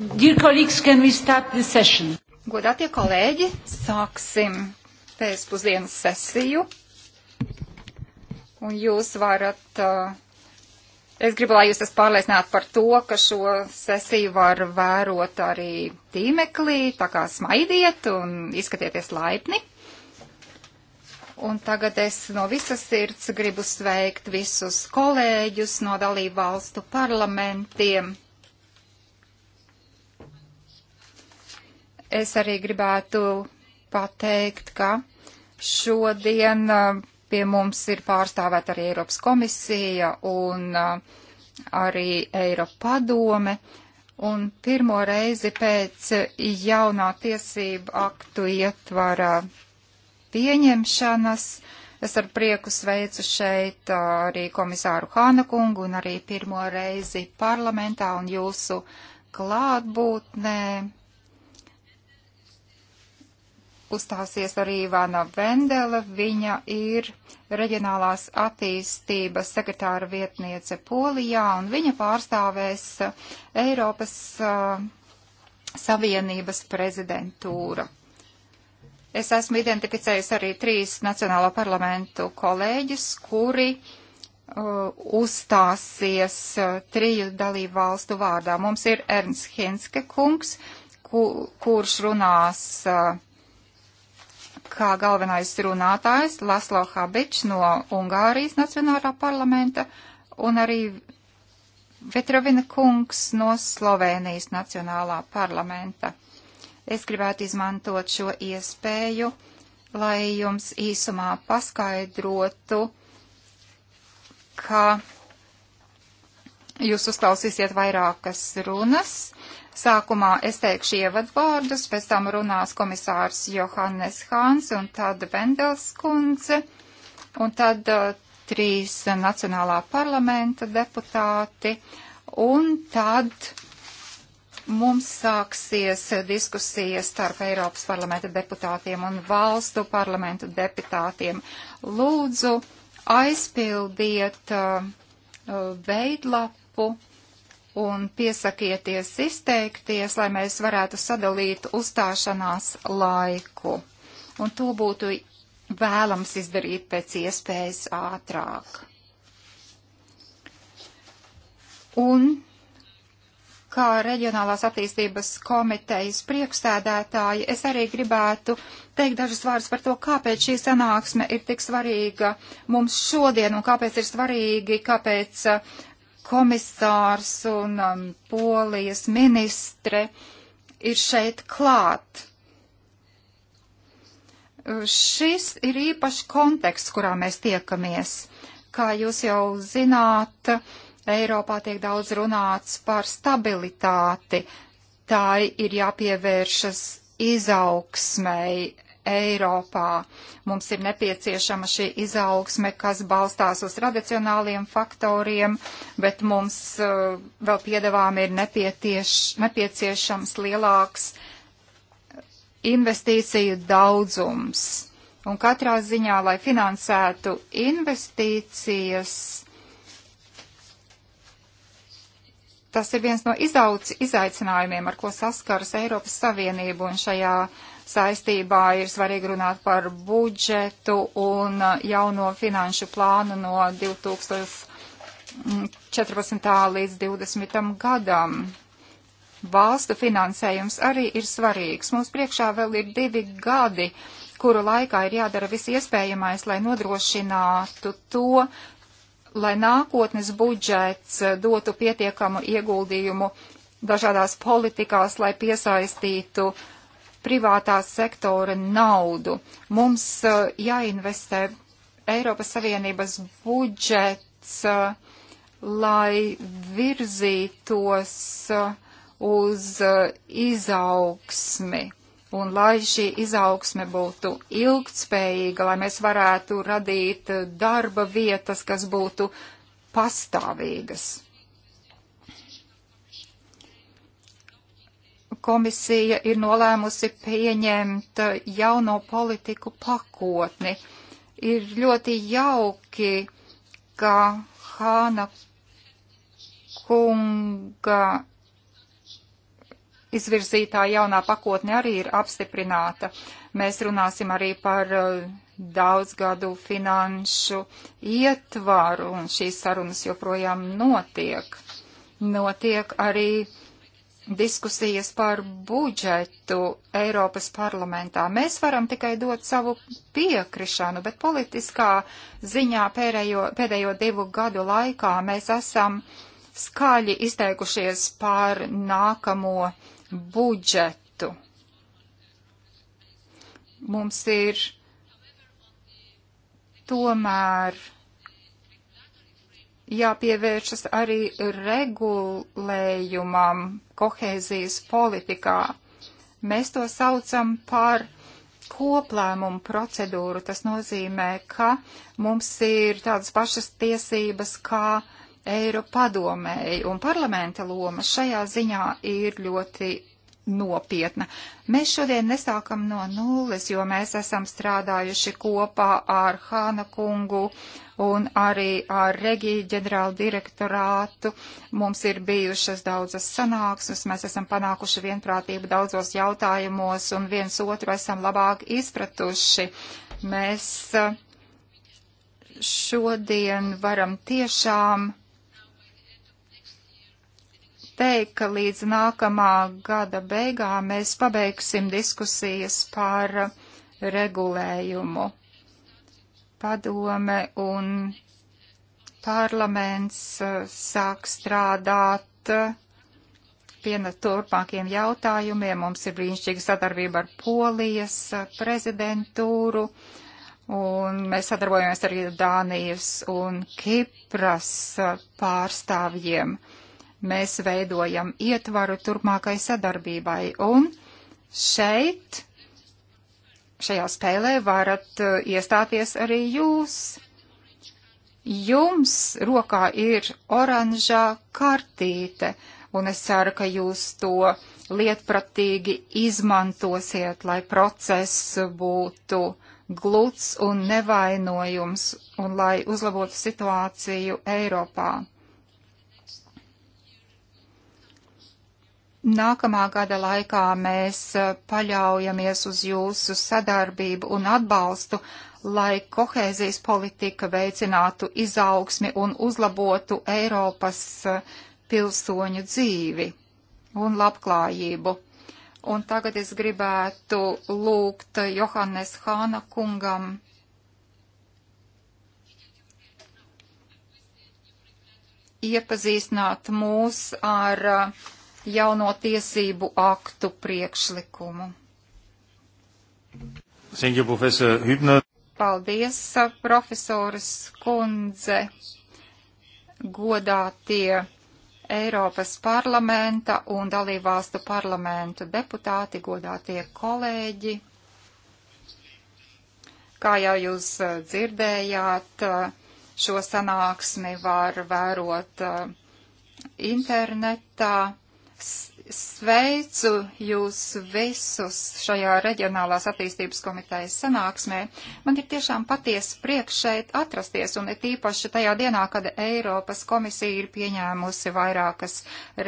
Dear colleagues, can we start the session? Godātie kolēģi, sāksim pēcpusdienas sesiju. Un jūs varat, eh, es gribu, lai jūs tas pārliecinātu par to, ka šo sesiju var vērot arī tīmeklī, tā kā smaidiet un izskatieties laipni. Un tagad es no visas sirds gribu sveikt visus kolēģus no dalību valstu parlamentiem Es arī gribētu pateikt, ka šodien uh, pie mums ir pārstāvēta arī Eiropas komisija un uh, arī Eiropa padome. Un pirmo reizi pēc jaunā tiesību aktu ietvara pieņemšanas es ar prieku sveicu šeit uh, arī komisāru Hāna kungu un arī pirmo reizi parlamentā un jūsu klātbūtnē uzstāsies arī Ivana Vendela. Viņa ir reģionālās attīstības sekretāra vietniece Polijā, un viņa pārstāvēs Eiropas uh, Savienības prezidentūra. Es esmu identificējusi arī trīs Nacionālo parlamentu kolēģis, kuri uh, uzstāsies uh, triju dalību valstu vārdā. Mums ir Ernsts Hinske kungs, ku, kurš runās uh, kā galvenais runātājs Laslo Habičs no Ungārijas Nacionālā parlamenta un arī Vetrovina kungs no Slovēnijas Nacionālā parlamenta. Es gribētu izmantot šo iespēju, lai jums īsumā paskaidrotu, ka jūs uzklausīsiet vairākas runas Sākumā es teikšu ievadvārdus, pēc tam runās komisārs Johannes Hāns un tad Vendels kundze un tad uh, trīs Nacionālā parlamenta deputāti un tad mums sāksies diskusijas starp Eiropas parlamenta deputātiem un valstu parlamentu deputātiem. Lūdzu, aizpildiet uh, uh veidlapu. Uh, un piesakieties izteikties, lai mēs varētu sadalīt uzstāšanās laiku. Un to būtu vēlams izdarīt pēc iespējas ātrāk. Un kā reģionālās attīstības komitejas priekšsēdētāji, es arī gribētu teikt dažus vārdus par to, kāpēc šī sanāksme ir tik svarīga mums šodien un kāpēc ir svarīgi, kāpēc uh, komisārs un um, polijas ministre ir šeit klāt. Šis ir īpašs konteksts, kurā mēs tiekamies. Kā jūs jau zināt, Eiropā tiek daudz runāts par stabilitāti. Tā ir jāpievēršas izaugsmai Eiropā. Mums ir nepieciešama šī izaugsme, kas balstās uz tradicionāliem faktoriem, bet mums uh, vēl piedevām ir nepieciešams lielāks investīciju daudzums. Un katrā ziņā, lai finansētu investīcijas, tas ir viens no izauc, izaicinājumiem, ar ko saskaras Eiropas Savienība un šajā uh, saistībā ir svarīgi runāt par budžetu un uh, jauno finanšu plānu no 2014. līdz 2020. gadam. Valstu finansējums arī ir svarīgs. Mums priekšā vēl ir divi gadi, kuru laikā ir jādara viss iespējamais, lai nodrošinātu to, lai nākotnes budžets uh, dotu pietiekamu ieguldījumu dažādās politikās, lai piesaistītu privātā sektora naudu. Mums uh, jāinvestē Eiropas Savienības budžets, uh, lai virzītos uh, uz izaugsmi un lai šī izaugsme būtu ilgtspējīga, lai mēs varētu radīt darba vietas, kas būtu pastāvīgas. komisija ir nolēmusi pieņemt jauno politiku pakotni. Ir ļoti jauki, ka Hāna kunga izvirzītā jaunā pakotne arī ir apstiprināta. Mēs runāsim arī par uh, daudzgadu finanšu ietvaru, un šīs sarunas joprojām notiek. Notiek arī diskusijas par budžetu Eiropas parlamentā. Mēs varam tikai dot savu piekrišanu, bet politiskā ziņā pēdējo, pēdējo divu gadu laikā mēs esam skaļi izteikušies par nākamo budžetu. Mums ir tomēr jāpievēršas arī regulējumam kohēzijas politikā. Mēs to saucam par koplēmumu procedūru. Tas nozīmē, ka mums ir tādas pašas tiesības kā Eiropadomēji, un parlamenta loma šajā ziņā ir ļoti nopietna. Mēs šodien nesākam no nulles, jo mēs esam strādājuši kopā ar Hāna kungu un arī ar Regiju ģenerālu direktorātu. Mums ir bijušas daudzas sanāksmes, mēs esam panākuši vienprātību daudzos jautājumos un viens otru esam labāk izpratuši. Mēs eh, šodien varam tiešām teikt, ka līdz nākamā gada beigām mēs pabeigsim diskusijas par regulējumu. Padome un parlaments uh, sāk strādāt viena uh, turpmākiem jautājumiem. Mums ir brīnišķīga sadarbība ar Polijas uh, prezidentūru, un mēs sadarbojamies arī Dānijas un Kipras pārstāvjiem. Mēs veidojam ietvaru turpmākai sadarbībai un šeit, šajā spēlē varat uh, iestāties arī jūs. Jums rokā ir oranžā kartīte, un es ceru, ka jūs to lietpratīgi izmantosiet, lai process būtu gluds un nevainojums, un lai uzlabotu situāciju Eiropā. Nākamā gada laikā mēs uh, paļaujamies uz jūsu sadarbību un atbalstu, lai kohēzijas politika veicinātu izaugsmi un uzlabotu Eiropas uh, pilsoņu dzīvi un labklājību. Un tagad es gribētu lūgt Johannes Hāna kungam iepazīstināt mūs ar uh, jauno tiesību aktu priekšlikumu. Thank you, Professor Hübner. Paldies, profesors Kundze, godātie Eiropas parlamenta un dalībvalstu parlamentu deputāti, godātie kolēģi. Kā jau jūs eh, dzirdējāt, eh, šo sanāksmi var vērot eh, internetā. Sveicu jūs visus šajā reģionālās attīstības komitejas sanāksmē. Man ir tiešām paties prieks šeit atrasties, un ir tīpaši tajā dienā, kad Eiropas komisija ir pieņēmusi vairākas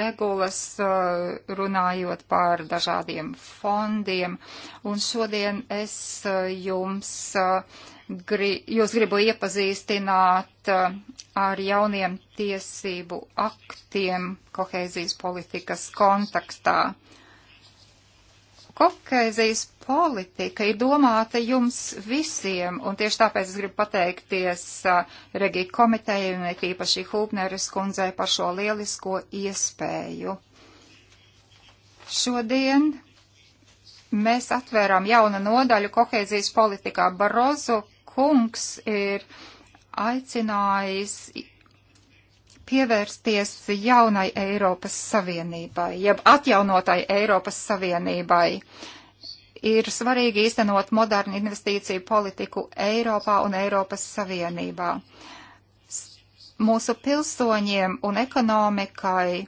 regulas, uh, runājot par dažādiem fondiem. Un šodien es uh, jums uh, gri, jūs gribu iepazīstināt uh, ar jauniem tiesību aktiem kohēzijas politikas kontekstā. Kohēzijas politika ir domāta jums visiem, un tieši tāpēc es gribu pateikties uh, Regija komitejai un tīpaši Hūpneres kundzei par šo lielisko iespēju. Šodien mēs atvērām jaunu nodaļu kohēzijas politikā. Barozu kungs ir aicinājis pievērsties jaunai Eiropas Savienībai, jeb atjaunotai Eiropas Savienībai. Ir svarīgi īstenot modernu investīciju politiku Eiropā un Eiropas Savienībā. Mūsu pilsoņiem un ekonomikai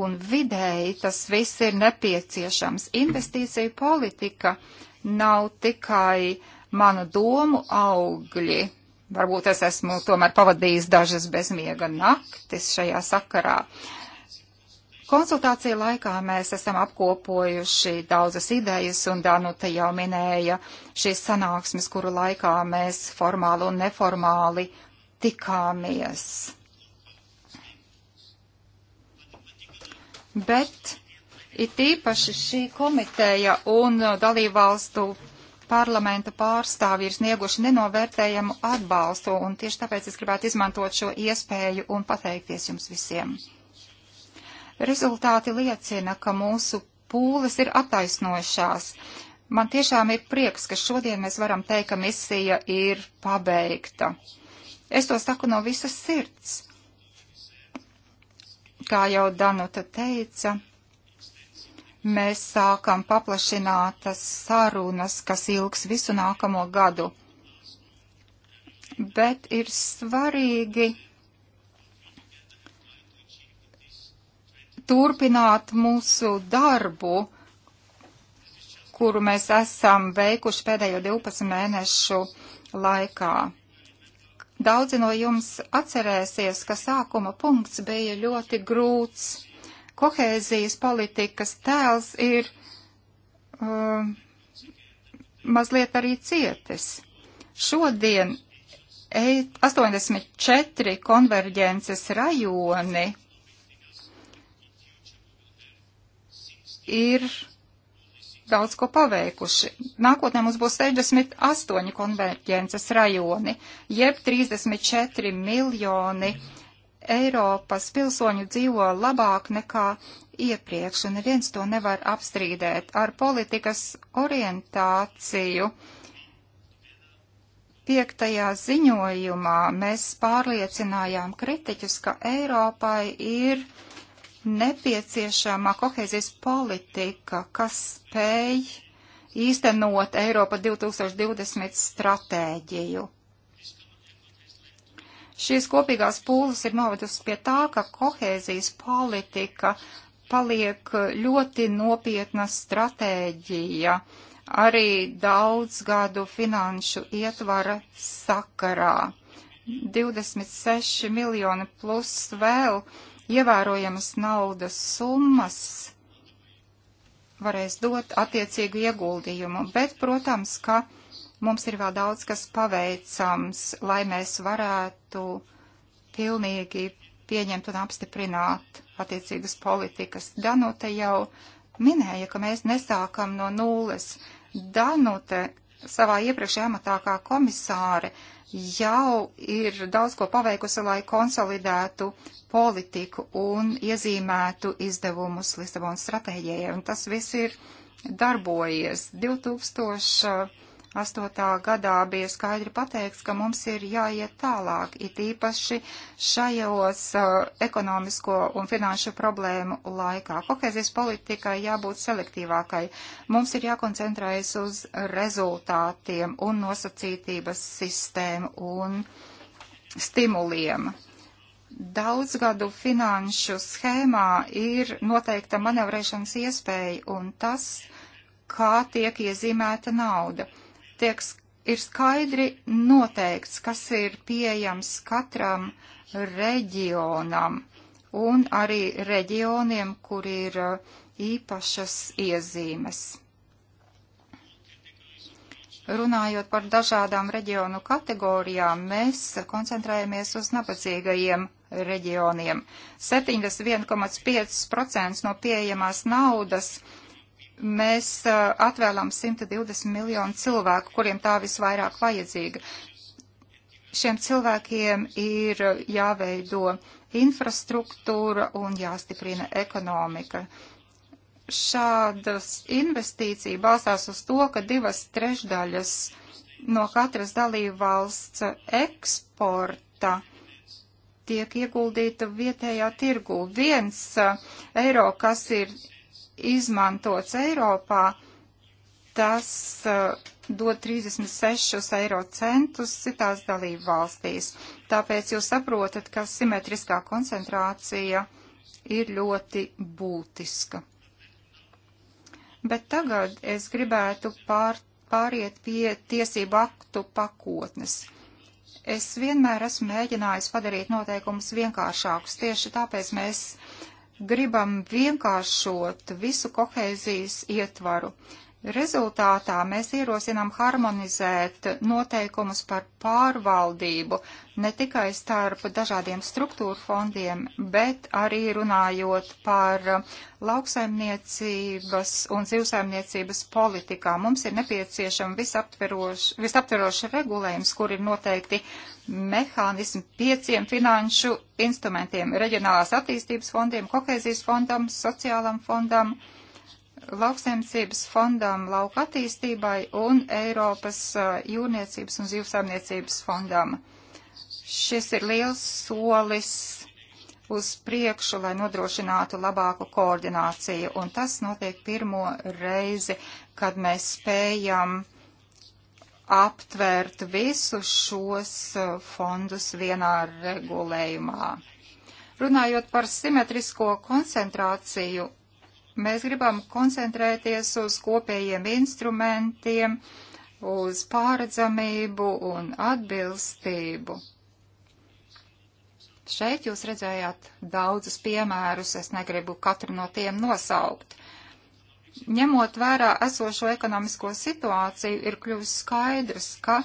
un vidēji tas viss ir nepieciešams. Investīciju politika nav tikai uh, manu domu augļi. Varbūt es esmu tomēr pavadījis dažas bezmiega naktis šajā sakarā. Konsultāciju laikā mēs esam apkopojuši daudzas idejas, un Danuta jau minēja šīs sanāksmes, kuru laikā mēs formāli un neformāli tikāmies. Bet it īpaši šī komiteja un dalībvalstu parlamenta pārstāvji ir snieguši nenovērtējamu atbalstu, un tieši tāpēc es gribētu izmantot šo iespēju un pateikties jums visiem. Rezultāti liecina, ka mūsu pūles ir attaisnošās. Man tiešām ir prieks, ka šodien mēs varam teikt, ka misija ir pabeigta. Es to saku no visas sirds. Kā jau Danuta teica, mēs sākam paplašinātas sarunas, kas ilgs visu nākamo gadu. Bet ir svarīgi turpināt mūsu darbu, kuru mēs esam veikuši pēdējo 12 mēnešu laikā. Daudzi no jums atcerēsies, ka sākuma punkts bija ļoti grūts Kohēzijas politikas tēls ir um, mazliet arī cietis. Šodien 84 konverģences rajoni ir daudz ko paveikuši. Nākotnē mums būs 68 konverģences rajoni, jeb 34 miljoni Eiropas pilsoņu dzīvo labāk nekā iepriekš, un neviens to nevar apstrīdēt. Ar politikas orientāciju piektajā ziņojumā mēs pārliecinājām kritiķus, ka Eiropai ir nepieciešama kohēzijas politika, kas spēj īstenot Eiropa 2020 stratēģiju. Šīs kopīgās pūles ir novedusi pie tā, ka kohēzijas politika paliek ļoti nopietna stratēģija arī daudz gadu finanšu ietvara sakarā. 26 miljoni plus vēl ievērojamas naudas summas varēs dot attiecīgu ieguldījumu, bet, protams, ka Mums ir vēl daudz, kas paveicams, lai mēs varētu pilnīgi pieņemt un apstiprināt attiecīgas politikas. Danute jau minēja, ka mēs nesākam no nulles. Danute savā iepriekšējā amatā kā komisāre jau ir daudz ko paveikusi, lai konsolidētu politiku un iezīmētu izdevumus Lisabonas stratēģijai. Un tas viss ir darbojies. 2000 2008. gadā bija skaidri pateikts, ka mums ir jāiet tālāk, it īpaši šajos uh, ekonomisko un finanšu problēmu laikā. Kohēzijas politikai jābūt selektīvākai. Mums ir jākoncentrējas uz rezultātiem un nosacītības sistēmu un stimuliem. Daudzgadu finanšu schēmā ir noteikta manevrēšanas iespēja un tas, kā tiek iezīmēta nauda. Uh, tiek, ir skaidri noteikts, kas ir pieejams katram reģionam un arī reģioniem, kur ir uh, īpašas iezīmes. Runājot par dažādām reģionu kategorijām, mēs koncentrējamies uz nabadzīgajiem reģioniem. 71,5% no pieejamās naudas uh, mēs uh, atvēlām 120 miljonu cilvēku, kuriem tā visvairāk vajadzīga. Šiem cilvēkiem ir jāveido infrastruktūra un jāstiprina ekonomika. Šādas investīcija balstās uz to, ka divas trešdaļas no katras dalību valsts eksporta tiek ieguldīta vietējā tirgū. Viens uh, eiro, kas ir izmantots Eiropā, tas uh, dod 36 eiro centus citās dalību valstīs. Tāpēc jūs saprotat, ka simetriskā koncentrācija ir ļoti būtiska. Bet tagad es gribētu pār, pāriet pie tiesību aktu pakotnes. Es vienmēr esmu mēģinājis padarīt noteikumus vienkāršākus, tieši tāpēc mēs uh, gribam vienkāršot visu kohēzijas ietvaru. Rezultātā mēs ierosinām harmonizēt noteikumus par pārvaldību ne tikai starp dažādiem struktūru fondiem, bet arī runājot par lauksaimniecības un zivsaimniecības politikā. Mums ir nepieciešama visaptveroša regulējums, kur ir noteikti mehānismi pieciem finanšu instrumentiem - reģionālās attīstības fondiem, kohēzijas fondam, sociālam fondam. fondam lauksaimniecības fondām lauka attīstībai un Eiropas jūrniecības un zivsaimniecības fondām. Šis ir liels solis uz priekšu, lai nodrošinātu labāku koordināciju, un tas notiek pirmo reizi, kad mēs spējam aptvērt visus šos fondus vienā regulējumā. Runājot par simetrisko koncentrāciju Mēs gribam koncentrēties uz kopējiem instrumentiem, uz pāredzamību un atbilstību. Šeit jūs redzējāt daudzus piemērus, es negribu katru no tiem nosaukt. Ņemot vērā esošo ekonomisko situāciju, ir kļuvis skaidrs, ka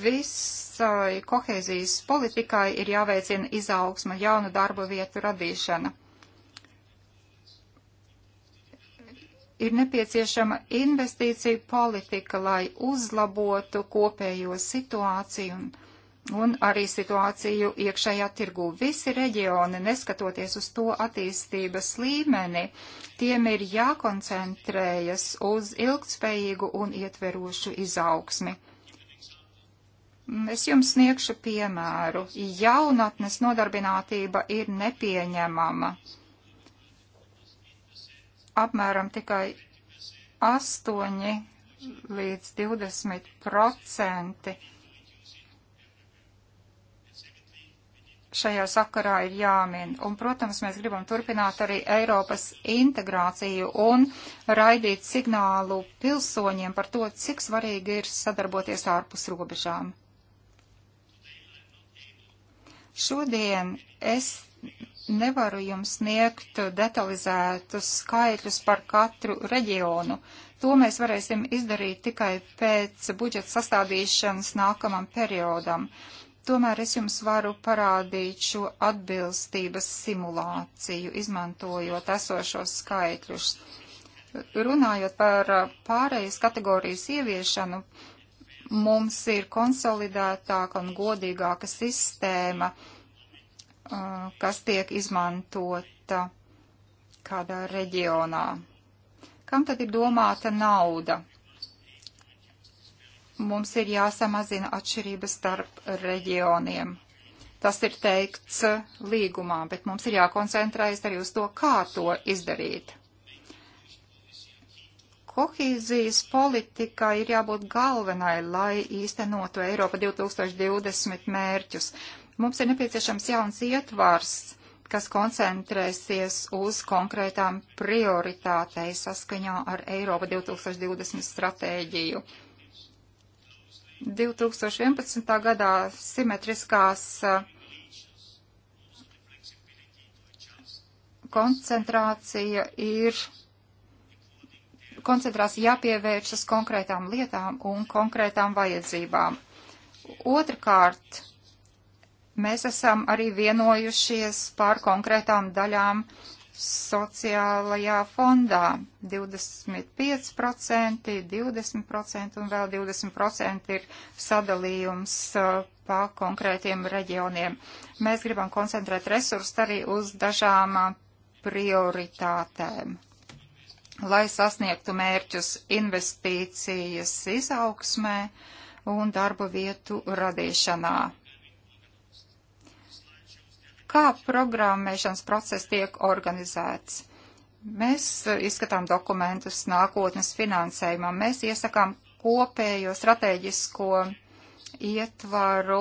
visai kohēzijas politikai ir jāveicina izaugsma jaunu darba vietu radīšana. ir nepieciešama investīcija politika, lai uzlabotu kopējo situāciju un, un arī situāciju iekšējā tirgū. Visi reģioni, neskatoties uz to attīstības līmeni, tiem ir jākoncentrējas uz ilgtspējīgu un ietverošu izaugsmi. Es jums sniegšu piemēru. Jaunatnes nodarbinātība ir nepieņemama apmēram tikai 8 līdz 20 procenti. Šajā sakarā ir jāmin. Un, protams, mēs gribam turpināt arī Eiropas integrāciju un raidīt signālu pilsoņiem par to, cik svarīgi ir sadarboties ārpus robežām. Šodien es nevaru jums sniegt detalizētus skaitļus par katru reģionu. To mēs varēsim izdarīt tikai pēc budžeta sastādīšanas nākamam periodam. Tomēr es jums varu parādīt šo atbilstības simulāciju, izmantojot esošos skaitļus. Runājot par pārējas kategorijas ieviešanu, mums ir konsolidētāka un godīgāka sistēma kas tiek izmantota kādā reģionā. Kam tad ir domāta nauda? Mums ir jāsamazina atšķirības starp reģioniem. Tas ir teikts līgumā, bet mums ir jākoncentrējas arī uz to, kā to izdarīt. Kohīzijas politikā ir jābūt galvenai, lai īstenotu Eiropa 2020 mērķus. Mums ir nepieciešams jauns ietvars, kas koncentrēsies uz konkrētām prioritātei saskaņā ar Eiropa 2020 stratēģiju. 2011. gadā simetriskās eh, koncentrācija ir koncentrācija jāpievēršas konkrētām lietām un konkrētām vajadzībām. Otrakārt, mēs esam arī vienojušies par konkrētām daļām sociālajā fondā. 25%, 20% un vēl 20% ir sadalījums uh, pa konkrētiem reģioniem. Mēs gribam koncentrēt resursus arī uz dažām uh, prioritātēm. Lai sasniegtu mērķus investīcijas izaugsmē un darba vietu radīšanā kā programmēšanas process tiek organizēts. Mēs eh, izskatām dokumentus nākotnes finansējumam, mēs iesakām kopējo strateģisko ietvaru,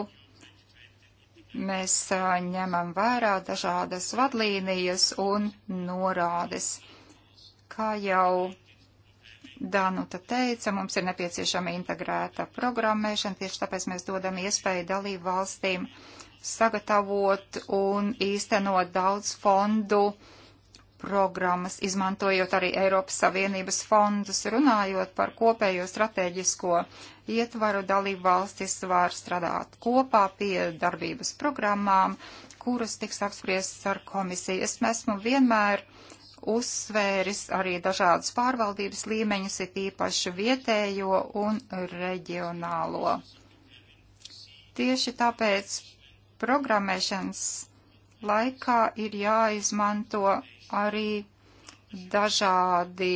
mēs eh, ņemam vērā dažādas vadlīnijas un norādes. Kā jau Danuta teica, mums ir nepieciešama integrēta programmēšana, tieši tāpēc mēs dodam iespēju dalību valstīm uh, sagatavot un īstenot daudz fondu programmas, izmantojot arī Eiropas Savienības fondus, runājot par kopējo strateģisko ietvaru dalību valstis var strādāt kopā pie darbības programmām, kuras tiks apspriestas ar komisiju. Es esmu vienmēr uzsvēris arī dažādus pārvaldības līmeņus, ir īpaši vietējo un reģionālo. Tieši tāpēc programmēšanas laikā ir jāizmanto arī dažādi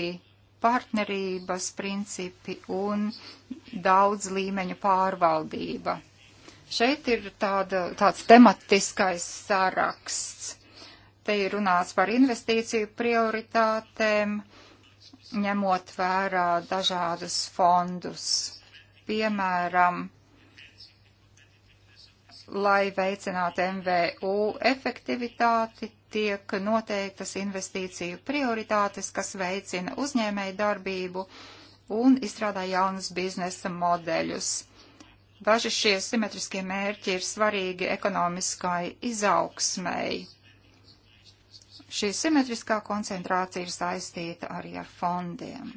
partnerības principi un daudz līmeņu pārvaldība. Šeit ir tāda, tāds tematiskais saraksts. Te ir runāts par investīciju prioritātēm, ņemot vērā dažādus fondus. Piemēram, lai veicinātu MVU efektivitāti, tiek noteiktas investīciju prioritātes, kas veicina uzņēmēju darbību un izstrādā jaunus biznesa modeļus. Daži šie simetriskie mērķi ir svarīgi ekonomiskai izaugsmēji. Šī simetriskā koncentrācija ir saistīta arī ar fondiem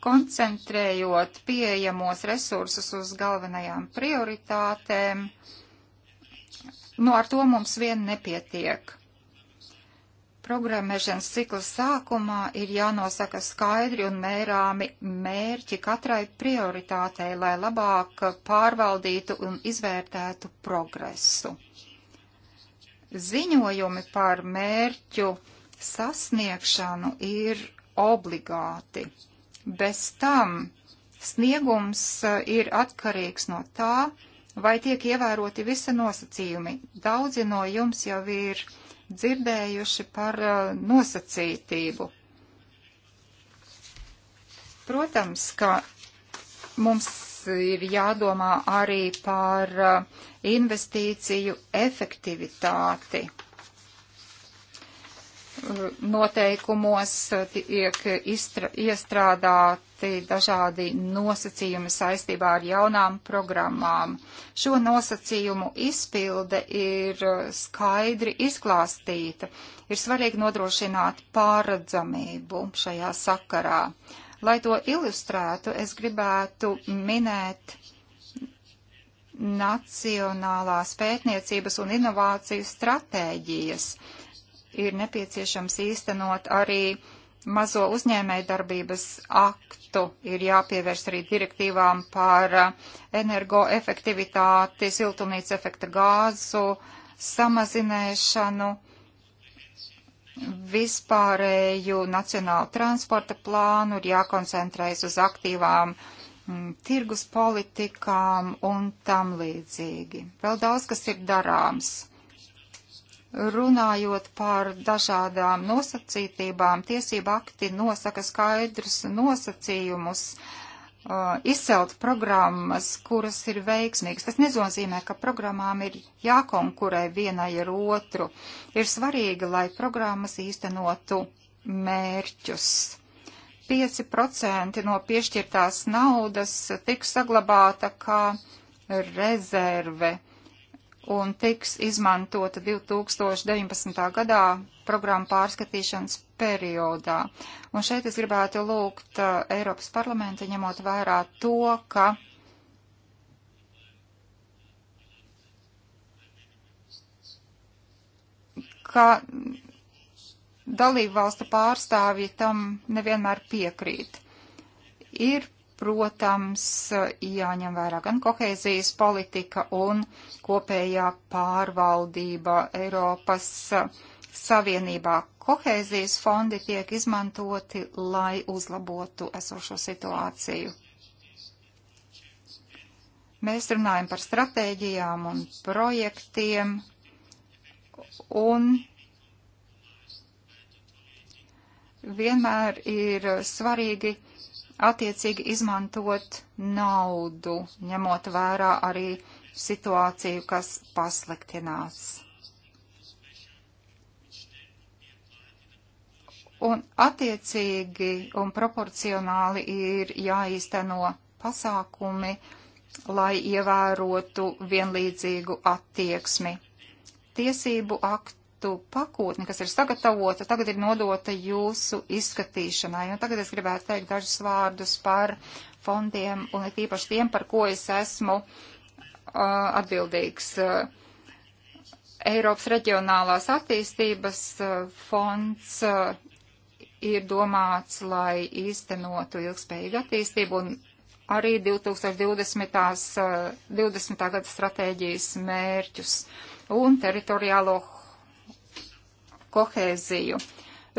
koncentrējot pieejamos resursus uz galvenajām prioritātēm, nu ar to mums vien nepietiek. Programmēšanas cikla sākumā ir jānosaka skaidri un mērāmi mērķi katrai prioritātei, lai labāk pārvaldītu un izvērtētu progresu. Ziņojumi par mērķu sasniegšanu ir obligāti. Bez tam sniegums eh, ir atkarīgs no tā, vai tiek ievēroti visi nosacījumi. Daudzi no jums jau ir dzirdējuši par eh, nosacītību. Protams, ka mums ir jādomā arī par eh, investīciju efektivitāti noteikumos tiek iestrādāti dažādi nosacījumi saistībā ar jaunām programmām. Šo nosacījumu izpilde ir skaidri izklāstīta. Ir svarīgi nodrošināt pārredzamību šajā sakarā. Lai to ilustrētu, es gribētu minēt Nacionālās pētniecības un inovāciju stratēģijas ir nepieciešams īstenot arī mazo uzņēmēju darbības aktu, ir jāpievērst arī direktīvām par uh, energoefektivitāti, siltumnīca efekta gāzu samazinēšanu, vispārēju nacionālu transporta plānu, ir jākoncentrējas uz aktīvām mm, tirgus politikām un tam līdzīgi. Vēl daudz, kas ir darāms. Runājot par dažādām nosacītībām, tiesība akti nosaka skaidrus nosacījumus uh, izcelt programmas, kuras ir veiksmīgas. Tas nenozīmē, ka programmām ir jākonkurē vienai ar otru. Ir svarīgi, lai programmas īstenotu mērķus. 5% no piešķirtās naudas tiks saglabāta kā rezerve un tiks izmantota 2019. gadā programma pārskatīšanas periodā. Un šeit es gribētu lūgt uh, Eiropas parlamenta, ņemot vērā to, ka ka dalību valstu pārstāvji tam nevienmēr piekrīt. Ir protams, jāņem vērā gan kohēzijas politika un kopējā pārvaldība Eiropas Savienībā. Kohēzijas fondi tiek izmantoti, lai uzlabotu esošo situāciju. Mēs runājam par stratēģijām un projektiem, un vienmēr ir svarīgi attiecīgi izmantot naudu, ņemot vērā arī situāciju, kas pasliktinās. Un attiecīgi un proporcionāli ir jāīsteno pasākumi, lai ievērotu vienlīdzīgu attieksmi. Tiesību aktu datu pakotni, kas ir sagatavota, tagad ir nodota jūsu izskatīšanai. Un tagad es gribētu teikt dažus vārdus par fondiem un it īpaši tiem, par ko es esmu uh, atbildīgs. Uh, Eiropas reģionālās attīstības uh, fonds uh, ir domāts, lai īstenotu ilgspējīgu attīstību un arī 2020. 20. Uh, gada stratēģijas mērķus un teritoriālo kohēziju.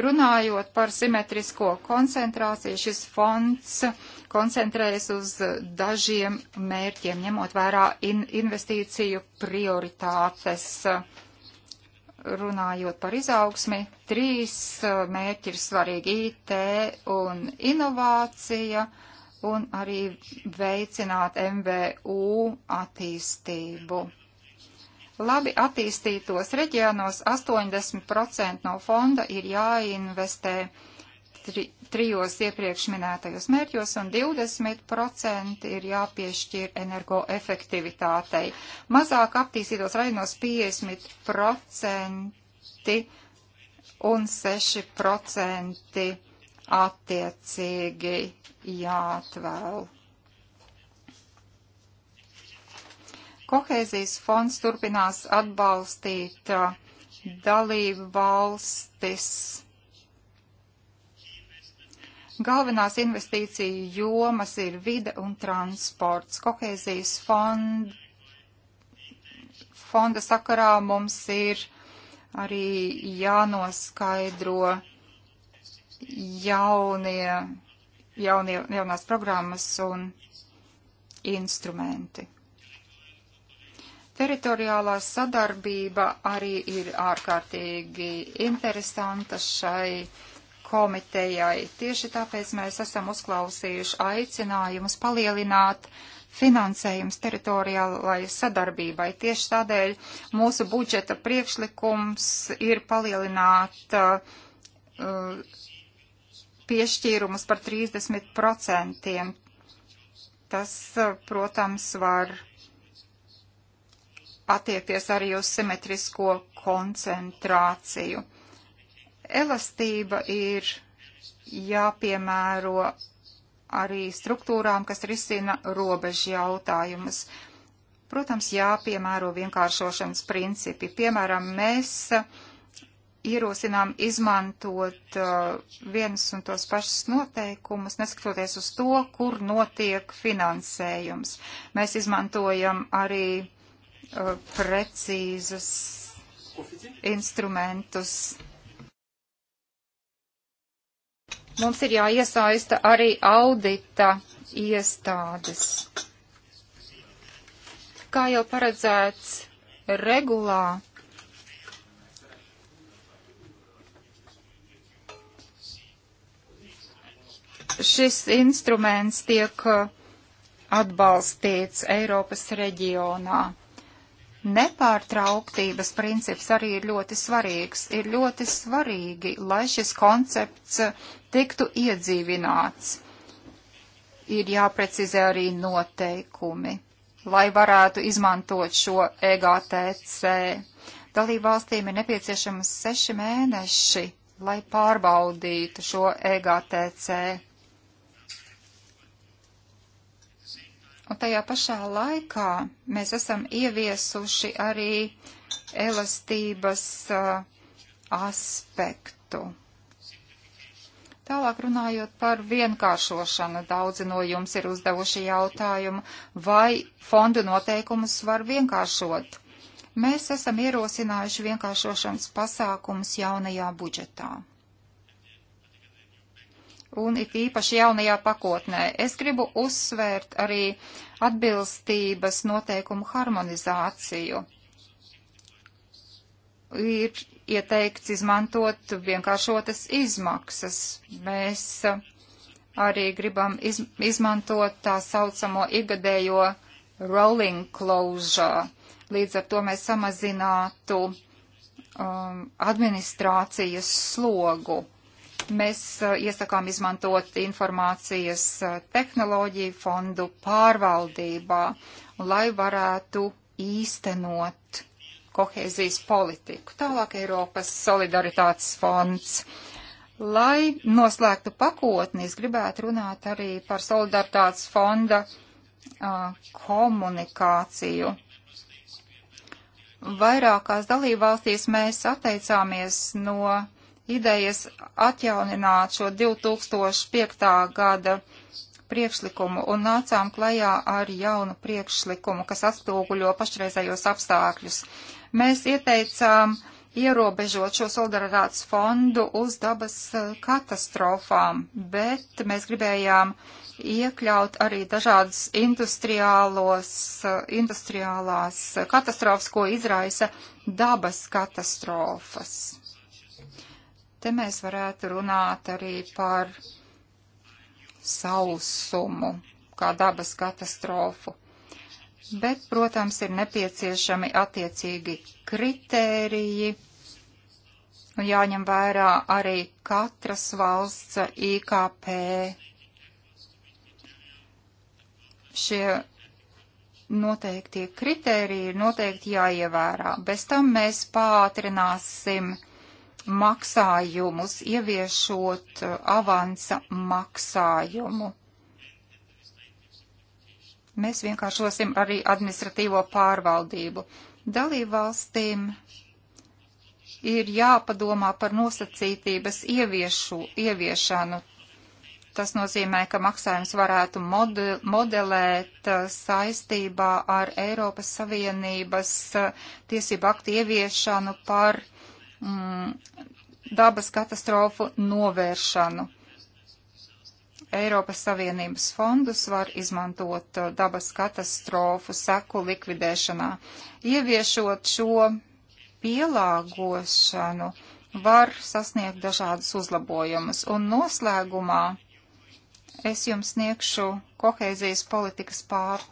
Runājot par simetrisko koncentrāciju, šis fonds koncentrējas uz dažiem mērķiem, ņemot vērā in investīciju prioritātes. Runājot par izaugsmi, trīs mērķi ir svarīgi - IT un inovācija un arī veicināt MVU attīstību labi attīstītos reģionos 80% no fonda ir jāinvestē tri, trijos iepriekš minētajos mērķos un 20% ir jāpiešķir energoefektivitātei. Mazāk attīstītos rainos 50% un 6% attiecīgi jāatvēl. Kohēzijas fonds turpinās atbalstīt uh, dalību valstis. Galvenās investīciju jomas ir vide un transports. Kohēzijas fond, fonda sakarā mums ir arī jānoskaidro jaunie, jaunie, jaunās programmas un instrumenti. Teritoriālā sadarbība arī ir ārkārtīgi interesanta šai komitejai. Tieši tāpēc mēs esam uzklausījuši aicinājumus palielināt finansējums teritoriālai sadarbībai. Tieši tādēļ mūsu budžeta priekšlikums ir palielināt uh, piešķīrumus par 30%. Tas, uh, protams, var attiekties arī uz simetrisko koncentrāciju. Elastība ir jāpiemēro arī struktūrām, kas risina robežu jautājumus. Protams, jāpiemēro vienkāršošanas principi. Piemēram, mēs uh, ierosinām izmantot uh, vienus un tos pašus noteikumus, neskatoties uz to, kur notiek finansējums. Mēs izmantojam arī uh, precīzus instrumentus. Mums ir jāiesaista arī audita iestādes. Kā jau paredzēts regulā, šis instruments tiek atbalstīts Eiropas reģionā. Nepārtrauktības princips arī ir ļoti svarīgs. Ir ļoti svarīgi, lai šis koncepts tiktu iedzīvināts. Ir jāprecizē arī noteikumi, lai varētu izmantot šo EGTC. Dalībvalstīm ir nepieciešams seši mēneši, lai pārbaudītu šo EGTC Un tajā pašā laikā mēs esam ieviesuši arī elastības uh, aspektu. Tālāk runājot par vienkāršošanu, daudzi no jums ir uzdevuši jautājumu, vai fondu noteikumus var vienkāršot. Mēs esam ierosinājuši vienkāršošanas pasākumus jaunajā budžetā un it īpaši jaunajā pakotnē. Es gribu uzsvērt arī atbilstības noteikumu harmonizāciju. Ir ieteikts izmantot vienkāršotas izmaksas. Mēs arī gribam iz, izmantot tā saucamo igadējo rolling closure. Līdz ar to mēs samazinātu um, administrācijas slogu. Mēs iesakām izmantot informācijas tehnoloģiju fondu pārvaldībā, lai varētu īstenot kohēzijas politiku. Tālāk Eiropas solidaritātes fonds. Lai noslēgtu pakotni, es gribētu runāt arī par solidaritātes fonda uh, komunikāciju. Vairākās dalībvalstīs mēs atteicāmies no uh, idejas atjaunināt šo 2005. gada priekšlikumu un nācām klajā ar jaunu priekšlikumu, kas atspūguļo pašreizējos apstākļus. Mēs ieteicām ierobežot šo solidaritātes fondu uz dabas eh, katastrofām, bet mēs gribējām iekļaut arī dažādas eh, industriālās katastrofas, ko izraisa dabas katastrofas. Te mēs varētu runāt arī par sausumu kā dabas katastrofu. Bet, protams, ir nepieciešami attiecīgi kritēriji un jāņem vērā arī katras valsts IKP. Šie noteiktie kritēriji ir noteikti jāievērā. Bez tam mēs pātrināsim uh, maksājumus, ieviešot uh, avansa maksājumu. Mēs vienkāršosim arī administratīvo pārvaldību. Dalībvalstīm ir jāpadomā par nosacītības ieviešu, ieviešanu. Tas nozīmē, ka maksājums varētu modelēt uh, saistībā ar Eiropas Savienības uh, tiesību aktu ieviešanu par mm, dabas katastrofu novēršanu. Eiropas Savienības fondus var izmantot uh, dabas katastrofu seku likvidēšanā. Ieviešot šo pielāgošanu, var sasniegt dažādus uzlabojumus. Un noslēgumā es jums sniegšu kohēzijas politikas pār,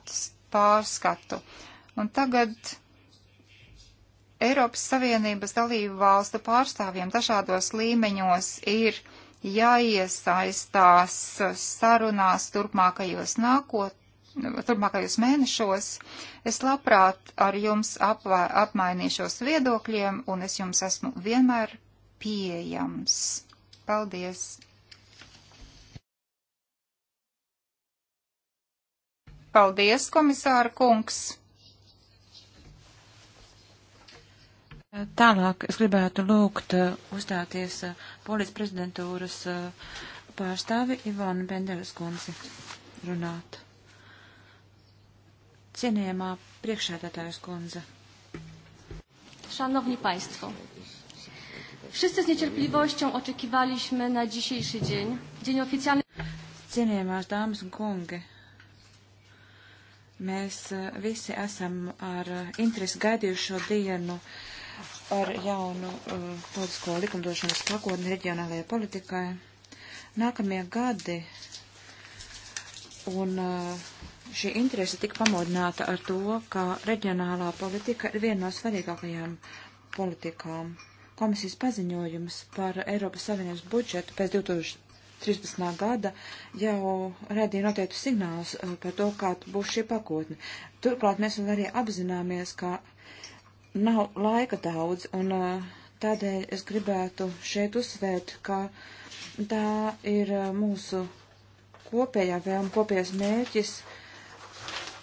pārskatu. Un tagad Eiropas Savienības dalību valstu pārstāvjiem dažādos līmeņos ir jāiesaistās sarunās turpmākajos nākot, turpmākajos mēnešos. Es labprāt ar jums apvā, apmainīšos viedokļiem un es jums esmu vienmēr pieejams. Paldies! Paldies, komisāra kungs! Tālāk es gribētu lūgt uh, uzstāties uh, polijas prezidentūras uh, pārstāvi Ivānu Bendeles kundzi runāt. Cienījamā priekšēdētājas kundze. Szanowni Państwo, wszyscy z niecierpliwością oczekiwaliśmy na dzisiejszy dzień, dzień oficjalny. Cienījamās dāmas un kungi, mēs visi esam ar interesi gaidījušo dienu. Uh, par jaunu uh, politisko likumdošanas pakotni reģionālajai politikai. Nākamie gadi un uh, šī interese tika pamodināta ar to, ka reģionālā politika ir viena no svarīgākajām politikām. Komisijas paziņojums par Eiropas Savienības budžetu pēc 2013. gada jau redzīja noteiktu signālus uh, par to, kā būs šī pakotne. Turklāt mēs vēl arī apzināmies, ka nav laika daudz, un tādēļ es gribētu šeit uzsvērt, ka tā ir mūsu kopējā vēlme, kopējais mērķis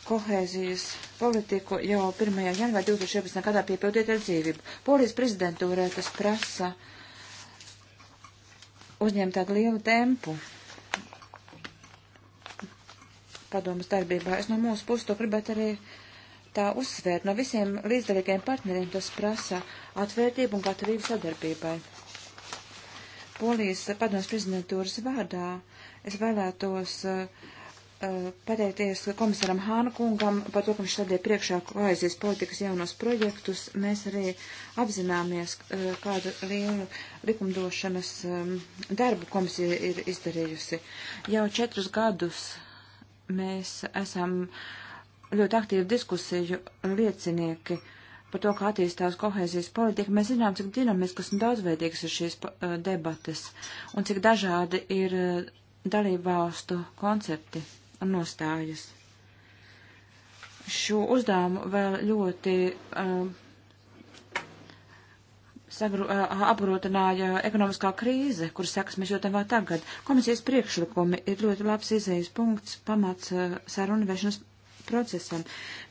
kohēzijas politiku jau 1. janvāra 2014. gadā piepildīt ar dzīvību. Polijas prezidentūrē tas prasa uzņemt tādu lielu tempu padomas darbībā. Es no mūsu puses to gribētu arī uh, tā uzsvērt. No visiem līdzdalīgiem partneriem tas prasa atvērtību un gatavību sadarbībai. Polijas padomus prezidentūras vārdā es vēlētos uh, pateikties komisaram Hāna kungam par to, ka viņš stādīja priekšā kohēzijas politikas jaunos projektus. Mēs arī apzināmies, eh, kādu lielu likumdošanas ehm, darbu komisija ir izdarījusi. Jau četrus gadus mēs esam uh, ļoti aktīvi diskusiju liecinieki par to, kā attīstās kohēzijas politika. Mēs zinām, cik dinamiskas un daudzveidīgas ir šīs eh, debates un cik dažādi ir eh, dalībvalstu koncepti un nostājas. Šo uzdevumu vēl ļoti um, sagru, uh, apgrūtināja ekonomiskā krīze, kuras sekas mēs jūtam vēl tagad. Komisijas priekšlikumi ir ļoti labs izējas punkts, pamats uh, sarunu vešanas procesam.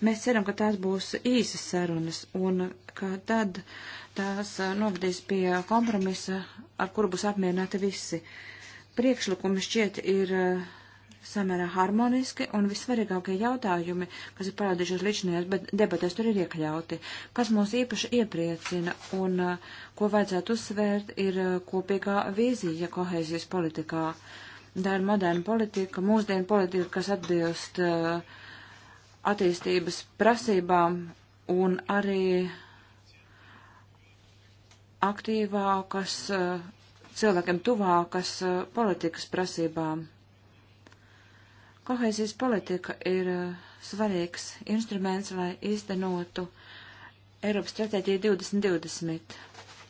Mēs ceram, ka tās būs īsas sarunas un ka tad tās novadīs pie kompromisa, ar kuru būs apmierināti visi. Priekšlikumi šķiet ir samērā harmoniski un vissvarīgākie jautājumi, kas ir parādījušies līdzinājās debatēs, tur ir iekļauti. Kas mūs īpaši iepriecina un ko vajadzētu uzsvērt, ir kopīgā vīzija kohēzijas politikā. Tā ir moderna politika, mūsdienu politika, kas atbilst uh, attīstības prasībām un arī aktīvākas, eh, cilvēkiem tuvākas eh, politikas prasībām. Kohēzijas politika ir eh, svarīgs instruments, lai īstenotu Eiropas stratēģiju 2020.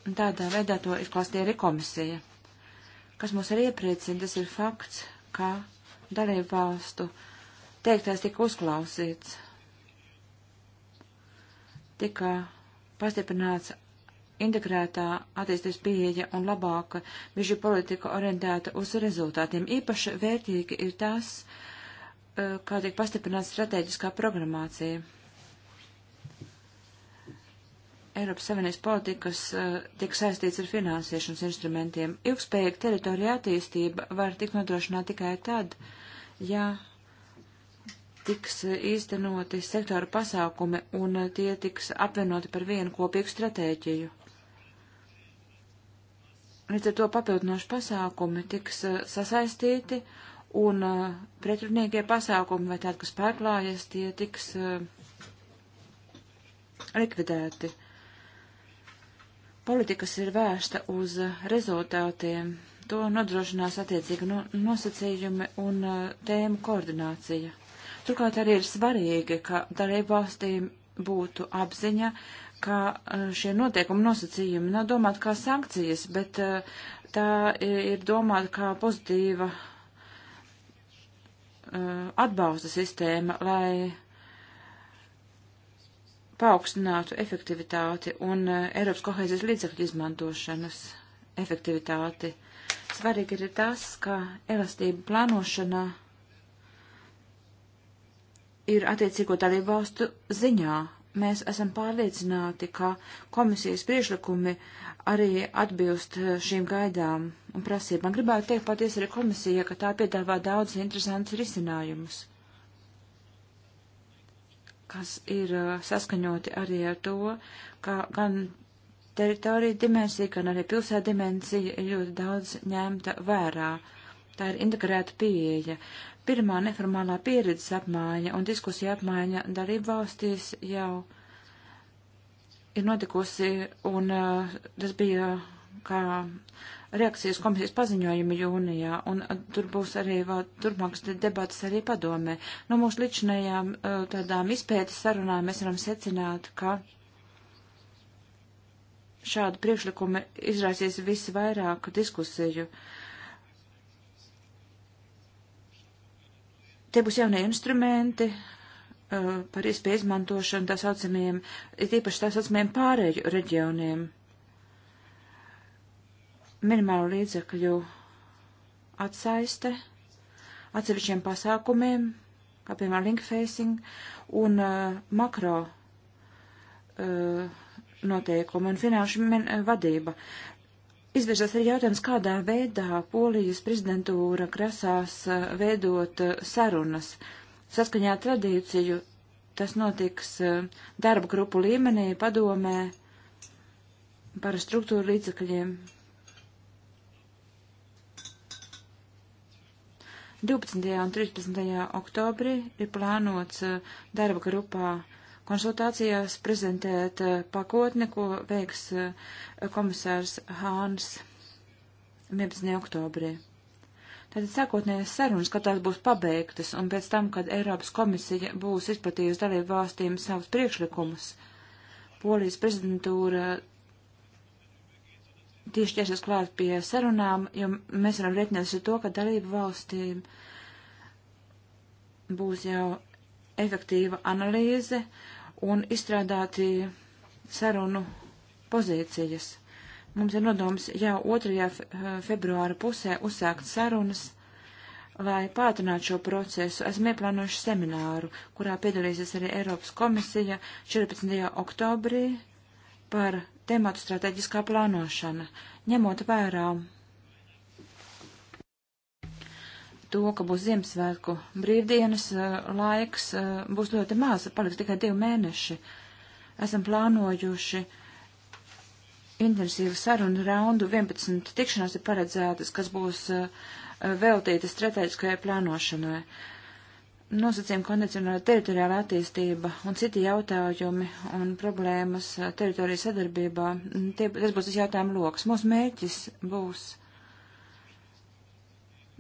Un tādā veidā to izklāstīja arī komisija. Kas mūs arī iepriecina, tas ir fakts, ka dalību valstu uh, teiktais tika uzklausīts. Tika pastiprināts integrētā attīstības pieeja un labāka bižu politika orientēta uz rezultātiem. Īpaši vērtīgi ir tas, eh, kā tiek pastiprināta strateģiskā programmācija. Eiropas Savienības politikas eh, tiek saistīts ar finansēšanas instrumentiem. Ilgspējīga teritorija attīstība var tikt nodrošināta tikai tad, ja tiks eh, īstenoti sektoru pasākumi un eh, tie tiks apvienoti par vienu kopīgu stratēģiju. Līdz ar to papildinoši pasākumi tiks eh, sasaistīti un pretrunīgie pasākumi vai tādi, kas pārklājas, tie tiks likvidēti. Politikas ir vērsta uz rezultātiem. To nodrošinās attiecīgi nosacījumi un tēmu koordinācija. Turklāt arī ir svarīgi, ka dalību valstīm būtu apziņa, ka e, šie noteikumi nosacījumi nav domāti kā sankcijas, bet e, tā ir domāta kā pozitīva e, atbalsta sistēma, lai paaugstinātu efektivitāti un Eiropas kohēzijas līdzekļu izmantošanas efektivitāti. Svarīgi ir tas, ka elastība plānošanā ir attiecīgo dalību valstu ziņā. Mēs esam pārliecināti, ka komisijas priešlikumi arī atbilst šīm gaidām un prasībām. Gribētu teikt paties arī komisija, ka tā piedāvā daudz interesants risinājumus, kas ir uh, saskaņoti arī ar to, ka gan teritorija dimensija, gan arī pilsēta dimensija ir ļoti daudz ņemta vērā. Tā ir integrēta pieeja. Pirmā neformālā pieredzes apmaiņa un diskusija apmaiņa darību valstīs jau ir notikusi, un uh, tas bija uh, kā reakcijas komisijas paziņojumi jūnijā, un uh, tur būs arī vēl turpmākas debatas arī padomē. No nu, mūsu ličinējām uh, tādām izpētes sarunām mēs varam secināt, ka šādi priekšlikumi izraisīs visvairāk diskusiju. Uh, Te būs jaunie instrumenti uh, par iespēju izmantošanu tā saucamajiem, it īpaši tā saucamajiem pārēju reģioniem. Minimālu līdzekļu atsaiste atsevišķiem pasākumiem, kā piemēram linkfacing un uh, makro uh, noteikumi un finanšu vadība. Izvirzās arī jautājums, kādā veidā Polijas prezidentūra grasās eh, veidot eh, sarunas. Saskaņā tradīciju tas notiks eh, darba grupu līmenī, padomē par struktūru līdzakļiem. 12. un 13. oktobrī ir plānots darba grupā uh, konsultācijās prezentēt eh, pakotni, ko veiks eh, komisārs Hāns 11. oktobrī. Tātad sākotnējās sarunas, kad tās būs pabeigtas, un pēc tam, kad Eiropas komisija būs izplatījusi dalību valstīm savus priekšlikumus, Polijas prezidentūra tieši ķersies klāt pie sarunām, jo mēs varam rēķināties ar to, ka dalību valstīm būs jau efektīva analīze, un izstrādāti sarunu pozīcijas. Mums ir nodoms jau 2. Eh, februāra pusē uzsākt sarunas, lai pātrinātu šo procesu. Esmu ieplānojuši semināru, kurā piedalīsies arī Eiropas komisija 14. oktobrī par tematu strateģiskā plānošana, ņemot vērā to, ka būs Ziemassvētku brīvdienas eh, laiks, eh, būs ļoti maz, paliks tikai divi mēneši. Esam plānojuši intensīvu sarunu raundu, 11 tikšanās ir paredzētas, kas būs eh, veltītas strateģiskajai plānošanai. Nosacījuma kondicionāla teritoriāla attīstība un citi jautājumi un problēmas teritorijas sadarbībā, mm, tie, tas būs tas jautājuma lokus. Mūsu mērķis būs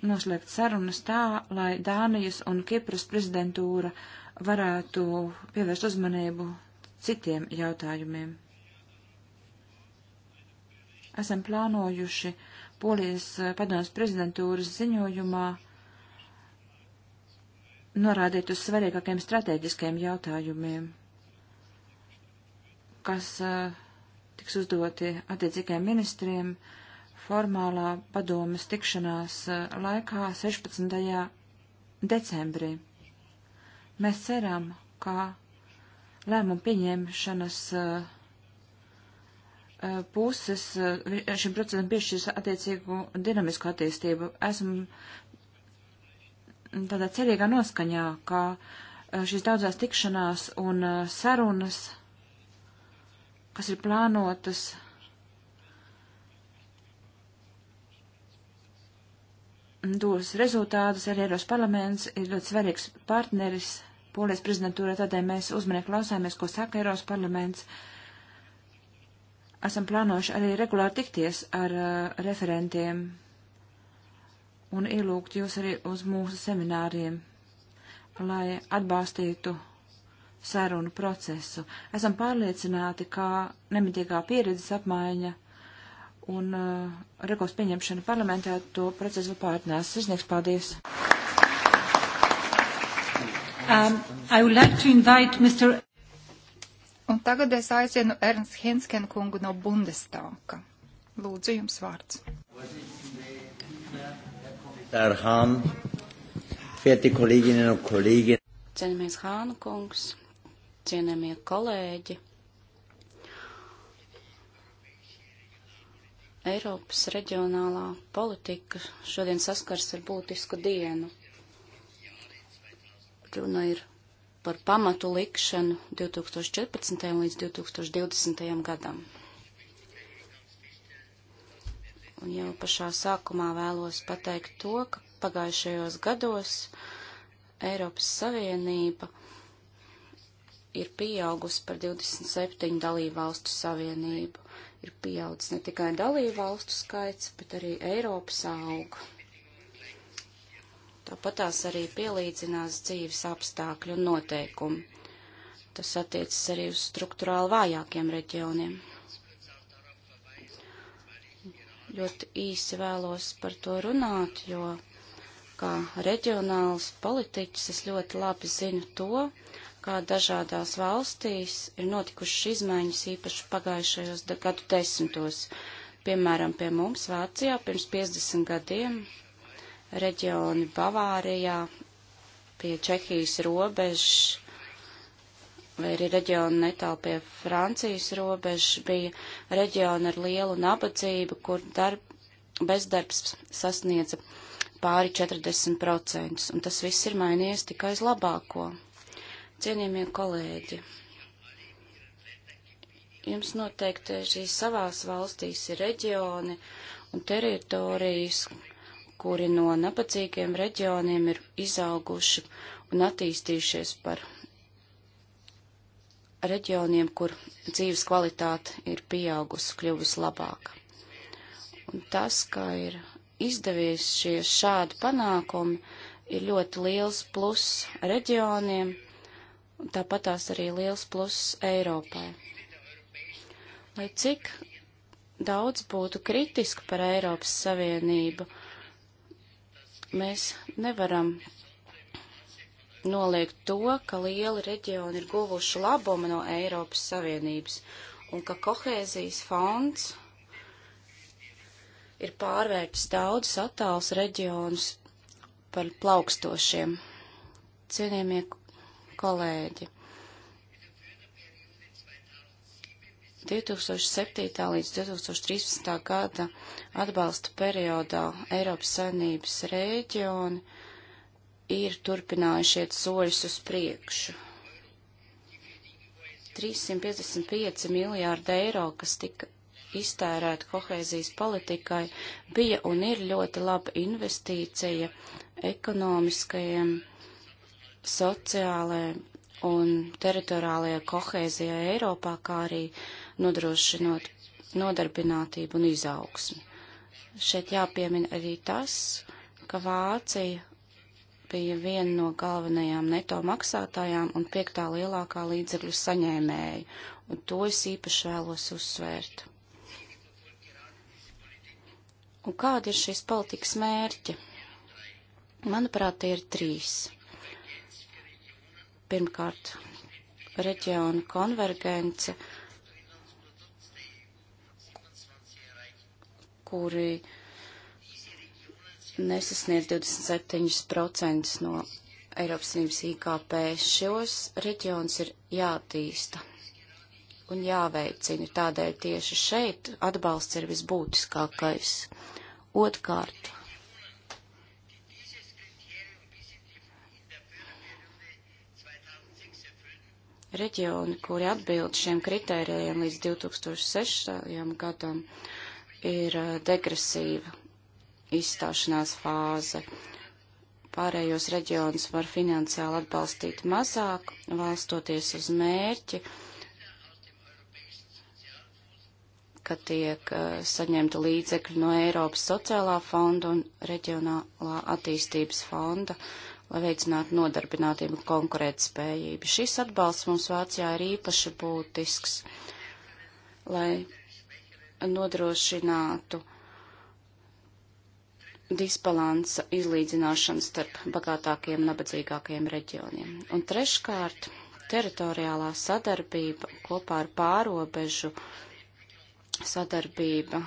noslēgt sarunas tā, lai Dānijas un Kipras prezidentūra varētu pievērst uzmanību citiem jautājumiem. Esam plānojuši Polijas padomas prezidentūras ziņojumā norādīt uz svarīgākiem strateģiskiem jautājumiem, kas uh, tiks uzdoti attiecīgiem ministriem, uh, formālā padomas tikšanās eh, laikā 16. decembrī. Mēs ceram, ka lēmumu pieņemšanas eh, eh, puses šim procesam piešķirs attiecīgu dinamisku attīstību. Esam tādā cerīgā noskaņā, ka šīs daudzās tikšanās un sarunas, kas ir plānotas, dos rezultātus, arī Eiros parlaments ir ļoti svarīgs partneris Polijas prezidentūrā, tādēļ mēs uzmanīgi klausāmies, ko saka Eiros parlaments. Esam plānojuši arī regulāri tikties ar uh, referentiem un ielūgt jūs arī uz mūsu semināriem, lai atbalstītu sarunu procesu. Esam pārliecināti, ka nemitīgā pieredzes apmaiņa un uh, regulas pieņemšana parlamentā to procesu vēl pārtinās. Sirsnieks, paldies! Um, like Mr... Un tagad es aizvienu Ernst Hensken kungu no Bundestāka. Lūdzu, jums vārds. Cienījamais Hāna kungs, cienījamie kolēģi, Eiropas reģionālā politika šodien saskars ar būtisku dienu. Runa ir par pamatu likšanu 2014. līdz 2020. gadam. Un jau pašā sākumā vēlos pateikt to, ka pagājušajos gados Eiropas Savienība ir pieaugusi par 27 dalību valstu savienību ir pieaudzis ne tikai dalību valstu skaits, bet arī Eiropas auga. Tāpat tās arī pielīdzinās dzīves apstākļu un noteikumi. Tas attiecas arī uz struktūrāli vājākiem reģioniem. Ļoti īsi vēlos par to runāt, jo kā reģionāls politiķis es ļoti labi zinu to, kā dažādās valstīs ir notikušas izmaiņas īpaši pagājušajos gadu desmitos. Piemēram, pie mums Vācijā pirms 50 gadiem reģioni Bavārijā pie Čehijas robežas vai arī reģiona netālu pie Francijas robežas bija reģiona ar lielu nabadzību, kur darb, bezdarbs sasniedza pāri 40%, un tas viss ir mainījies tikai uz labāko. Cienījamie kolēģi, jums noteikti šīs savās valstīs ir reģioni un teritorijas, kuri no nabadzīgiem reģioniem ir izauguši un attīstījušies par reģioniem, kur dzīves kvalitāte ir pieaugusi, kļuvis labāka. Un tas, ka ir izdevies šie šādi panākumi, ir ļoti liels pluss reģioniem, Tāpat tās arī liels pluss Eiropai. Lai cik daudz būtu kritiski par Eiropas Savienību, mēs nevaram noliegt to, ka lieli reģioni ir guvuši labumu no Eiropas Savienības un ka kohēzijas fonds ir pārvērtis daudzus attāls reģionus par plaukstošiem. Cienījamie kolēģi. 2007. līdz 2013. gada atbalsta periodā Eiropas Savienības reģioni ir turpinājušiet soļus uz priekšu. 355 miljārdi eiro, kas tika iztērēti kohēzijas politikai, bija un ir ļoti laba investīcija ekonomiskajiem sociālajai un teritoriālajai kohēzijai Eiropā, kā arī nodrošinot nodarbinātību un izaugsmi. Šeit jāpiemina arī tas, ka Vācija bija viena no galvenajām neto maksātājām un piektā lielākā līdzekļu saņēmēja, un to es īpaši vēlos uzsvērt. Un kādi ir šīs politikas mērķi? Manuprāt, tie ir trīs. Pirmkārt, reģiona konvergence, kuri nesasniedz 27% no Eiropas Savienības IKP. Šos reģionus ir jātīsta un jāveicina. Tādēļ tieši šeit atbalsts ir visbūtiskākais. Otkārt, Reģioni, kuri atbild šiem kritērijiem līdz 2006. gadam, ir eh, degresīva izstāšanās fāze. Pārējos reģionus var finansiāli atbalstīt mazāk, valstoties uz mērķi, ka tiek uh, saņemta līdzekļi no Eiropas sociālā fonda un reģionālā attīstības fonda, lai veicinātu nodarbinātību un konkurētspējību. Šis atbalsts mums Vācijā ir īpaši būtisks, lai nodrošinātu disbalansa izlīdzināšanu starp bagātākiem un nabadzīgākiem reģioniem. Un treškārt, teritoriālā sadarbība kopā ar pārobežu sadarbība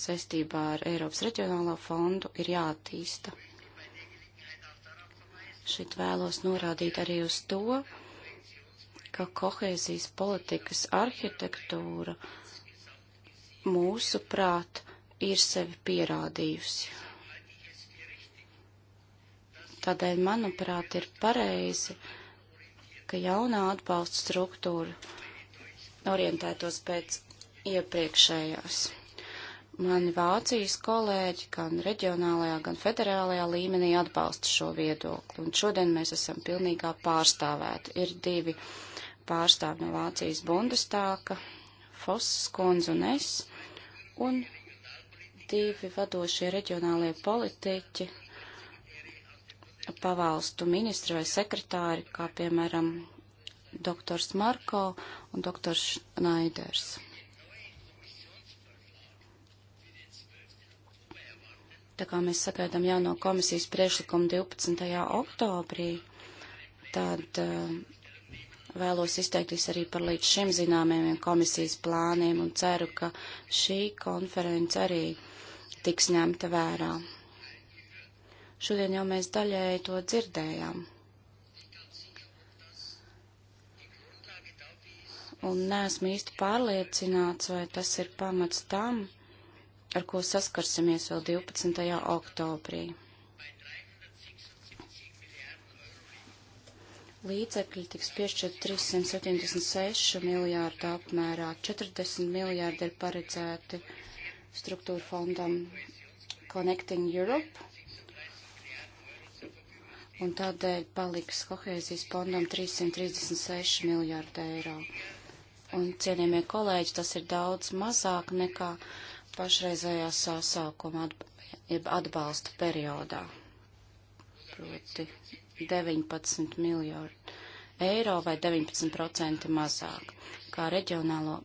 saistībā ar Eiropas reģionālo fondu ir jāattīsta. Šit vēlos norādīt arī uz to, ka kohēzijas politikas arhitektūra mūsuprāt ir sevi pierādījusi. Tādēļ, manuprāt, ir pareizi, ka jaunā atbalsta struktūra orientētos pēc iepriekšējās. Mani Vācijas kolēģi gan reģionālajā, gan federālajā līmenī atbalsta šo viedokli, un šodien mēs esam pilnīgā pārstāvēti. Ir divi pārstāvi no Vācijas Bundestāka, Foss kundze un es, un divi vadošie reģionālie politiķi, pavalstu ministri vai sekretāri, kā piemēram doktors Marko un doktors Šnaiders. Tā kā mēs sagaidām jauno komisijas priekšlikumu 12. oktobrī, tad uh, vēlos izteikties arī par līdz šim zināmiem komisijas plāniem un ceru, ka šī konference arī tiks ņemta vērā. Šodien jau mēs daļēji to dzirdējām. Un neesmu īsti pārliecināts, vai tas ir pamats tam, ar ko saskarsimies vēl 12. oktobrī. Līdzekļi tiks piešķirt 376 miljārdu apmērā, 40 miljārdi ir paredzēti struktūra fondam Connecting Europe, un tādēļ paliks kohēzijas fondam 336 miljārdu eiro. Un, cienījamie kolēģi, tas ir daudz mazāk nekā pašreizējā sāsākuma atbalsta periodā, proti 19 miljārdu eiro vai 19% mazāk. Kā reģionālo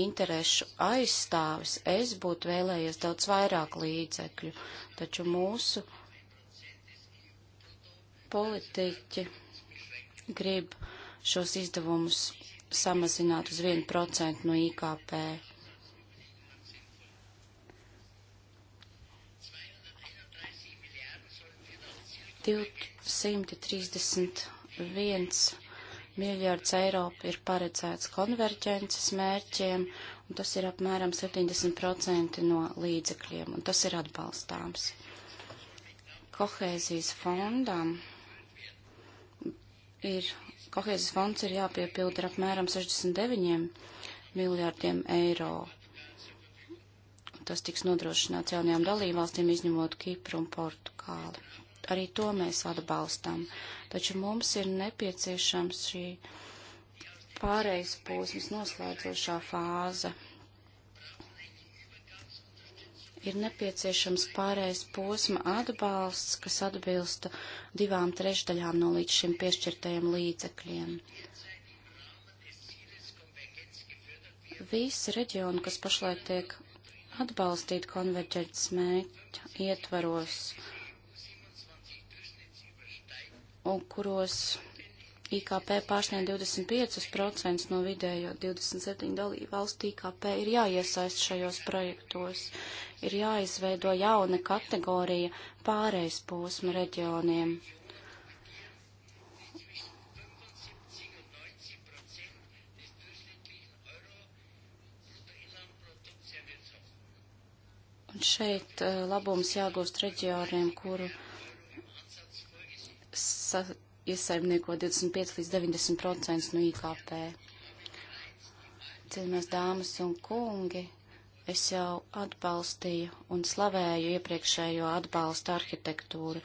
interešu aizstāvis es būtu vēlējies daudz vairāk līdzekļu, taču mūsu politiķi grib šos izdevumus samazināt uz 1% no IKP. 231 miljards eiro ir paredzēts konverģences mērķiem, un tas ir apmēram 70% no līdzekļiem, un tas ir atbalstāms. Kohēzijas fondam ir, kohēzijas fonds ir jāpiepilda ar apmēram 69 miljārdiem eiro. Tas tiks nodrošināts jaunajām dalībvalstīm, izņemot Kipru un Portugāli arī to mēs atbalstam. Taču mums ir nepieciešams šī pārējais posms noslēdzošā fāze. Ir nepieciešams pārējais posma atbalsts, kas atbilsta divām trešdaļām no līdz šim piešķirtajiem līdzekļiem. Visi reģioni, kas pašlaik tiek atbalstīti konverģents mērķa ietvaros, uh, un kuros IKP pārsniedz 25% no vidējo 27 dalību valstu IKP, ir jāiesaist šajos projektos, ir jāizveido jauna kategorija pārejas posma reģioniem, Un šeit eh, labums jāgūst reģioniem, kuru iesaimnieko 25 līdz 90% no IKP. Cienījumās dāmas un kungi, es jau atbalstīju un slavēju iepriekšējo atbalstu arhitektūru,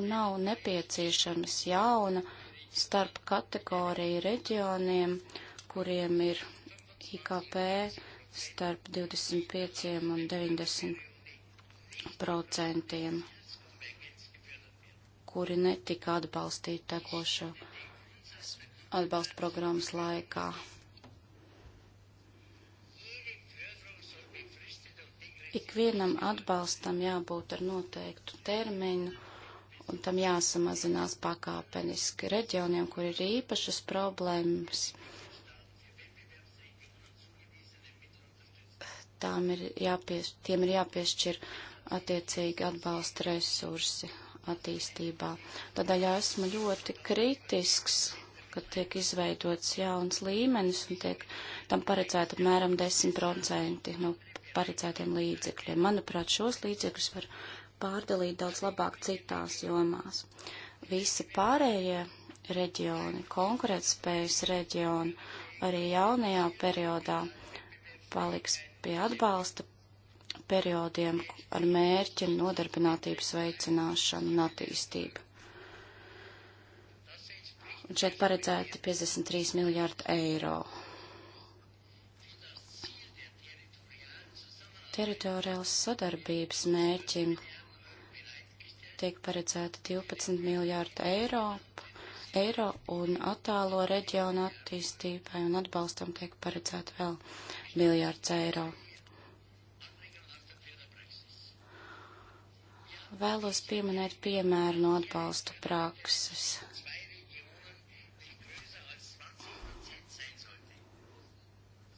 un nav nepieciešams jauna starp kategoriju reģioniem, kuriem ir IKP starp 25 un 90 procentiem kuri netika atbalstīti tekošo atbalsta programmas laikā. Ikvienam atbalstam jābūt ar noteiktu termiņu, un tam jāsamazinās pakāpeniski reģioniem, kur ir īpašas problēmas. Tām ir jāpies, tiem ir jāpiešķir attiecīgi atbalsta resursi, attīstībā. Tādēļ esmu ļoti kritisks, ka tiek izveidots jauns līmenis un tiek tam paredzēta apmēram 10% no paredzētiem līdzekļiem. Manuprāt, šos līdzekļus var pārdalīt daudz labāk citās jomās. Visi pārējie reģioni, konkurētspējas reģioni arī jaunajā periodā paliks pie atbalsta periodiem ar mērķi nodarbinātības veicināšanu un attīstību. Un šeit paredzēti 53 miljārdi eiro. Teritoriālas sadarbības mērķim tiek paredzēti 12 miljārdi eiro, eiro un attālo reģionu attīstībai un atbalstam tiek paredzēti vēl miljārds eiro. Vēlos pieminēt piemēru no atbalstu prakses.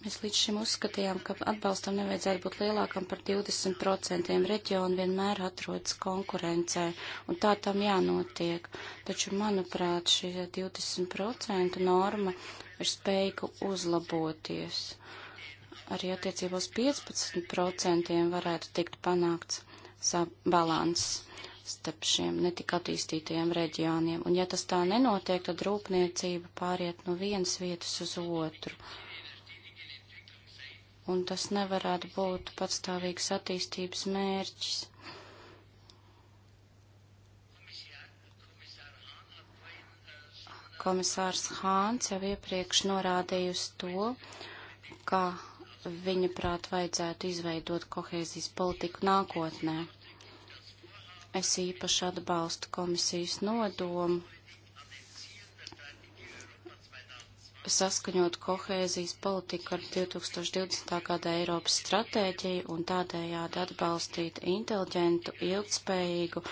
Mēs līdz šim uzskatījām, ka atbalstam nevajadzētu būt lielākam par 20%. Reģioni vienmēr atrodas konkurencē, un tā tam jānotiek. Taču, manuprāt, šī 20% norma ir spējīga uzlaboties. Arī attiecībos 15% varētu tikt panākts balans starp šiem netik attīstītajiem reģioniem. Un ja tas tā nenotiek, tad rūpniecība pāriet no vienas vietas uz otru. Un tas nevarētu būt patstāvīgs attīstības mērķis. Komisārs Hāns jau iepriekš norādījusi to, ka viņa prāt vajadzētu izveidot kohēzijas politiku nākotnē. Es īpaši atbalstu komisijas nodomu saskaņot kohēzijas politiku ar 2020. gada Eiropas stratēģiju un tādējādi atbalstīt inteliģentu, ilgspējīgu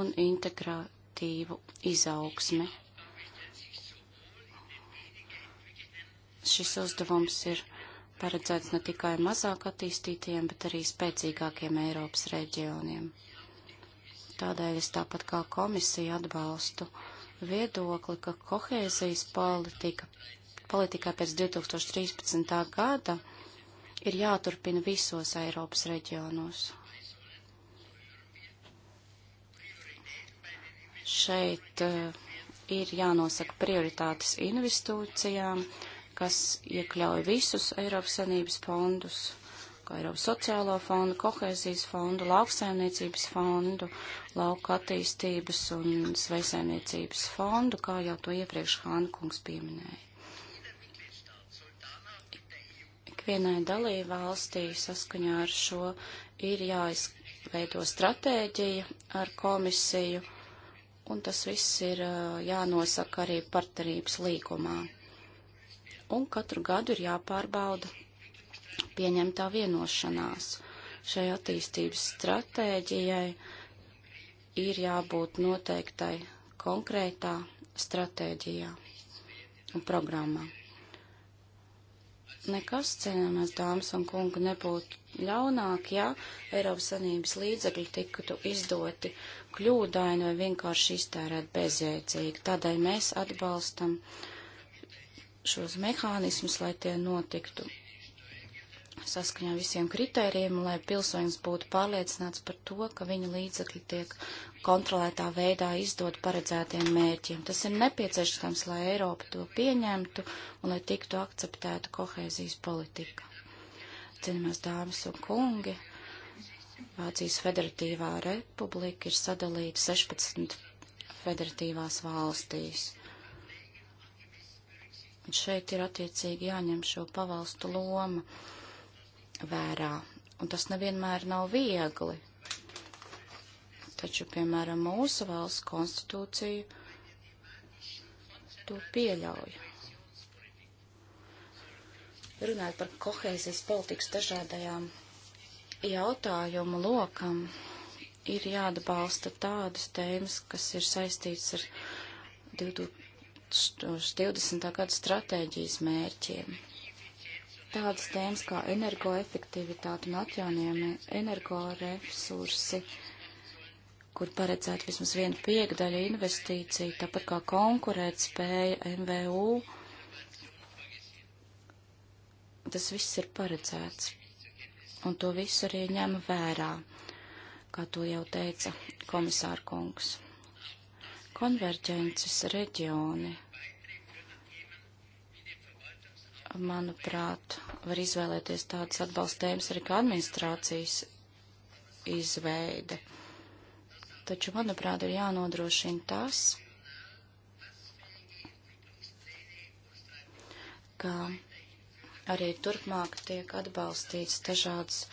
un integratīvu izaugsmi. Šis uzdevums ir paredzēts ne tikai mazāk attīstītiem, bet arī spēcīgākiem Eiropas reģioniem. Tādēļ es tāpat kā komisija atbalstu viedokli, ka kohēzijas politika, politikā pēc 2013. gada ir jāturpina visos Eiropas reģionos. Šeit uh, ir jānosaka prioritātes investīcijām, uh, kas iekļauj visus Eiropas Sanības fondus, kā Eiropas sociālo fondu, kohēzijas fondu, lauksaimniecības fondu, lauka attīstības un sveisaimniecības fondu, kā jau to iepriekš Hānkungs pieminēja. Ikvienai dalībvalstī saskaņā ar šo ir jāizveido stratēģija ar komisiju, un tas viss ir jānosaka arī partnerības līgumā un katru gadu ir jāpārbauda pieņemtā vienošanās. Šai attīstības stratēģijai ir jābūt noteiktai konkrētā stratēģijā un programmā. Nekas, cienījamās dāmas un kungi, nebūtu ļaunāk, ja Eiropas Sanības līdzekļi tiktu izdoti kļūdaini vai vienkārši iztērēt bezjēdzīgi. Tādēļ mēs atbalstam uh, šos mehānismus, lai tie notiktu saskaņā visiem kritērijiem, lai pilsoņs būtu pārliecināts par to, ka viņa līdzekļi tiek kontrolētā veidā izdot paredzētiem mērķiem. Tas ir nepieciešams, lai Eiropa to pieņemtu un lai tiktu akceptēta kohēzijas politika. Cienījumās dāmas un kungi, Vācijas Federatīvā republika ir sadalīta 16 federatīvās valstīs. Un šeit ir attiecīgi jāņem šo pavalstu loma vērā. Un tas nevienmēr nav viegli. Taču, piemēram, mūsu valsts konstitūcija to pieļauj. Runājot par kohēzijas politikas dažādajām jautājumu lokam, ir jāatbalsta tādas tēmas, kas ir saistītas ar 2000 uz 20. gada stratēģijas mērķiem. Tādas tēmas kā energoefektivitāte un atjaunījumi energoresursi, kur paredzētu vismaz vienu piekdaļu investīciju, tāpat kā konkurētspēja MVU, tas viss ir paredzēts. Un to visu arī ņem vērā, kā to jau teica komisāra kungs. Konverģences reģioni, manuprāt, var izvēlēties tādas atbalstējums arī kā administrācijas izveide. Taču, manuprāt, ir jānodrošina tas, ka arī turpmāk tiek atbalstīts dažādas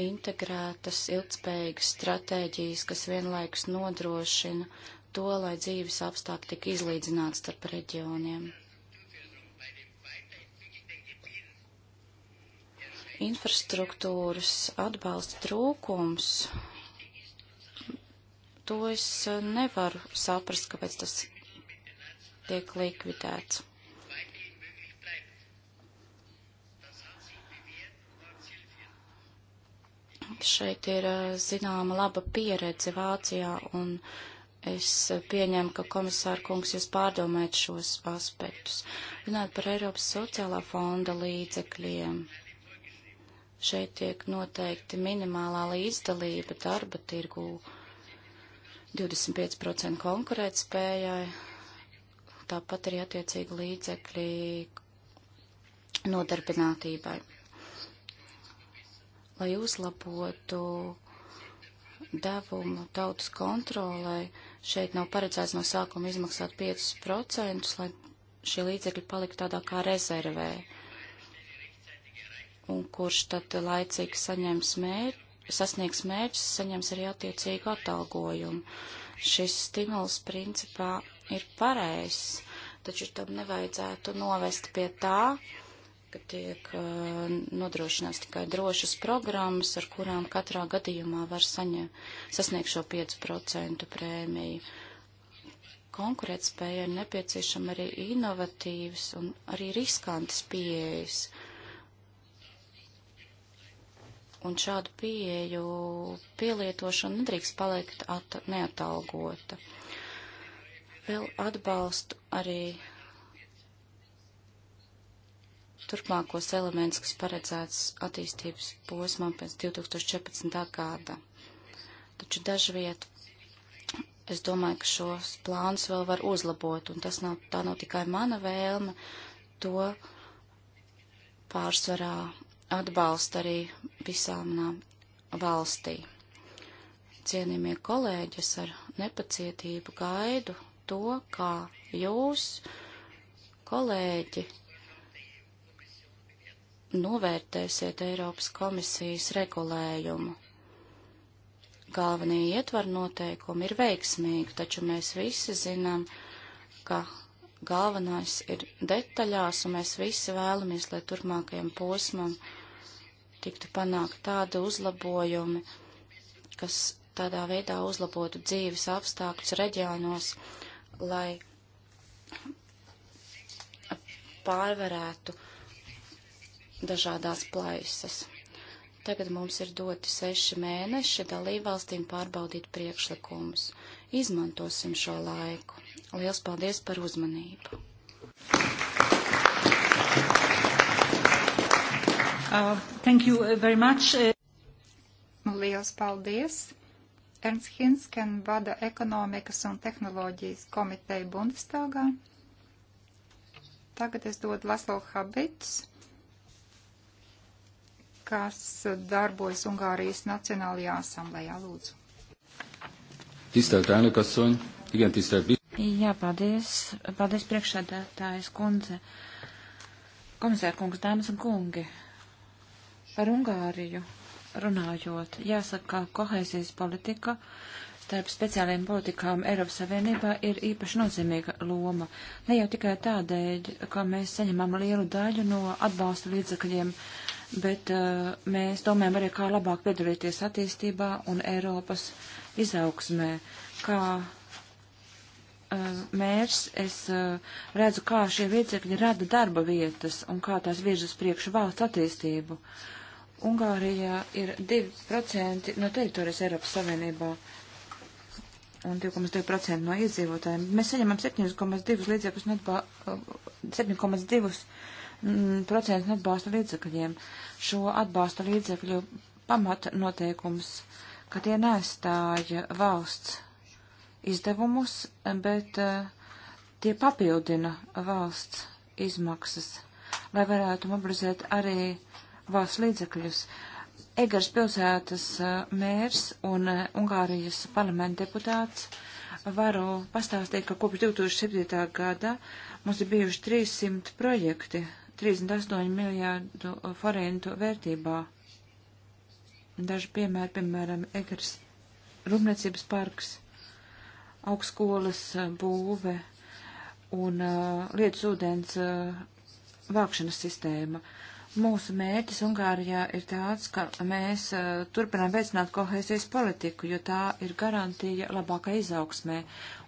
integrētas, ilgspējīgas stratēģijas, kas vienlaikus nodrošina to, lai dzīves apstākļi tik izlīdzināts starp reģioniem. Infrastruktūras atbalsta trūkums, to es nevaru saprast, kāpēc tas tiek likvidēts. Šeit ir eh, zināma laba pieredze Vācijā, un es pieņemu, ka komisāra kungs jūs pārdomājat šos aspektus. Runāt par Eiropas sociālā fonda līdzekļiem. Šeit tiek noteikti minimālā līdzdalība darba tirgū 25% konkurētspējai, tāpat arī attiecīgi līdzekļi nodarbinātībai lai uzlabotu devumu tautas kontrolē. Šeit nav paredzēts no sākuma izmaksāt 5%, lai šie līdzekļi palika tādā kā rezervē. Un kurš tad laicīgi saņems mērķi, sasniegs mērķus, saņems arī attiecīgu atalgojumu. Šis stimuls principā ir pareizs, taču tam nevajadzētu novest pie tā, ka tiek nodrošinās tikai drošas programmas, ar kurām katrā gadījumā var saņemt, sasniegt šo 5% prēmiju. Konkurētspēja ir nepieciešama arī inovatīvas un arī riskantas pieejas. Un šādu pieeju pielietošana nedrīkst palikt at, neatalgota. Vēl atbalstu arī turpmākos elementus, kas paredzēts attīstības posmam pēc 2014. gada. Taču dažviet es domāju, ka šos plānus vēl var uzlabot, un tas nav, tā nav tikai mana vēlme, to pārsvarā atbalsta arī visām manām valstī. Cienījamie kolēģi, es ar nepacietību gaidu to, kā jūs, kolēģi, novērtēsiet Eiropas komisijas regulējumu? Galvenie ietvaru noteikumi ir veiksmīgi, taču mēs visi zinām, ka galvenais ir detaļās, un mēs visi vēlamies, lai turpmākajam posmam tiktu panākt tādi uzlabojumi, kas tādā veidā uzlabotu dzīves apstākļus reģionos, lai pārvarētu uh, dažādās plaisas. Tagad mums ir doti seši mēneši dalībvalstīm pārbaudīt priekšlikumus. Izmantosim šo laiku. Liels paldies par uzmanību! Uh, thank you uh, very much. Uh, Liels paldies! Ernsts Hinsken vada ekonomikas un tehnoloģijas komiteju Bundestagā. Tagad es dodu Laslo Habits kas darbojas Ungārijas Nacionālajā asamblējā. Lūdzu. Tisztelt elnök asszony, igen, tisztelt Jā, paldies. Paldies priekšsēdētājas kundze. Komisāra kungs, dāmas un kungi. Par Ungāriju runājot, jāsaka, ka kohēzijas politika starp speciālajiem politikām Eiropas Savienībā ir īpaši nozīmīga loma. Ne jau tikai tādēļ, ka mēs saņemam lielu daļu no atbalsta līdzakļiem bet uh, mēs domājam arī, kā labāk piedalīties attīstībā un Eiropas izaugsmē. Kā uh, mērs es uh, redzu, kā šie viedzekļi rada darba vietas un kā tās virz uz priekšu valsts attīstību. Ungārijā ir 2% no teritorijas Eiropas Savienībā un 2,2% no iedzīvotājiem. Mēs saņemam 7,2 līdzekļus no 7,2 uh, Mm, procentus no atbalsta līdzekļiem. Šo atbalsta līdzekļu pamatnoteikums, ka tie nestāja valsts izdevumus, bet eh, tie papildina valsts izmaksas, lai varētu mobilizēt arī valsts līdzekļus. Egers pilsētas eh, mērs un eh, Ungārijas parlamenta deputāts varu pastāstīt, ka kopš 2007. gada mums ir bijuši 300 projekti 38 miljārdu forintu vērtībā. Daži piemēri, piemēram, Egers rūpniecības parks, augstskolas būve un uh, lietas ūdens uh, vākšanas sistēma. Mūsu mērķis Ungārijā ir tāds, ka mēs uh, turpinām veicināt kohēzijas politiku, jo tā ir garantija labākai izaugsmē,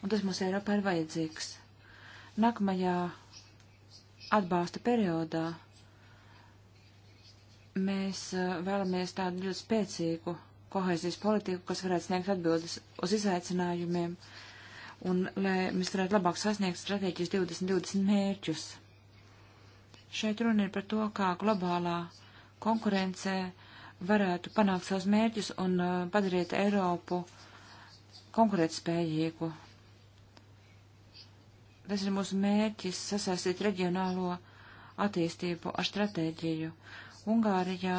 un tas mums Eiropā ir vajadzīgs. Nākamajā atbalsta periodā mēs eh, vēlamies tādu ļoti spēcīgu kohēzijas politiku, kas varētu sniegt atbildes uz izaicinājumiem un lai mēs varētu labāk sasniegt stratēģijas 2020 mērķus. Šeit runa ir par to, kā globālā konkurence varētu panākt savus mērķus un eh, padarīt Eiropu konkurētspējīgu tas ir mūsu mērķis sasaistīt reģionālo attīstību ar stratēģiju. Ungārijā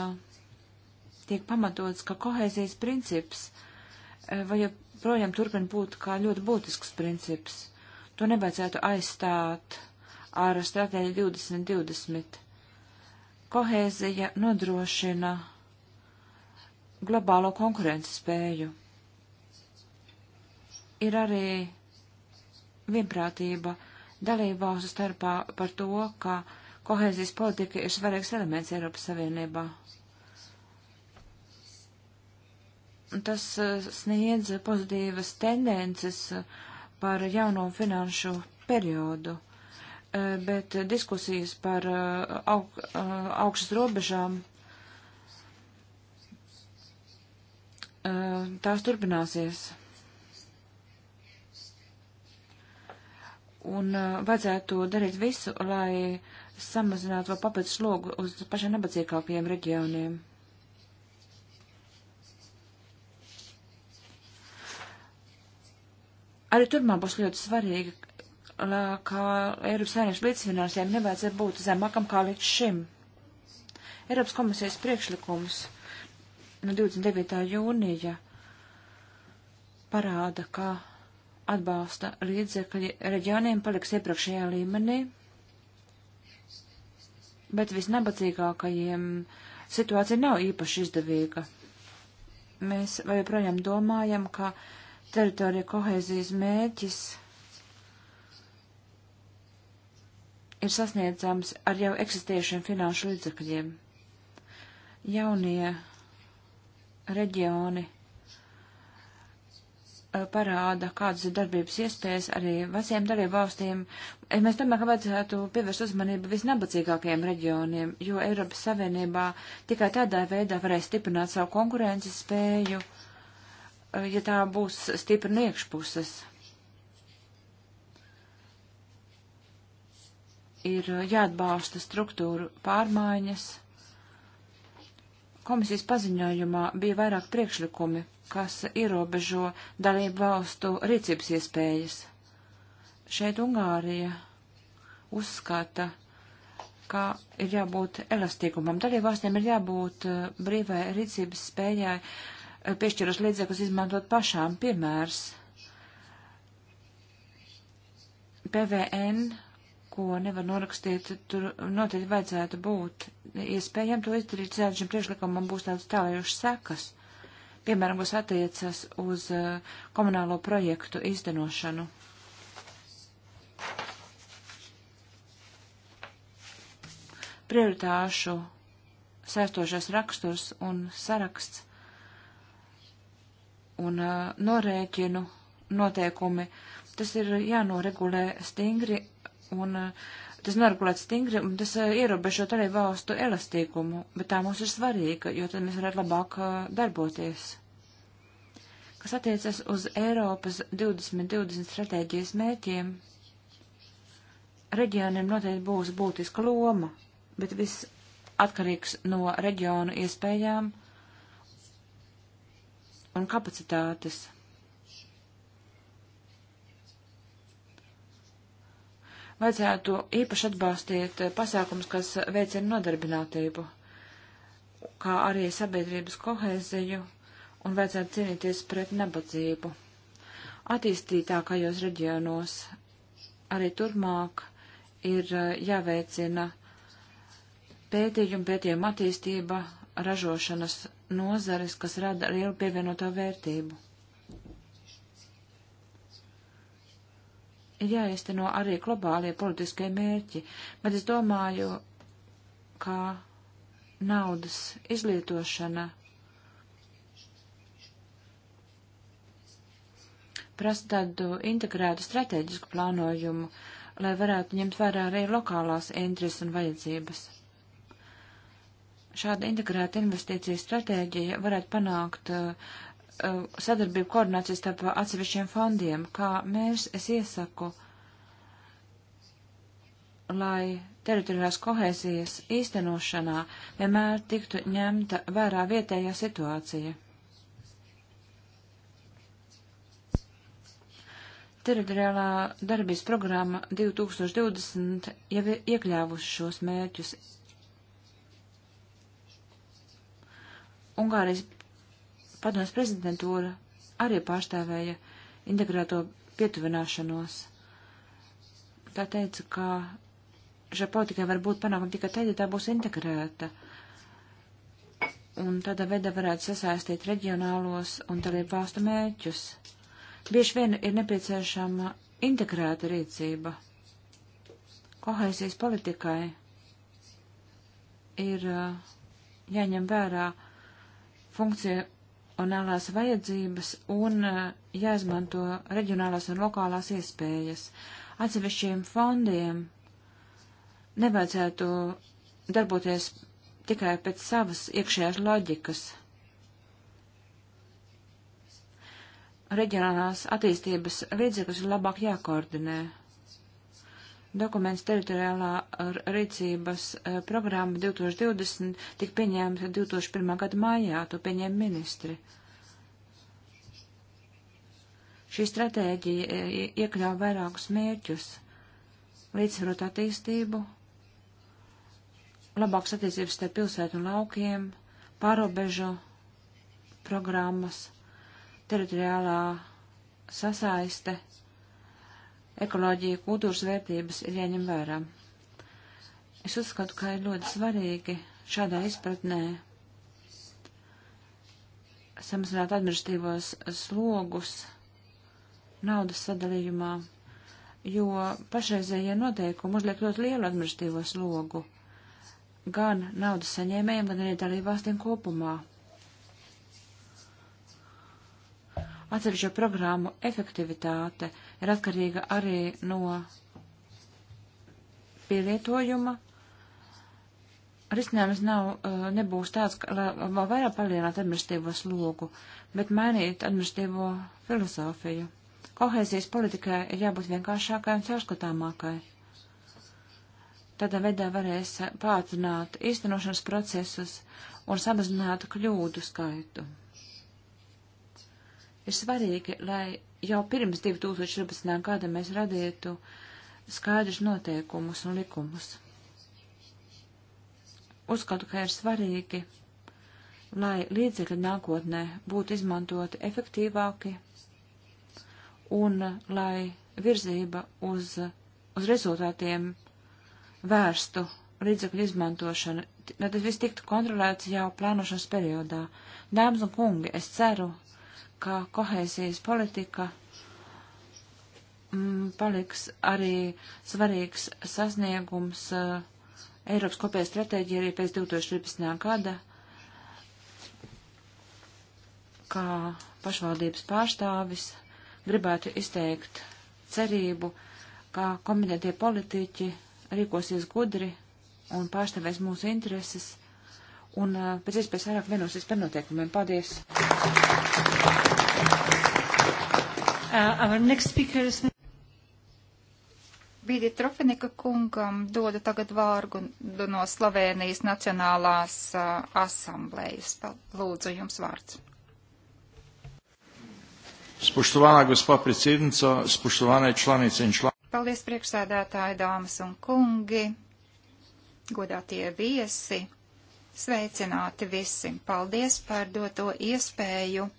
tiek pamatots, ka kohēzijas princips e, vai joprojām turpin būt kā ļoti būtisks princips. To nevajadzētu aizstāt ar stratēģiju 2020. Kohēzija nodrošina globālo konkurences spēju. Ir arī vienprātība dalībvalstu starpā par to, ka kohēzijas politika ir svarīgs elements Eiropas Savienībā. Tas eh, sniedz pozitīvas tendences eh, par jauno finanšu periodu, eh, bet diskusijas par aug, augšas robežām tās turpināsies. Un uh, vajadzētu darīt visu, lai samazinātu vēl papildus slogu uz pašiem nabadzīgākajiem reģioniem. Arī turpmāk būs ļoti svarīgi, lai, kā Eiropas Savienības līdzfinansējumi nevajadzētu būt zemākam kā līdz šim. Eiropas komisijas priekšlikums no 29. jūnija parāda, ka atbalsta līdzekļi reģioniem paliks iepriekšējā līmenī, bet visnabadzīgākajiem situācija nav īpaši izdevīga. Mēs vai projām domājam, ka teritorija kohēzijas mērķis ir sasniedzams ar jau eksistējušiem finanšu līdzekļiem. Jaunie reģioni Eh, parāda, kādas ir darbības iespējas arī veciem dalību valstīm. Eh, mēs domājam, ka vajadzētu pievērst uzmanību visnabadzīgākajiem reģioniem, jo Eiropas Savienībā tikai tādā veidā varēs stiprināt savu konkurences spēju, eh, ja tā būs stipra no iekšpuses. Ir jāatbalsta struktūru pārmaiņas Komisijas paziņojumā bija vairāk priekšlikumi, kas ierobežo dalību valstu rīcības iespējas. Šeit Ungārija uzskata, ka ir jābūt elastīgumam. Dalībvalstīm ir jābūt uh, brīvai rīcības spējai uh, piešķiros līdzekļus izmantot pašām. Piemērs PVN ko nevar norakstīt, tur noteikti vajadzētu būt. Iespējams, to izdarīt zēdu šim priekšlikumam būs tāds tālajošs sekas, piemēram, kas attiecas uz uh, komunālo projektu izdenošanu. Prioritāšu saistošais raksturs un saraksts un uh, norēķinu noteikumi. Tas ir jānoregulē stingri un eh, tas noregulēts stingri, un tas eh, ierobežot arī valstu elastīgumu, bet tā mums ir svarīga, jo tad mēs varētu labāk eh, darboties. Kas attiecas uz Eiropas 2020 stratēģijas mērķiem, reģioniem noteikti būs būtiska loma, bet viss atkarīgs no reģionu iespējām un kapacitātes. vajadzētu īpaši atbalstīt pasākums, kas veicina nodarbinātību, kā arī sabiedrības kohēziju un vajadzētu cīnīties pret nabadzību. Attīstītākajos reģionos arī turpmāk ir eh, jāveicina pētījuma, pētījuma attīstība, ražošanas nozares, kas rada lielu pievienoto vērtību. ir jāiesteno arī globālie politiskie mērķi, bet es domāju, ka naudas izlietošana prasa tādu integrētu strateģisku plānojumu, lai varētu ņemt vērā arī lokālās intereses un vajadzības. Šāda integrēta investīcija stratēģija varētu panākt uh, Uh, sadarbību koordinācijas starp atsevišķiem fondiem, kā mēs es iesaku, lai teritoriālās kohēzijas īstenošanā vienmēr tiktu ņemta vērā vietējā situācija. Teritoriālā darbības programma 2020 jau ir iekļāvusi šos mērķus. Ungārijas padomjas prezidentūra arī pārstāvēja integrēto pietuvināšanos. Tā teica, ka šai politikai var būt panākuma tikai tad, ja tā būs integrēta. Un tādā veidā varētu sasaistīt reģionālos un dalību valstu mēķus. Bieži vien ir nepieciešama integrēta rīcība. Kohēzijas politikai ir uh, jāņem vērā funkcija reģionālās vajadzības un eh, jāizmanto reģionālās un lokālās iespējas. Atsevišķiem fondiem nevajadzētu darboties tikai pēc savas iekšējās loģikas. Reģionālās attīstības līdzekļus ir labāk jākoordinē dokuments teritoriālā rīcības e, programma 2020 tika pieņēmta 2001. gada maijā, to pieņēma ministri. Šī stratēģija e, iekļauj vairākus mērķus - līdzsvarot attīstību, labāks attiecības starp pilsētu un laukiem, pārobežu programmas, teritoriālā sasaiste ekoloģija, kultūras vērtības ir jāņem vērā. Es uzskatu, ka ir ļoti svarīgi šādā izpratnē samazināt administratīvos slogus naudas sadalījumā, jo pašreizējie noteikumi uzliek ļoti lielu administratīvo slogu gan naudas saņēmējiem, gan arī dalībvalstīm kopumā. Atsevišķo programmu efektivitāte ir atkarīga arī no pielietojuma. Risinājums nav, eh, nebūs tāds, ka vēl vairāk palielināt administratīvo slogu, bet mainīt administratīvo filozofiju. Kohēzijas politikai ir jābūt vienkāršākai un caurskatāmākai. Tādā veidā varēs pātrināt īstenošanas procesus un samazināt kļūdu skaitu ir svarīgi, lai jau pirms 2014. gada mēs radītu skaidrs noteikumus un likumus. Uzskatu, ka ir svarīgi, lai līdzekļi nākotnē būtu izmantoti efektīvāki un lai virzība uz, uz rezultātiem vērstu līdzekļu izmantošanu, lai tas viss tiktu kontrolēts jau plānošanas periodā. Dāmas un kungi, es ceru, ka kohēzijas politika mm, paliks arī svarīgs sasniegums uh, Eiropas kopējā stratēģija arī pēc 2013. gada, kā pašvaldības pārstāvis gribētu izteikt cerību, ka komitētie politiķi rīkosies gudri un pārstāvēs mūsu intereses un uh, pēc iespējas vairāk vienosies par noteikumiem. Paldies! Uh, our next speaker is... Vīdi Trofenika kungam dodu tagad vārgu no Slovēnijas Nacionālās uh, asamblējas. Lūdzu, jums vārds. Spoštovana gospa predsednica, spoštovane članice in člani. Paldies priekšsēdētāji, dāmas un kungi, godātie viesi, sveicināti visi. Paldies par doto iespēju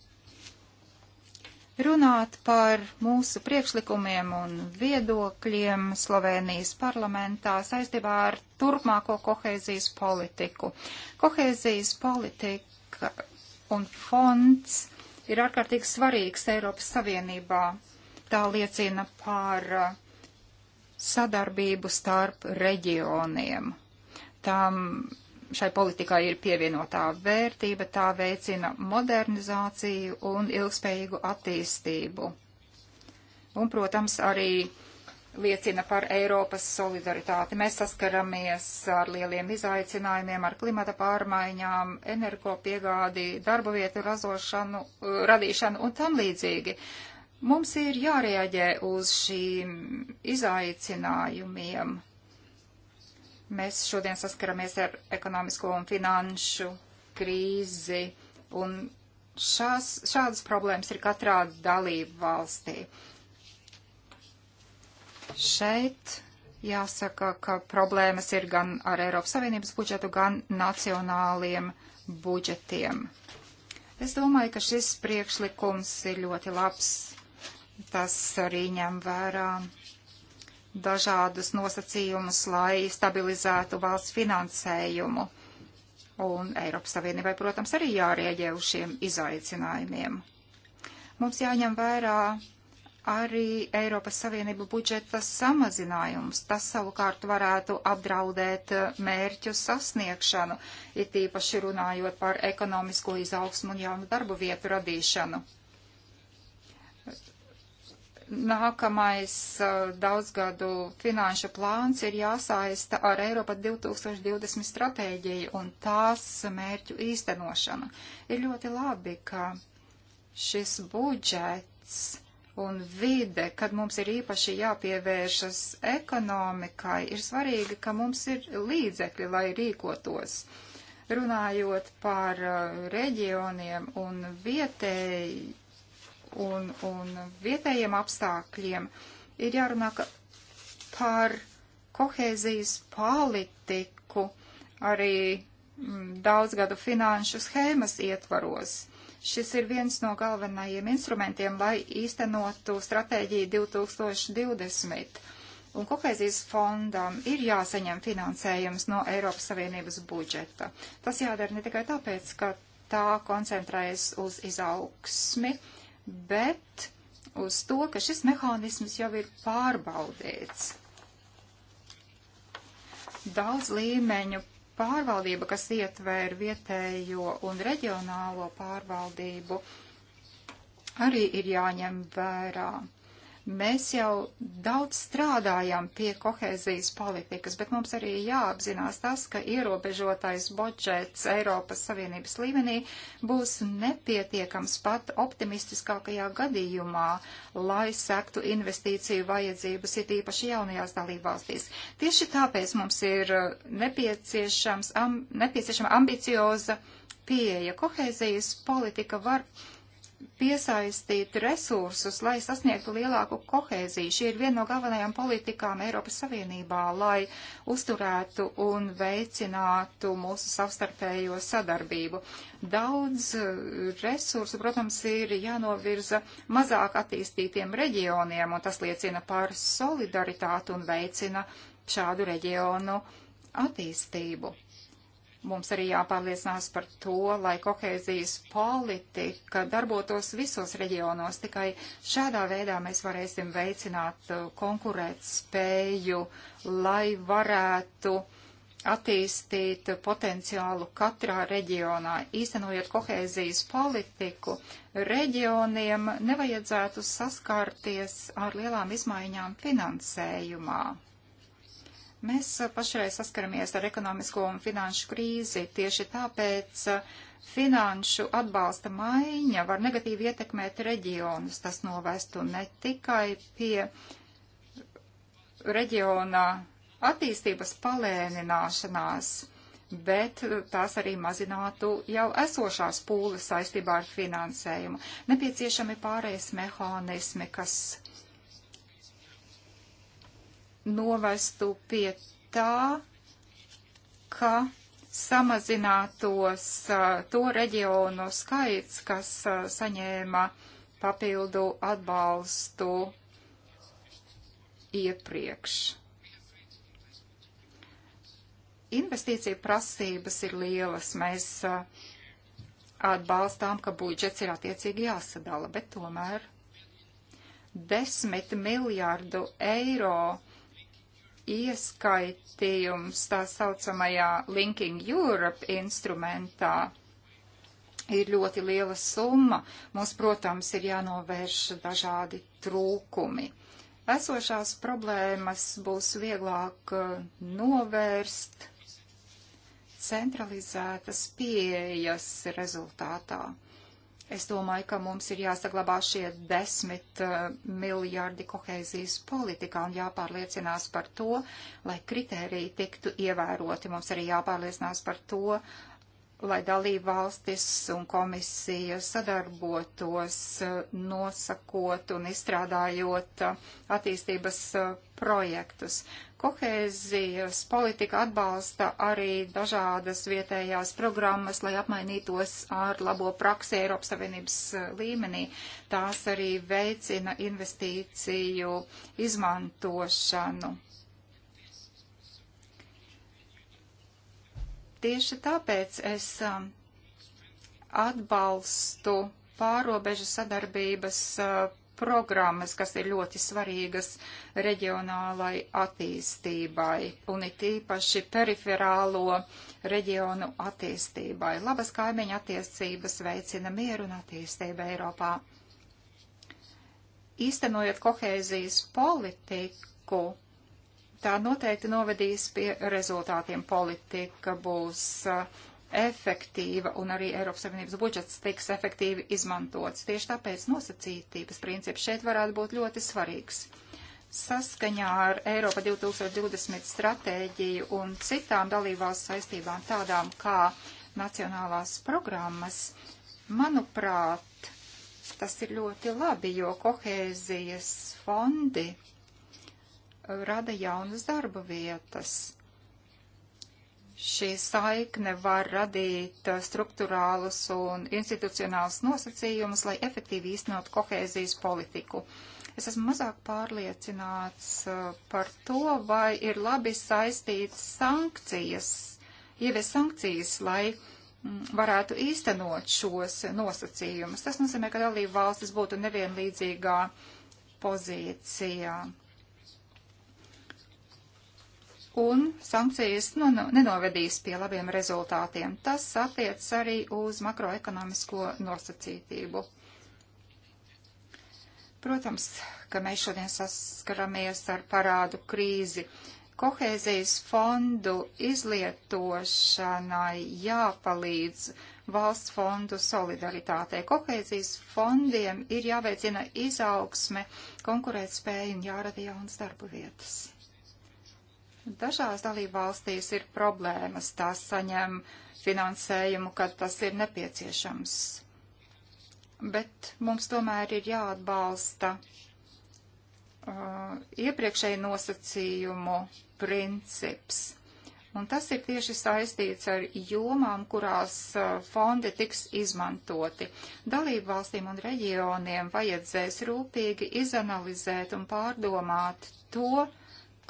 runāt par mūsu priekšlikumiem un viedokļiem Slovenijas parlamentā saistībā ar turpmāko kohēzijas politiku. Kohēzijas politika un fonds ir ārkārtīgi svarīgs Eiropas Savienībā. Tā liecina par uh, sadarbību starp reģioniem. Tam šai politikai ir pievienotā vērtība, tā veicina modernizāciju un ilgspējīgu attīstību. Un, protams, arī liecina par Eiropas solidaritāti. Mēs saskaramies ar lieliem izaicinājumiem, ar klimata pārmaiņām, energopiegādi, darba vietu razošanu, radīšanu un tam līdzīgi. Mums ir jārēģē uz šīm izaicinājumiem Mēs šodien saskaramies ar ekonomisko un finanšu krīzi, un šās, šādas problēmas ir katrā dalību valstī. Šeit jāsaka, ka problēmas ir gan ar Eiropas Savienības budžetu, gan nacionāliem budžetiem. Es domāju, ka šis priekšlikums ir ļoti labs. Tas arī ņem vērā dažādus nosacījumus, lai stabilizētu valsts finansējumu. Un Eiropas Savienībai, protams, arī jārieģē uz šiem izaicinājumiem. Mums jāņem vērā arī Eiropas Savienību budžeta samazinājums. Tas savukārt varētu apdraudēt eh, mērķu sasniegšanu, it īpaši runājot par ekonomisko izaugsmu un jaunu darbu vietu radīšanu. Nākamais uh, daudzgadu finanšu plāns ir jāsaista ar Eiropa 2020 stratēģiju un tās mērķu īstenošanu. Ir ļoti labi, ka šis budžets un vide, kad mums ir īpaši jāpievēršas ekonomikai, ir svarīgi, ka mums ir līdzekļi, lai rīkotos. Runājot par uh, reģioniem un vietēji, un, un vietējiem apstākļiem, ir jārunā par kohēzijas politiku arī mm, daudzgadu finanšu schēmas ietvaros. Šis ir viens no galvenajiem instrumentiem, lai īstenotu stratēģiju 2020. Un kohēzijas fondam ir jāsaņem finansējums no Eiropas Savienības budžeta. Tas jādara ne tikai tāpēc, ka tā koncentrējas uz izaugsmi, bet uz to, ka šis mehānisms jau ir pārbaudēts. Daudz līmeņu pārvaldība, kas ietver vietējo un reģionālo pārvaldību, arī ir jāņem vērā. Mēs jau daudz strādājam pie kohēzijas politikas, bet mums arī jāapzinās tas, ka ierobežotais budžets Eiropas Savienības līmenī būs nepietiekams pat optimistiskākajā gadījumā, lai sektu investīciju vajadzības it īpaši jaunajās dalībvalstīs. Tieši tāpēc mums ir nepieciešams, am, nepieciešama ambicioza pieeja. Kohēzijas politika var piesaistīt resursus, lai sasniegtu lielāku kohēziju. Šī ir viena no galvenajām politikām Eiropas Savienībā, lai uzturētu un veicinātu mūsu savstarpējo sadarbību. Daudz eh, resursu, protams, ir jānovirza mazāk attīstītiem reģioniem, un tas liecina par solidaritātu un veicina šādu reģionu attīstību. Mums arī jāpārliecinās par to, lai kohēzijas politika darbotos visos reģionos. Tikai šādā veidā mēs varēsim veicināt uh, konkurēt spēju, lai varētu attīstīt potenciālu katrā reģionā. Īstenojot kohēzijas politiku, reģioniem nevajadzētu saskarties ar lielām izmaiņām finansējumā Mēs uh, pašreiz saskaramies ar ekonomisko un finanšu krīzi, tieši tāpēc uh, finanšu atbalsta maiņa var negatīvi ietekmēt reģionus. Tas novestu ne tikai pie reģiona attīstības palēnināšanās, bet uh, tās arī mazinātu jau esošās pūles saistībā ar finansējumu. Nepieciešami pārējais mehānismi, kas novestu pie tā, ka samazinātos uh, to reģionu skaits, kas uh, saņēma papildu atbalstu iepriekš. Investīcija prasības ir lielas. Mēs uh, atbalstām, ka budžets ir attiecīgi jāsadala, bet tomēr desmit miljārdu eiro ieskaitījums tā saucamajā Linking Europe instrumentā ir ļoti liela summa. Mums, protams, ir jānovērš dažādi trūkumi. Esošās problēmas būs vieglāk uh, novērst centralizētas pieejas rezultātā. Es domāju, ka mums ir jāsaglabā šie desmit uh, miljardi kohēzijas politikā un jāpārliecinās par to, lai kritēriji tiktu ievēroti. Mums arī jāpārliecinās par to, lai dalība valstis un komisija sadarbotos, nosakot un izstrādājot uh, attīstības uh, projektus. Kohēzijas politika atbalsta arī dažādas vietējās programmas, lai apmainītos ar labo praksi Eiropas Savienības uh, līmenī. Tās arī veicina investīciju izmantošanu Tieši tāpēc es um, atbalstu pārobežu sadarbības uh, programmas, kas ir ļoti svarīgas reģionālai attīstībai un it īpaši periferālo reģionu attīstībai. Labas kaimiņa attiecības veicina mieru un attīstību Eiropā. Īstenojot kohēzijas politiku, tā noteikti novedīs pie rezultātiem. Politika būs uh, efektīva un arī Eiropas Savienības budžets tiks efektīvi izmantots. Tieši tāpēc nosacītības princips šeit varētu būt ļoti svarīgs. Saskaņā ar Eiropa 2020 stratēģiju un citām dalībās saistībām tādām kā nacionālās programmas, manuprāt, tas ir ļoti labi, jo kohēzijas fondi rada jaunas darba vietas. Šī saikne var radīt uh, struktūrālus un institucionālus nosacījumus, lai efektīvi īstenot kohēzijas politiku. Es esmu mazāk pārliecināts uh, par to, vai ir labi saistīts sankcijas, ievies sankcijas, lai mm, varētu īstenot šos nosacījumus. Tas nozīmē, ka dalība valstis būtu nevienlīdzīgā pozīcijā un sankcijas nu, nenovedīs pie labiem rezultātiem. Tas attiec arī uz makroekonomisko nosacītību. Protams, ka mēs šodien saskaramies ar parādu krīzi. Kohēzijas fondu izlietošanai jāpalīdz valsts fondu solidaritātei. Kohēzijas fondiem ir jāveicina izaugsme, konkurētspēja un jārada jaunas darba vietas. Dažās dalībvalstīs ir problēmas, tās saņem finansējumu, kad tas ir nepieciešams. Bet mums tomēr ir jāatbalsta uh, iepriekšēju nosacījumu princips. Un tas ir tieši saistīts ar jomām, kurās uh, fondi tiks izmantoti. Dalību valstīm un reģioniem vajadzēs rūpīgi izanalizēt un pārdomāt to,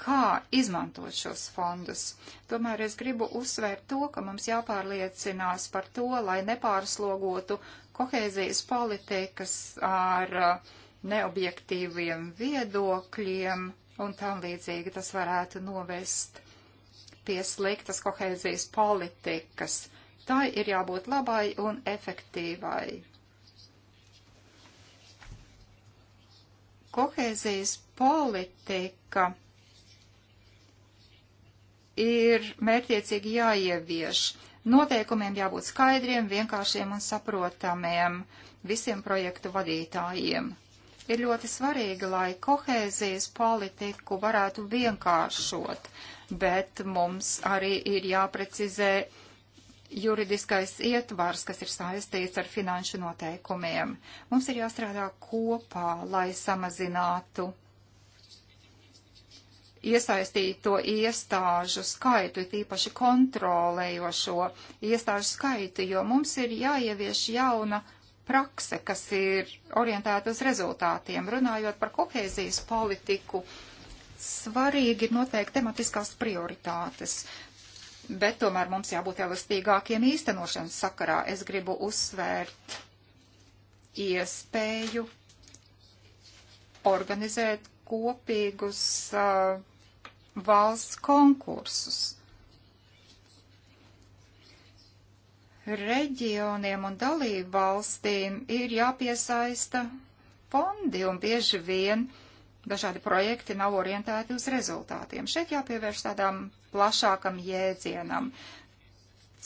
kā izmantot šos fondus. Tomēr es gribu uzsvērt to, ka mums jāpārliecinās par to, lai nepārslogotu kohēzijas politikas ar uh, neobjektīviem viedokļiem un tam līdzīgi tas varētu novest pie sliktas kohēzijas politikas. Tai ir jābūt labai un efektīvai. Kohēzijas politika ir mērķiecīgi jāievieš. Noteikumiem jābūt skaidriem, vienkāršiem un saprotamiem visiem projektu vadītājiem. Ir ļoti svarīgi, lai kohēzijas politiku varētu vienkāršot, bet mums arī ir jāprecizē juridiskais ietvars, kas ir saistīts ar finanšu noteikumiem. Mums ir jāstrādā kopā, lai samazinātu iesaistīto iestāžu skaitu, tīpaši kontrolējošo iestāžu skaitu, jo mums ir jāievieš jauna prakse, kas ir orientēta uz rezultātiem. Runājot par kohēzijas politiku, svarīgi ir noteikti tematiskās prioritātes, bet tomēr mums jābūt elastīgākiem īstenošanas sakarā. Es gribu uzsvērt iespēju organizēt kopīgus uh, valsts konkursus. Reģioniem un dalību valstīm ir jāpiesaista fondi, un bieži vien dažādi projekti nav orientēti uz rezultātiem. Šeit jāpievērš tādām plašākam jēdzienam.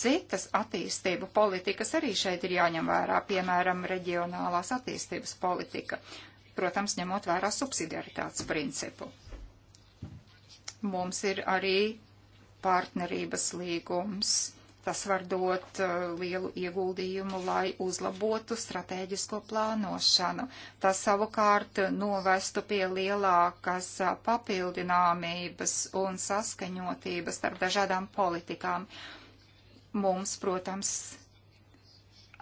Citas attīstību politikas arī šeit ir jāņem vērā, piemēram, reģionālās attīstības politika, protams, ņemot vērā subsidiaritātes principu mums ir arī partnerības līgums. Tas var dot uh, lielu ieguldījumu, lai uzlabotu strateģisko plānošanu. Tas savukārt novestu pie lielākas uh, papildināmības un saskaņotības starp dažādām politikām. Mums, protams,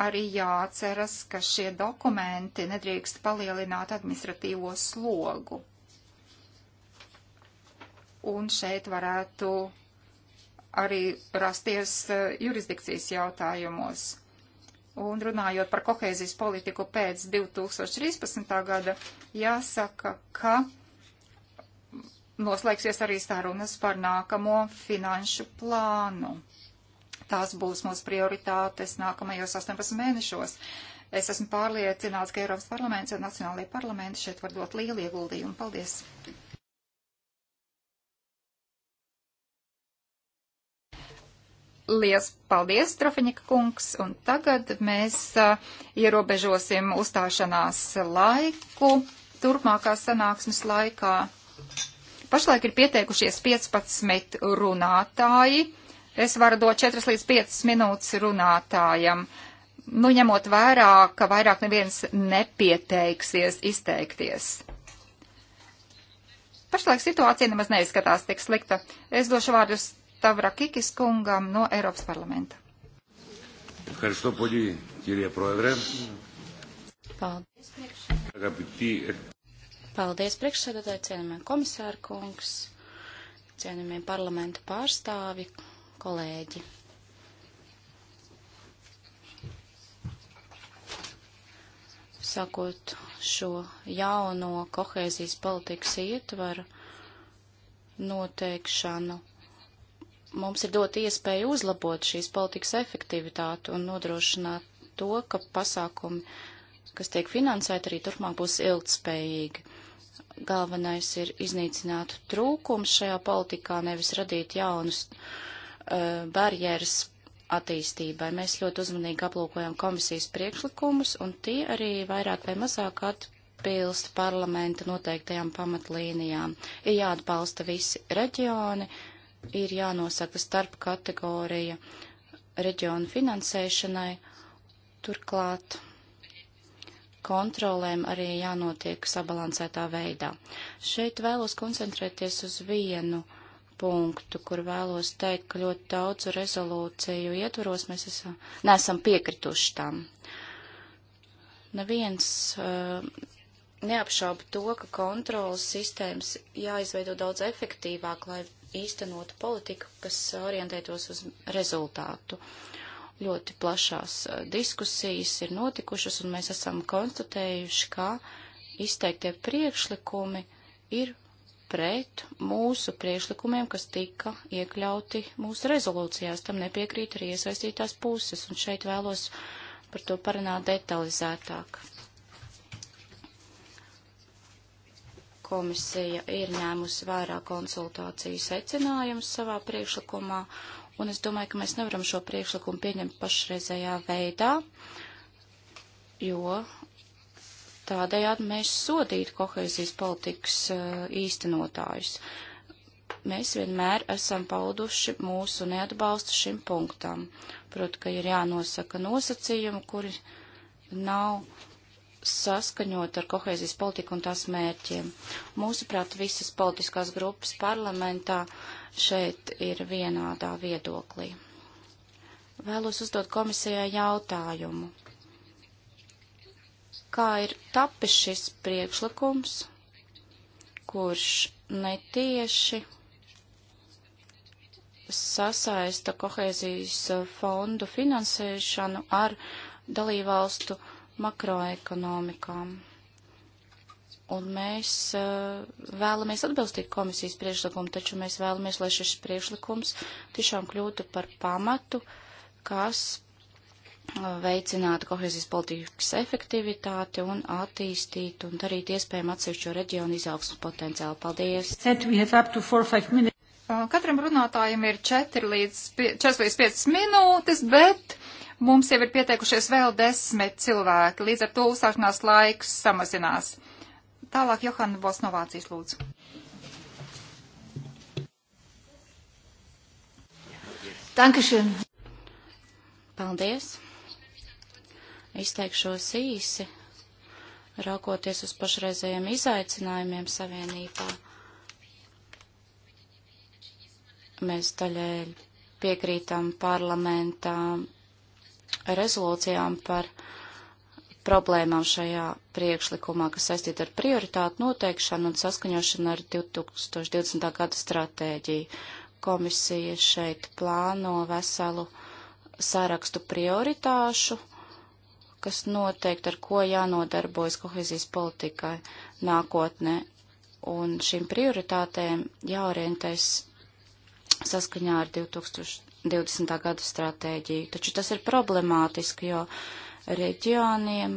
arī jāatceras, ka šie dokumenti nedrīkst palielināt administratīvo slogu un šeit varētu arī rasties eh, jurisdikcijas jautājumos. Un runājot par kohēzijas politiku pēc 2013. gada, jāsaka, ka noslēgsies arī sarunas par nākamo finanšu plānu. Tās būs mūsu prioritātes nākamajos 18 mēnešos. Es esmu pārliecināts, ka Eiropas parlaments un Nacionālajie parlamenti šeit var dot lielu ieguldījumu. Paldies! Liels paldies, Trafiņika kungs, un tagad mēs ierobežosim uzstāšanās laiku turpmākās sanāksmes laikā. Pašlaik ir pieteikušies 15 runātāji. Es varu dot 4 līdz 5 minūtes runātājam. Nu, ņemot vērā, ka vairāk neviens nepieteiksies izteikties. Pašlaik situācija nemaz neizskatās tik slikta. Es došu vārdus Stavrakikis kungam no Eiropas parlamenta. Ευχαριστώ πολύ, κύριε Πρόεδρε. Paldies, priekšsēdētāji. Paldies, priekšsēdētāji, cienījamie komisāra kungs, cienījamie parlamentu pārstāvi, kolēģi. Sākot šo jauno kohēzijas politikas ietvaru noteikšanu mums ir dot iespēju uzlabot šīs politikas efektivitāti un nodrošināt to, ka pasākumi, kas tiek finansēti, arī turpmāk būs ilgtspējīgi. Galvenais ir iznīcināt trūkums šajā politikā, nevis radīt jaunus uh, barjeras attīstībai. Mēs ļoti uzmanīgi aplūkojam komisijas priekšlikumus, un tie arī vairāk vai mazāk atbilst parlamenta noteiktajām pamatlīnijām. Ir jāatbalsta visi reģioni, uh, ir jānosaka starp kategorija reģionu finansēšanai, turklāt kontrolēm arī jānotiek sabalansētā veidā. Šeit vēlos koncentrēties uz vienu punktu, kur vēlos teikt, ka ļoti daudzu rezolūciju ietvaros mēs esam, neesam piekrituši tam. Neviens uh, neapšauba to, ka kontrolas sistēmas jāizveido daudz efektīvāk, lai īstenot politiku, kas orientētos uz rezultātu. Ļoti plašās diskusijas ir notikušas, un mēs esam konstatējuši, ka izteiktie priekšlikumi ir pret mūsu priekšlikumiem, kas tika iekļauti mūsu rezolūcijās. Tam nepiekrīt arī iesaistītās puses, un šeit vēlos par to parunāt detalizētāk. Komisija ir ņēmusi vērā konsultāciju secinājumus savā priekšlikumā, un es domāju, ka mēs nevaram šo priekšlikumu pieņemt pašreizējā veidā, jo tādējādi mēs sodītu kohēzijas politikas eh, īstenotājus. Mēs vienmēr esam pauduši mūsu neatbalstu šim punktam. Proti, ka ir jānosaka nosacījumi, kuri nav saskaņot ar kohēzijas politiku un tās mērķiem. Mūsuprāt, visas politiskās grupas parlamentā šeit ir vienādā viedoklī. Vēlos uzdot komisijai jautājumu. Kā ir tapis šis priekšlikums, kurš netieši sasaista kohēzijas fondu finansēšanu ar dalībvalstu uh, makroekonomikām. Un mēs uh, vēlamies atbilstīt komisijas priekšlikumu, taču mēs vēlamies, lai šis priekšlikums tiešām kļūtu par pamatu, kas uh, veicinātu kohezijas politikas efektivitāti un attīstītu un darītu iespējami atsevišķo reģionu izaugsmu potenciālu. Paldies! Eh, katram runātājam ir 4 līdz 5, 4 līdz 5 minūtes, bet Mums jau ir pieteikušies vēl desmit cilvēki, līdz ar to uzstāšanās laiks samazinās. Tālāk Johana Bosnovācijas lūdzu. Dankeschön. Paldies. Izteikšos īsi, raukoties uz pašreizējiem izaicinājumiem savienībā. Mēs daļēļ piekrītam parlamentām rezolūcijām par problēmām šajā priekšlikumā, kas saistīta ar prioritātu noteikšanu un saskaņošanu ar 2020. gada stratēģiju. Komisija šeit plāno veselu sarakstu prioritāšu, kas noteikti ar ko jānodarbojas kohezijas politikai nākotnē. Un šīm prioritātēm jāorientēs saskaņā ar 2000, 20. gada stratēģiju. Taču tas ir problemātiski, jo reģioniem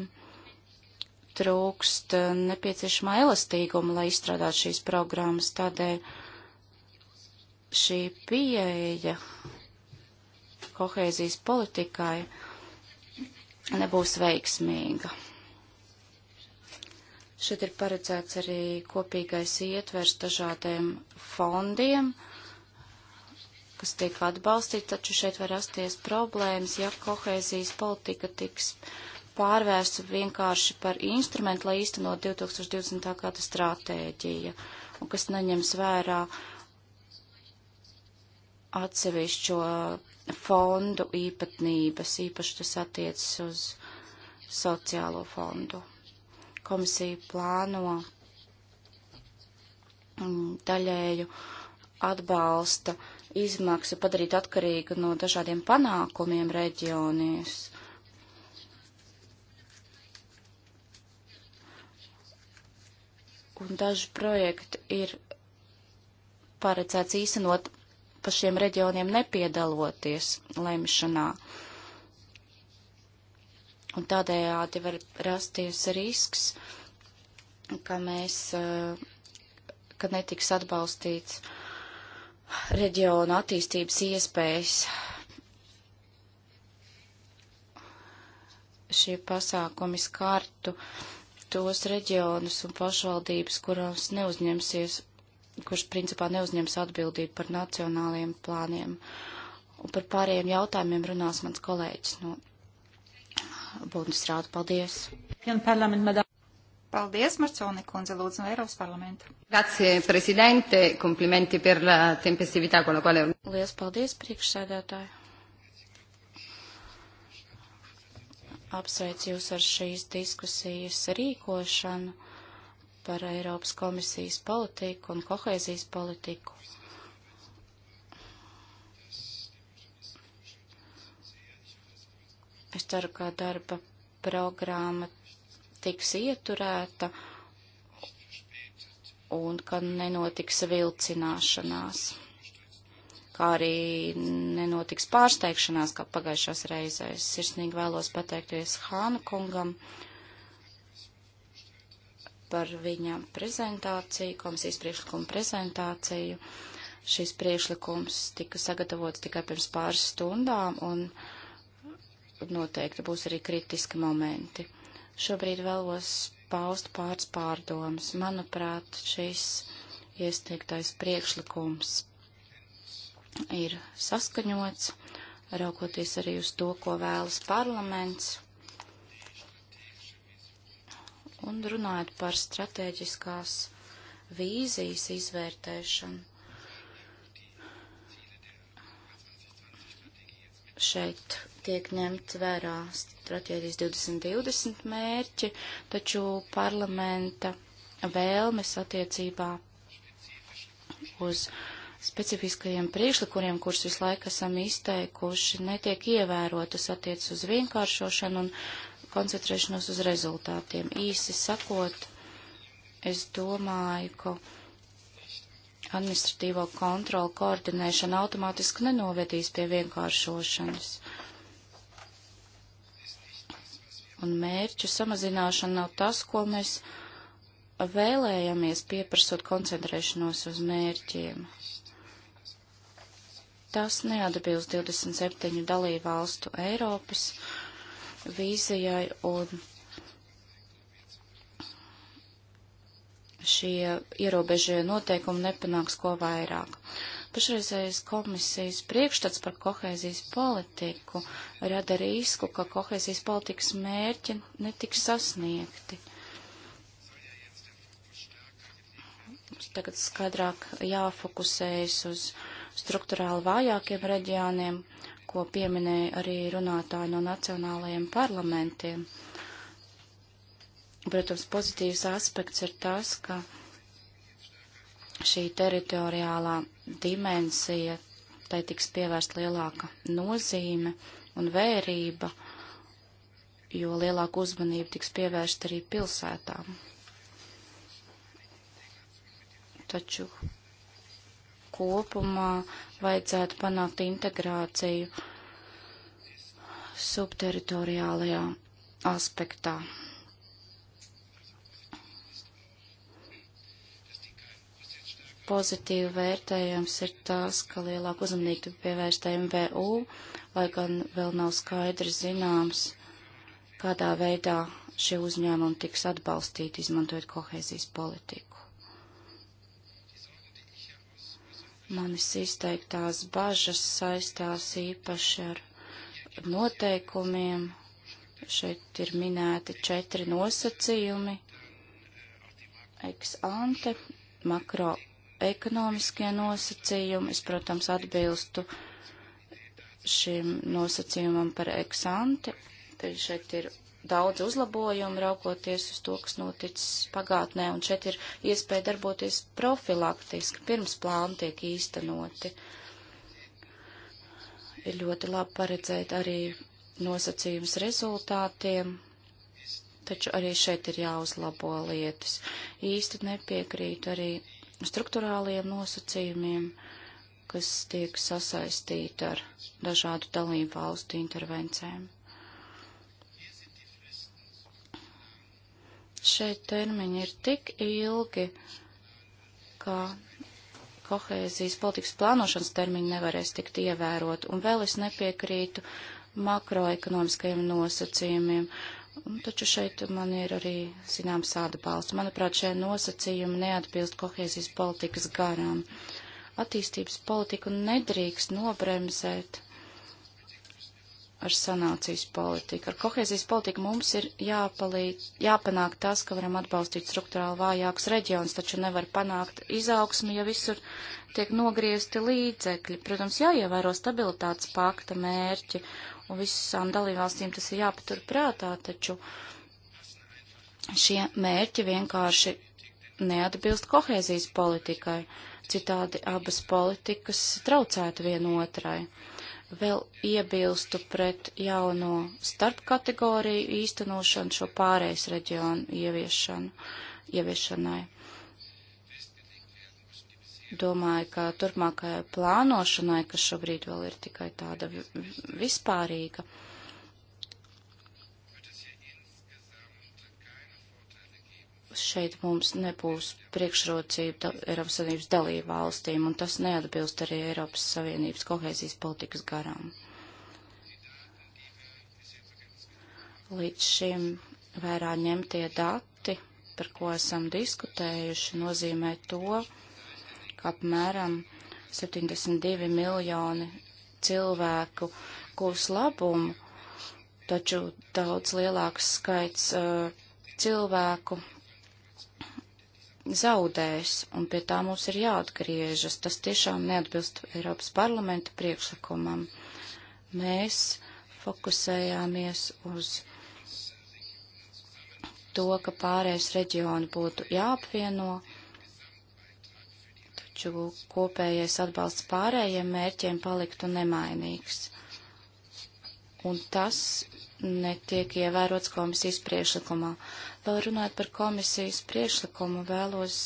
trūkst eh, nepieciešamā elastīguma, lai izstrādātu šīs programmas. Tādēļ šī pieeja kohēzijas politikai nebūs veiksmīga. Šeit ir paredzēts arī kopīgais ietvers dažādiem fondiem. Uh, kas tiek atbalstīta, taču šeit var rasties problēmas, ja kohēzijas politika tiks pārvērsta vienkārši par instrumentu, lai īstenot 2020. gada stratēģija, un kas neņems vērā atsevišķo fondu īpatnības, īpaši tas attiecas uz sociālo fondu. Komisija plāno mm, daļēju atbalsta uh, izmaksu padarīt atkarīgu no dažādiem panākumiem reģionīs. Un daži projekti ir paredzēts īstenot pa šiem reģioniem nepiedaloties lemšanā. Un tādējādi var rasties risks, ka mēs, eh, ka netiks atbalstīts uh, reģionu attīstības iespējas. Šie pasākumi skartu tos reģionus un pašvaldības, kurās neuzņemsies, kurš principā neuzņems atbildību par nacionālajiem plāniem. Un par pārējiem jautājumiem runās mans kolēģis no Bundesrāta. Paldies! Paldies, Marconi kundze, lūdzu, no Eiropas parlamenta. Grazie, prezidente, komplimenti per la tempestività, con la quale... Lielas paldies, priekšsēdētāji. Apsveicu jūs ar šīs diskusijas rīkošanu par Eiropas komisijas politiku un kohēzijas politiku. Es ceru, ka darba programma tiks ieturēta un ka nenotiks vilcināšanās, kā arī nenotiks pārsteigšanās, kā pagājušās reizēs. Sirsnīgi vēlos pateikties Hāna kungam par viņa prezentāciju, komisijas priekšlikuma prezentāciju. Šis priekšlikums tika sagatavots tikai pirms pāris stundām un noteikti būs arī kritiski momenti. Šobrīd vēlos paust pāris pārdomas. Manuprāt, šis iesniegtais priekšlikums ir saskaņots, raugoties arī uz to, ko vēlas parlaments. Un runājot par strateģiskās vīzijas izvērtēšanu. Šeit tiek ņemt vērā stratēģijas 2020 mērķi, taču parlamenta vēlmes attiecībā uz specifiskajiem priekšlikumiem, kurus visu laiku esam izteikuši, netiek ievērotas attiec uz vienkāršošanu un koncentrēšanos uz rezultātiem. Īsi sakot, es domāju, ka administratīvo kontrolu koordinēšana automātiski nenovedīs pie vienkāršošanas. un mērķu samazināšana nav tas, ko mēs vēlējamies pieprasot koncentrēšanos uz mērķiem. Tas neatbilst 27 dalību valstu Eiropas vīzijai un šie ierobežie noteikumi nepanāks ko vairāk. Pašreizējais komisijas priekšstats par kohēzijas politiku rada risku, ka kohēzijas politikas mērķi netiks sasniegti. Mums tagad skaidrāk jāfokusējas uz struktūrāli vājākiem reģioniem, ko pieminēja arī runātāji no nacionālajiem parlamentiem. Protams, pozitīvs aspekts ir tas, ka šī teritoriālā dimensija, tai tiks pievērst lielāka nozīme un vērība, jo lielāka uzmanība tiks pievērst arī pilsētām. Taču kopumā vajadzētu panākt integrāciju subteritoriālajā aspektā. pozitīvi vērtējams ir tās, ka lielāku uzmanību pievērsta MVU, lai gan vēl nav skaidri zināms, kādā veidā šie uzņēmumi tiks atbalstīti, izmantojot kohēzijas politiku. Manis izteiktās bažas saistās īpaši ar noteikumiem. Šeit ir minēti četri nosacījumi ex ante makro ekonomiskie nosacījumi. Es, protams, atbilstu šim nosacījumam par eksanti. Tad šeit ir daudz uzlabojumu, raukoties uz to, kas noticis pagātnē, un šeit ir iespēja darboties profilaktiski, pirms plāni tiek īstenoti. Ir ļoti labi paredzēt arī nosacījums rezultātiem, taču arī šeit ir jāuzlabo lietas. Īsti nepiekrītu arī struktūrāliem nosacījumiem, kas tiek sasaistīti ar dažādu dalību valstu intervencēm. Šeit termiņi ir tik ilgi, ka kohēzijas politikas plānošanas termiņi nevarēs tikt ievērot, un vēl es nepiekrītu makroekonomiskajiem nosacījumiem. Uh, Un, taču šeit man ir arī, zinām, sāda balsts. Manuprāt, šie nosacījumi neatbilst kohēzijas politikas garām. Attīstības politiku nedrīkst nobremzēt ar sanācijas politiku. Ar kohēzijas politiku mums ir jāpalīdz, jāpanāk tas, ka varam atbalstīt struktūrāli vājākus reģionus, taču nevar panākt izaugsmi, ja visur tiek nogriezti līdzekļi. Protams, jāievēro stabilitātes pakta mērķi un visām dalībvalstīm tas ir jāpatur prātā, taču šie mērķi vienkārši neatbilst kohēzijas politikai, citādi abas politikas traucētu vienotrai. Vēl iebilstu pret jauno starpkategoriju īstenošanu, šo pārējais reģionu ieviešanu, ieviešanai. Domāju, ka turpmākajai plānošanai, kas šobrīd vēl ir tikai tāda vispārīga, šeit mums nebūs priekšrocība Eiropas Savienības dalību valstīm, un tas neatbilst arī Eiropas Savienības kohēzijas politikas garām. Līdz šim vērā ņemtie dati, par ko esam diskutējuši, nozīmē to, apmēram 72 miljoni cilvēku gūs labumu, taču daudz lielāks skaits uh, cilvēku zaudēs, un pie tā mums ir jāatgriežas. Tas tiešām neatbilst Eiropas parlamenta priekšlikumam. Mēs fokusējāmies uz to, ka pārējais reģioni būtu jāapvieno. Uh, taču kopējais atbalsts pārējiem mērķiem paliktu nemainīgs. Un tas netiek ievērots komisijas priešlikumā. Vēl runājot par komisijas priešlikumu, vēlos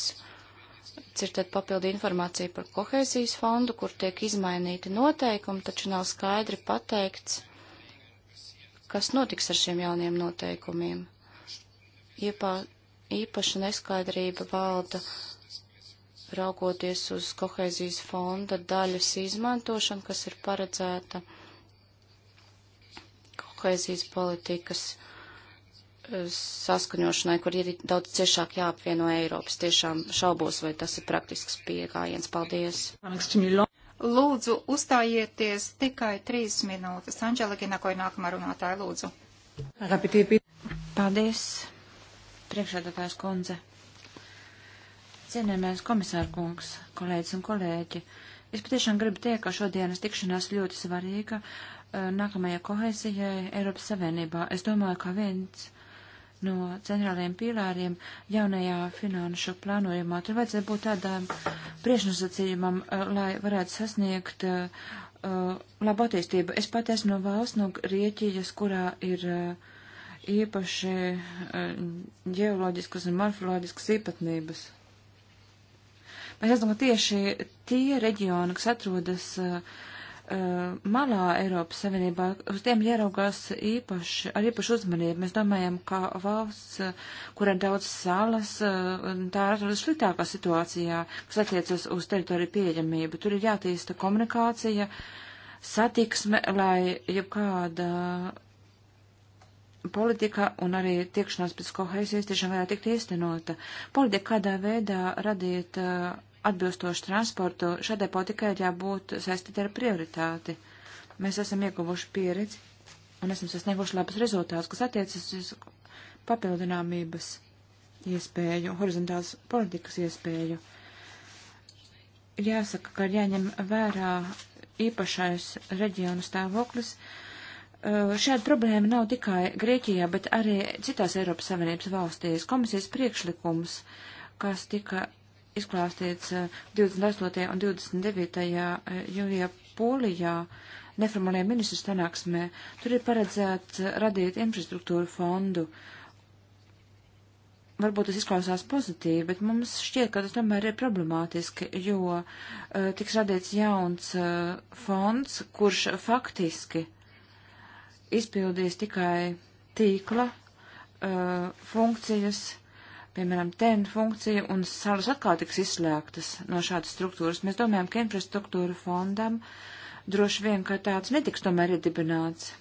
dzirdēt papildu informāciju par kohēzijas fondu, kur tiek izmainīti noteikumi, taču nav skaidri pateikts, kas notiks ar šiem jauniem noteikumiem. Iepā, īpaša neskaidrība valda raugoties uz kohēzijas fonda daļas izmantošanu, kas ir paredzēta kohēzijas politikas eh, saskaņošanai, kur ir daudz ciešāk jāapvieno Eiropas. Tiešām šaubos, vai tas ir praktisks pieejams. Paldies! Lūdzu, uzstājieties tikai trīs minūtes. Anģela Ginako ir nākamā runātāja, lūdzu. Paldies, priekšādātājs kundze. Cienījamais komisārkungs, kolēģis un kolēģi, es patiešām gribu teikt, ka šodienas tikšanās ļoti svarīga eh, nākamajai kohēzijai Eiropas Savienībā. Es domāju, ka viens no centrālajiem pīlāriem jaunajā finanšu plānojumā. Tur vajadzētu būt tādām priešnosacījumam, eh, lai varētu sasniegt uh, labu attīstību. Es pat esmu no valsts, no Grieķijas, kurā ir uh, īpaši uh, ģeoloģiskas un morfoloģiskas īpatnības. Mēs redzam, ka tieši tie reģioni, kas atrodas uh, malā Eiropas Savienībā, uz tiem jāraugās īpaši, ar īpašu uzmanību. Mēs domājam, ka valsts, eh, kur ir daudz salas, tā ir atrodas sliktākā situācijā, kas attiecas uz teritoriju pieejamību. Tur ir jātīsta komunikācija, satiksme, lai jebkāda politika un arī tiekšanās pēc kohēzijas tiešām varētu tikt īstenota. Politika kādā veidā radīt uh, atbilstošu transportu, šādai politikai ir jābūt saistītai ar prioritāti. Mēs esam ieguvuši pieredzi un esam sasnieguši labus rezultātus, kas attiecas uz papildināmības iespēju, horizontāls politikas iespēju. Jāsaka, ka jāņem vērā īpašais reģionu stāvoklis. Uh, šāda problēma nav tikai Grieķijā, bet arī citās Eiropas Savienības valstīs. Komisijas priekšlikums, kas tika izklāstīts 28. Eh, un 29. Eh, jūlijā Polijā neformālajā ministru sanāksmē. Tur ir paredzēts eh, radīt infrastruktūru fondu. Varbūt tas izklausās pozitīvi, bet mums šķiet, ka tas tomēr ir problemātiski, jo uh, tiks radīts jauns uh, fonds, kurš faktiski izpildīs tikai tīkla uh, funkcijas. Uh, piemēram, TEN funkcija un salas atkal tiks izslēgtas no šādas struktūras. Mēs domājam, ka infrastruktūra fondam droši vien, ka tāds netiks tomēr iedibināts.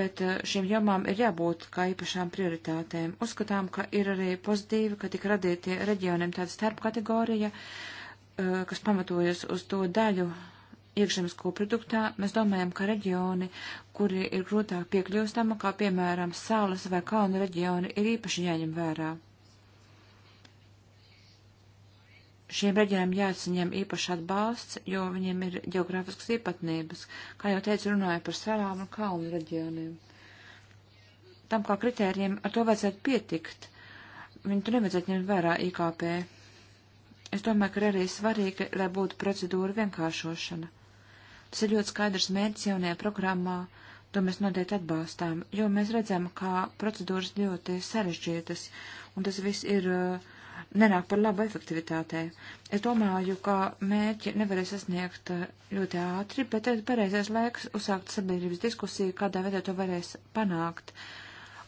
Bet eh, šīm jomām ir jābūt kā īpašām prioritātēm. Uzskatām, ka ir arī pozitīvi, ka tika radīti reģioniem tāda starpkategorija, eh, kas pamatojas uz to daļu iekšzemes koproduktā. Mēs domājam, ka reģioni, kuri ir grūtāk piekļūstama, kā piemēram salas vai kalnu reģioni, ir īpaši jāņem vērā. šiem reģioniem jāsaņem īpaši atbalsts, jo viņiem ir geogrāfiskas īpatnības. Kā jau teicu, runāju par salām un kalnu reģioniem. Tam kā kritērijiem ar to vajadzētu pietikt. Viņu tur nevajadzētu ņemt vērā IKP. Es domāju, ka ir arī svarīgi, lai būtu procedūra vienkāršošana. Tas ir ļoti skaidrs mērķis jaunajā programmā, to mēs noteikti atbalstām, jo mēs redzam, kā procedūras ļoti sarežģītas, un tas viss ir uh, nenāk par labu efektivitātei. Es domāju, ka mērķi nevarēs sasniegt eh, ļoti ātri, bet ir pareizais laiks uzsākt sabiedrības diskusiju, kādā veidā to varēs panākt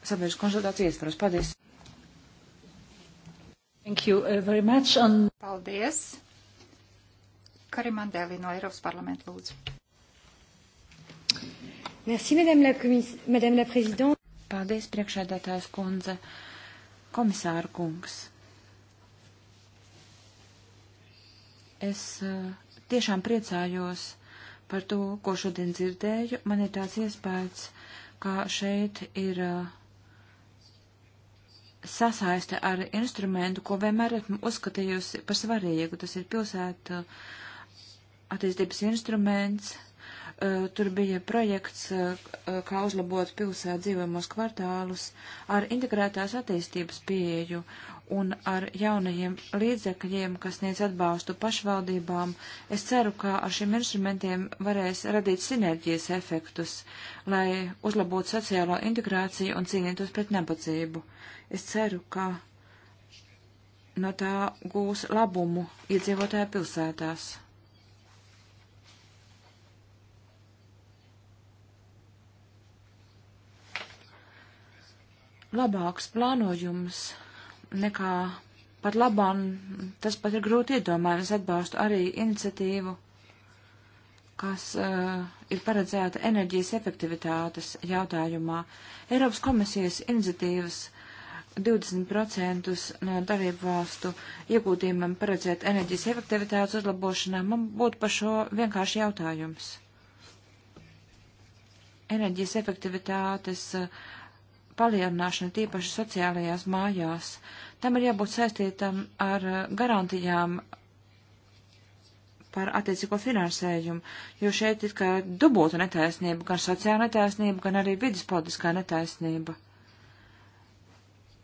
sabiedrības konsultācijas ietvaros. Paldies! Thank you uh, very much. Un... Paldies! Karimandēlī no Eiropas parlamenta lūdzu. Merci, madame la, komis... madame la présidente. Paldies, priekšēdētājs kundze, komisāra kungs. Es eh, tiešām priecājos par to, ko šodien dzirdēju. Man ir tāds iespējas, ka šeit ir eh, sasaiste ar instrumentu, ko vienmēr esmu uzskatījusi par svarīgu. Tas ir pilsēta eh, attīstības instruments. Tur bija projekts, kā uzlabot pilsētu dzīvojamos kvartālus ar integrētās attīstības pieeju, un ar jaunajiem līdzekļiem, kas sniedz atbalstu pašvaldībām, es ceru, ka ar šiem instrumentiem varēs radīt sinerģijas efektus, lai uzlabotu sociālo integrāciju un cīnītos pret nabadzību. Es ceru, ka no tā gūs labumu iedzīvotāju pilsētās. Labāks plānojums nekā pat labāk, tas pat ir grūti iedomājams. Es atbalstu arī iniciatīvu, kas uh, ir paredzēta enerģijas efektivitātes jautājumā. Eiropas komisijas iniciatīvas 20% no darību valstu iegūtījumam paredzēt enerģijas efektivitātes uzlabošanā, man būtu par šo vienkārši jautājums. Enerģijas efektivitātes uh, palielināšana tīpaši sociālajās mājās. Tam ir jābūt saistītam ar eh, garantijām par attiecīgo finansējumu, jo šeit ir kā dubūta netaisnība, gan sociāla netaisnība, gan arī viduspolitiskā netaisnība.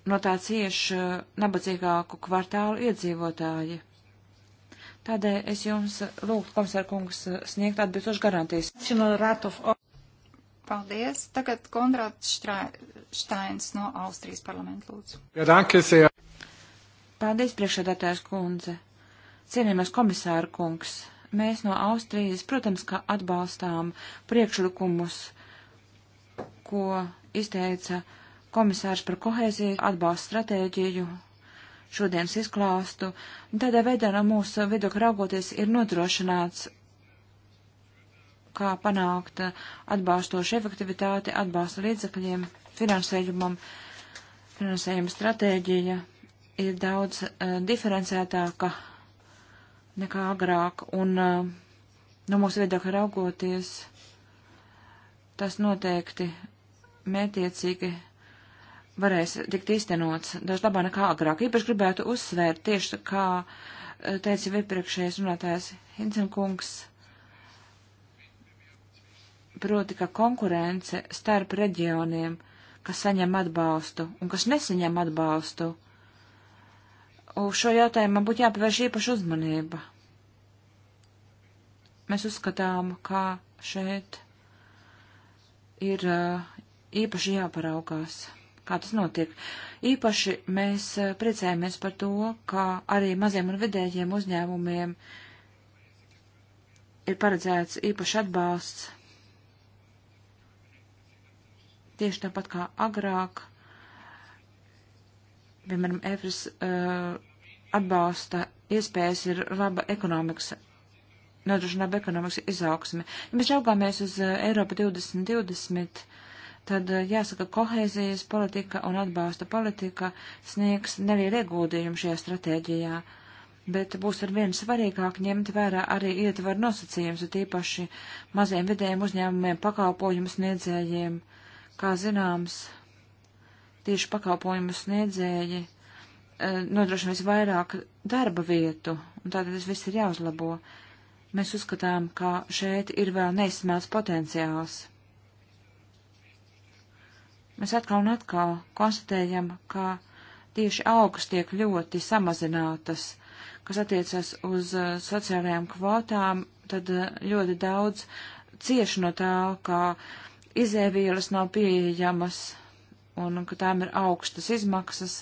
No tā cieši eh, nabadzīgāku kvartālu iedzīvotāji. Tādēļ es jums eh, lūgtu, komisārkungs, sniegt atbilstošu garantijas. Paldies. Tagad Konrāds Štains no Austrijas parlamenta lūdzu. Ja, dankes, ja. Paldies, priekšsēdētājs kundze. Cienījamies komisāra kungs. Mēs no Austrijas, protams, kā atbalstām priekšlikumus, ko izteica komisārs par kohēziju, atbalsta stratēģiju, šodienas izklāstu, un tādā veidā no mūsu viedokļa raugoties ir nodrošināts kā panākt atbalstošu efektivitāti, atbalsta līdzakļiem, finansējumam. Finansējuma stratēģija ir daudz uh, diferencētāka nekā agrāk, un uh, no mūsu viedokļa raugoties, tas noteikti mētiecīgi varēs tikt īstenots daudz labāk nekā agrāk. Īpaši gribētu uzsvērt tieši, kā e, teica iepriekšējais runātājs Hinsenkungs, proti, ka konkurence starp reģioniem, kas saņem atbalstu un kas nesaņem atbalstu, uz šo jautājumu man būtu jāpavērš īpaša uzmanība. Mēs uzskatām, kā šeit ir īpaši jāparaugās, kā tas notiek. Īpaši mēs priecājamies par to, ka arī maziem un vidējiem uzņēmumiem ir paredzēts īpaši atbalsts tieši tāpat kā agrāk, piemēram, EFRIS uh, eh, atbalsta iespējas ir laba ekonomikas, nodrošina laba ekonomikas izaugsme. Ja mēs raugāmies uz eh, Eiropa 2020, tad eh, jāsaka, kohēzijas politika un atbalsta politika sniegs nelielu ieguldījumu šajā stratēģijā bet būs ar vien svarīgāk ņemt vērā arī ietvaru nosacījums, un tīpaši maziem vidējiem uzņēmumiem, pakalpojumu sniedzējiem, Kā zināms, tieši pakalpojumu sniedzēji eh, nodrošina visvairāk darba vietu, un tātad tas viss ir jāuzlabo. Mēs uzskatām, ka šeit ir vēl neizsmēts potenciāls. Mēs atkal un atkal konstatējam, ka tieši augas tiek ļoti samazinātas, kas attiecas uz eh, sociālajām kvotām, tad eh, ļoti daudz cieši no tā, ka izēvielas nav pieejamas un ka tām ir augstas izmaksas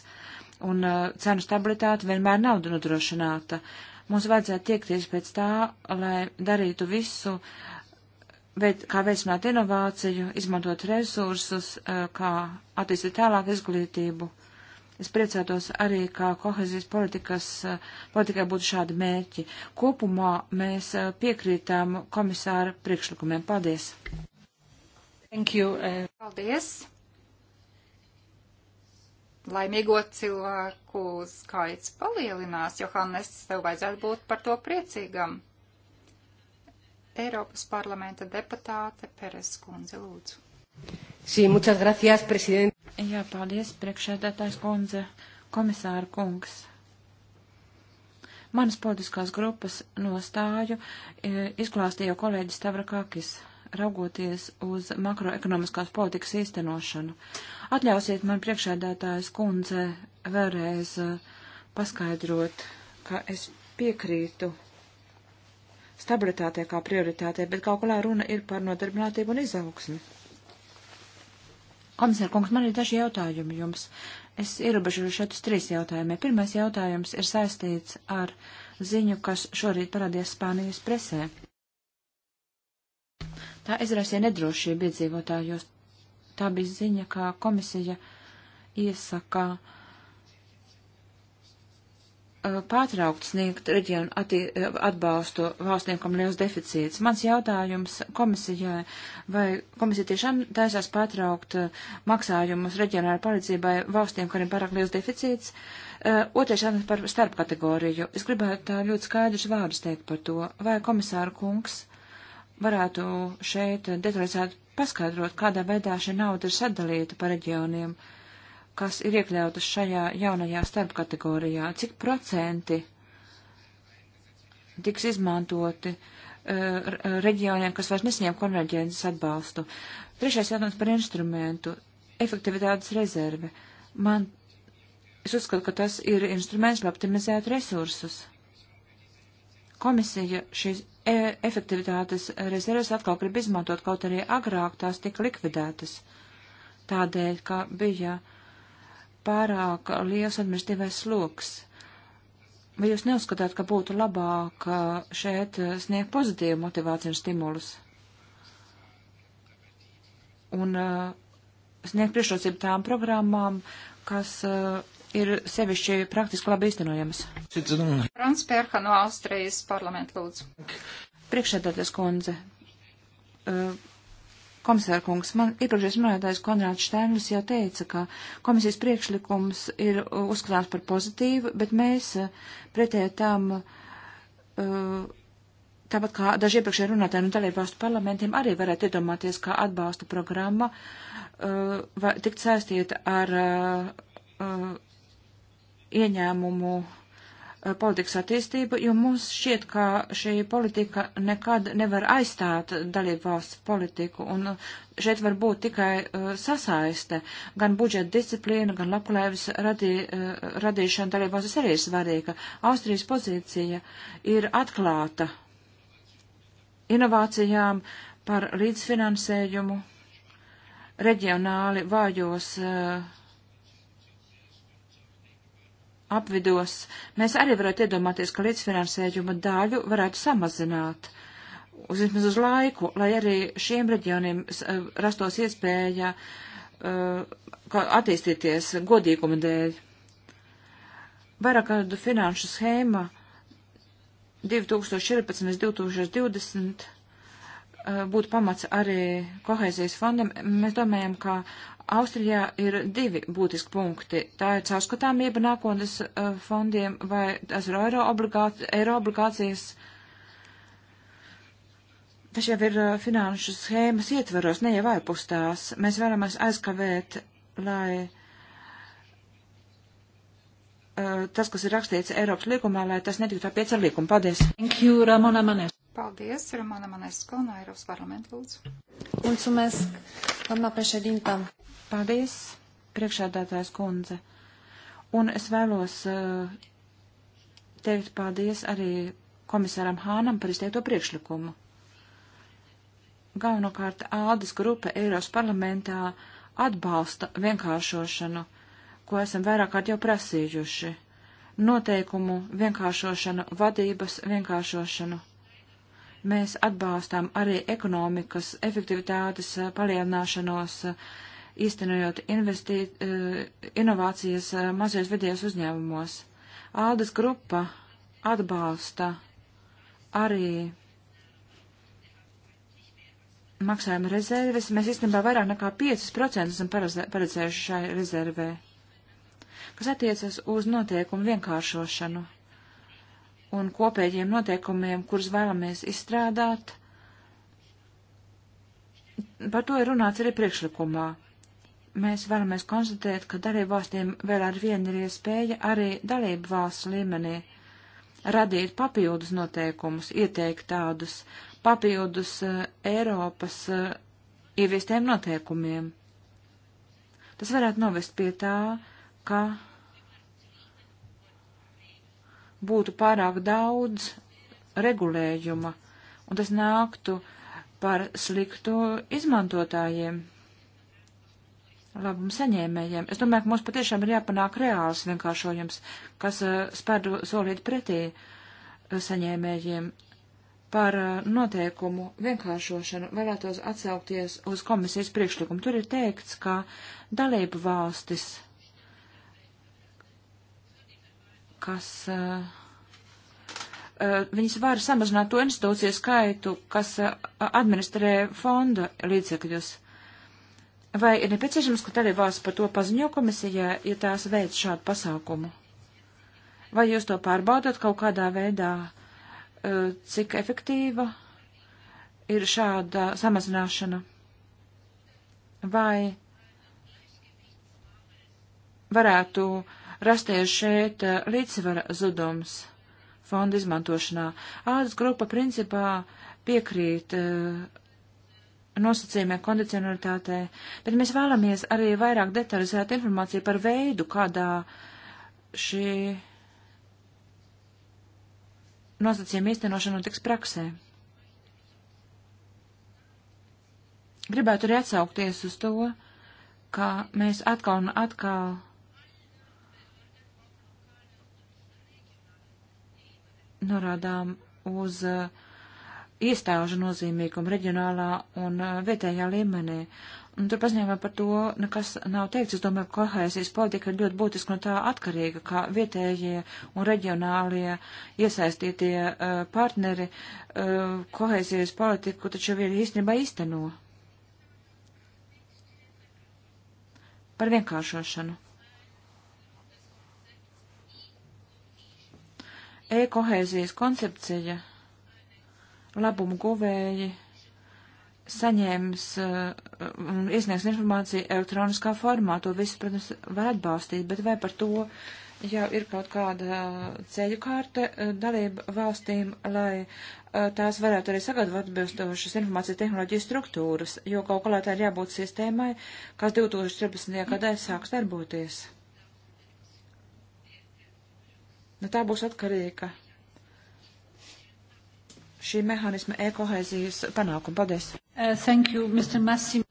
un uh, cenu stabilitāte vienmēr nav nodrošināta. Mums vajadzētu tiekties pēc tā, lai darītu visu, veid, kā veicināt inovāciju, izmantot resursus, uh, kā attīstīt tālāk izglītību. Es priecātos arī, kā kohezijas politikas, uh, politikai būtu šādi mērķi. Kopumā mēs uh, piekrītām komisāra priekšlikumiem. Paldies! Thank you. Uh... Paldies. Laimīgo cilvēku skaits palielinās, Johannes, tev vajadzētu būt par to priecīgam. Eiropas parlamenta deputāte Peres kundze, lūdzu. Sí, muchas gracias, president. Jā, paldies, priekšēdētājs kundze, komisāra kungs. Manas politiskās grupas nostāju eh, izklāstīja kolēģis Tavrakakis raugoties uz makroekonomiskās politikas īstenošanu. Atļausiet man priekšēdētājas kundze vēlreiz uh, paskaidrot, ka es piekrītu stabilitātei kā prioritātei, bet kaut kādā runa ir par nodarbinātību un izaugsmi. Komisār kungs, man ir daži jautājumi jums. Es ierobežoju šeit uz trīs jautājumiem. Pirmais jautājums ir saistīts ar ziņu, kas šorīt parādījās Spānijas presē. Tā izraisīja nedrošību iedzīvotājos. Tā bija ziņa, kā komisija iesaka uh, pārtraukt sniegt reģionu uh, atbalstu valstniekam liels deficīts. Mans jautājums komisijai, vai komisija tiešām taisās pārtraukt uh, maksājumus reģionālajai palīdzībai valstiem, kuriem pārāk liels deficīts? Otrais jautājums par starpkategoriju. Es gribētu tā ļoti skaidrs vārdus teikt par to. Vai komisāra kungs varētu šeit detalizēt paskaidrot, kādā veidā šī nauda ir sadalīta pa reģioniem, kas ir iekļautas šajā jaunajā starpkategorijā, cik procenti tiks izmantoti uh, reģioniem, kas vairs nesaņem konverģences atbalstu. Trešais jautājums par instrumentu - efektivitātes rezerve. Man, es uzskatu, ka tas ir instruments, lai optimizētu resursus. Komisija šīs E, efektivitātes rezerves atkal grib izmantot, kaut arī agrāk tās tika likvidētas. Tādēļ, ka bija pārāk liels administratīvais sloks. Vai jūs neuzskatāt, ka būtu labāk e, šeit sniegt pozitīvu motivāciju un stimulus? Un uh, sniegt priekšrocību tām programmām, kas uh, ir sevišķi praktiski labi īstenojamas. Frans Pērha no Austrijas parlamenta lūdzu. Priekšsēdētājs kundze. Uh, komisāra kungs, man iepriekšējais runātājs Konrāds Štērnlis jau teica, ka komisijas priekšlikums ir uzskatāms par pozitīvu, bet mēs uh, pretēji tam, uh, tāpat kā daži iepriekšēji runātāji un dalībvalstu parlamentiem, arī varētu iedomāties, kā atbalsta programma vai tikt saistīta ar ieņēmumu eh, politikas attīstību, jo mums šķiet, ka šī politika nekad nevar aizstāt dalību valsts politiku, un eh, šeit var būt tikai uh, sasaiste. Gan budžeta disciplīna, gan labklājības radī, uh, radīšana dalību valstis arī ir svarīga. Austrijas pozīcija ir atklāta inovācijām par līdzfinansējumu reģionāli vājos uh, apvidos, mēs arī varētu iedomāties, ka līdzfinansējuma daļu varētu samazināt uz vismaz uz laiku, lai arī šiem reģioniem eh, rastos iespēja uh, attīstīties godīguma dēļ. Vairāk kādu finanšu schēma 2014 līdz 2020 eh, būtu pamats arī kohēzijas fondam. Mēs domājam, ka Austrijā ir divi būtiski punkti. Tā ir caurskatāmība nākotnes uh, fondiem, vai tas ir eiro, obligāt, eiro obligācijas. Tas jau ir uh, finanšu schēmas ietveros, ne jau ārpus tās. Mēs vēlamies aizkavēt, lai uh, tas, kas ir rakstīts Eiropas līgumā, lai tas netiktu apiec ar līgumu. Paldies! Thank you, Ramona Manes. Paldies, Romana Manesko no Eiropas parlamenta lūdzu. Mulțumesc, doamna președintă. Paldies, priekšādātājs kundze. Un es vēlos uh, teikt paldies arī komisāram Hānam par izteikto priekšlikumu. Galvenokārt ādas grupa Eiros parlamentā atbalsta vienkāršošanu, ko esam vairāk kārt jau prasījuši. Noteikumu vienkāršošanu, vadības vienkāršošanu. Mēs atbalstām arī ekonomikas efektivitātes eh, palielināšanos, eh, īstenojot investīt, eh, inovācijas mazajos vidējos uzņēmumos. Aldas grupa atbalsta arī maksājuma rezerves. Mēs īstenībā vairāk nekā 5% esam paredzējuši šai rezervē, kas attiecas uz noteikumu vienkāršošanu un kopējiem noteikumiem, kurus vēlamies izstrādāt. Par to ir runāts arī priekšlikumā. Mēs vēlamies konstatēt, ka dalību valstīm vēl ar vienu ir iespēja arī dalību valsts līmenī radīt papildus noteikumus, ieteikt tādus papildus uh, Eiropas uh, ieviestiem noteikumiem. Tas varētu novest pie tā, ka būtu pārāk daudz regulējuma, un tas nāktu par sliktu izmantotājiem, labumu saņēmējiem. Es domāju, ka mums patiešām ir jāpanāk reāls vienkāršojums, kas eh, spērdu solīt pretī eh, saņēmējiem par eh, noteikumu vienkāršošanu vēlētos atsaukties uz komisijas priekšlikumu. Tur ir teikts, ka dalību valstis kas. Uh, viņas var samazināt to institūciju skaitu, kas eh, administrē fonda līdzekļus. Vai ir nepieciešams, ka dalībvalsts par to paziņo komisijā, ja tās veic šādu pasākumu? Vai jūs to pārbaudat kaut kādā veidā, cik efektīva ir šāda samazināšana? Vai varētu uh, rasties šeit eh, līdzsvara zudums fonda izmantošanā. Ādas grupa principā piekrīt eh, nosacījumiem kondicionalitātē, bet mēs vēlamies arī vairāk detalizēt informāciju par veidu, kādā šī nosacījuma īstenošana notiks praksē. Gribētu arī atsaukties uz to, ka mēs atkal un atkal norādām uz uh, iestāžu nozīmīgumu reģionālā un uh, vietējā līmenī. Un tur paziņojumā par to nekas nav teikts. Es domāju, ka kohēzijas politika ir ļoti būtiska un tā atkarīga, kā vietējie un reģionālie iesaistītie uh, partneri uh, kohēzijas politiku taču ir īstenībā īsteno. Par vienkāršošanu. e-kohēzijas koncepcija labumu guvēji saņēmis, uh, iesniegs informāciju elektroniskā formā. To visu, protams, var atbalstīt, bet vai par to jau ir kaut kāda ceļu kārta uh, dalība valstīm, lai uh, tās varētu arī sagatavot atbilstošas informācijas tehnoloģiju struktūras, jo kaut kādā tā ir jābūt sistēmai, kas 2014. gadā sāks darboties. Nu, tā būs atkarīga šī mehānisma ekohēzijas panākuma. Paldies. Uh, thank you, Mr. Massim.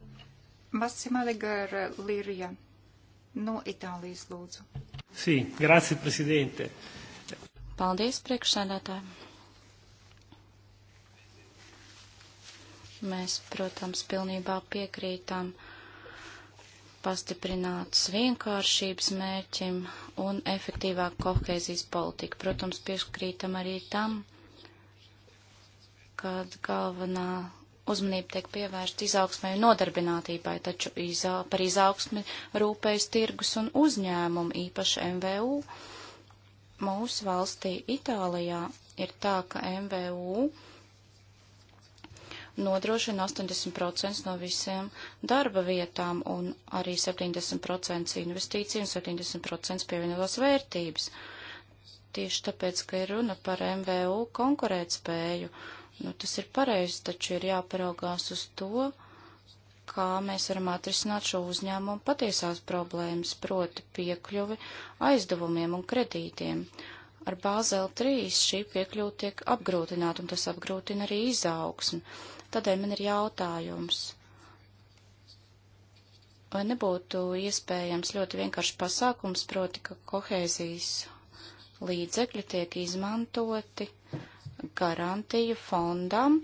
Massimaligara Lirija no Itālijas lūdzu. Sī, sí, grazie, prezidente. Paldies, priekšsēdētāji. Mēs, protams, pilnībā piekrītam pastiprināts vienkāršības mērķim un efektīvāk kohēzijas politika. Protams, pieskrītam arī tam, kad galvenā uzmanība tiek pievērsta izaugsmai un nodarbinātībai, taču izā, par izaugsmi rūpējas tirgus un uzņēmumu, īpaši MVU. Mūsu valstī Itālijā ir tā, ka MVU nodrošina 80% no visiem darba vietām un arī 70% investīciju un 70% pievienotās vērtības. Tieši tāpēc, ka ir runa par MVU konkurētspēju, nu, tas ir pareizi, taču ir jāparaugās uz to, kā mēs varam atrisināt šo uzņēmumu patiesās problēmas, proti piekļuvi aizdevumiem un kredītiem. Uh, Ar Bāzeli 3 šī piekļūta tiek apgrūtināta, un tas apgrūtina arī izaugsmu. Tādēļ man ir jautājums. Vai nebūtu iespējams ļoti vienkārši pasākums, proti, ka kohēzijas līdzekļi tiek izmantoti garantiju fondam,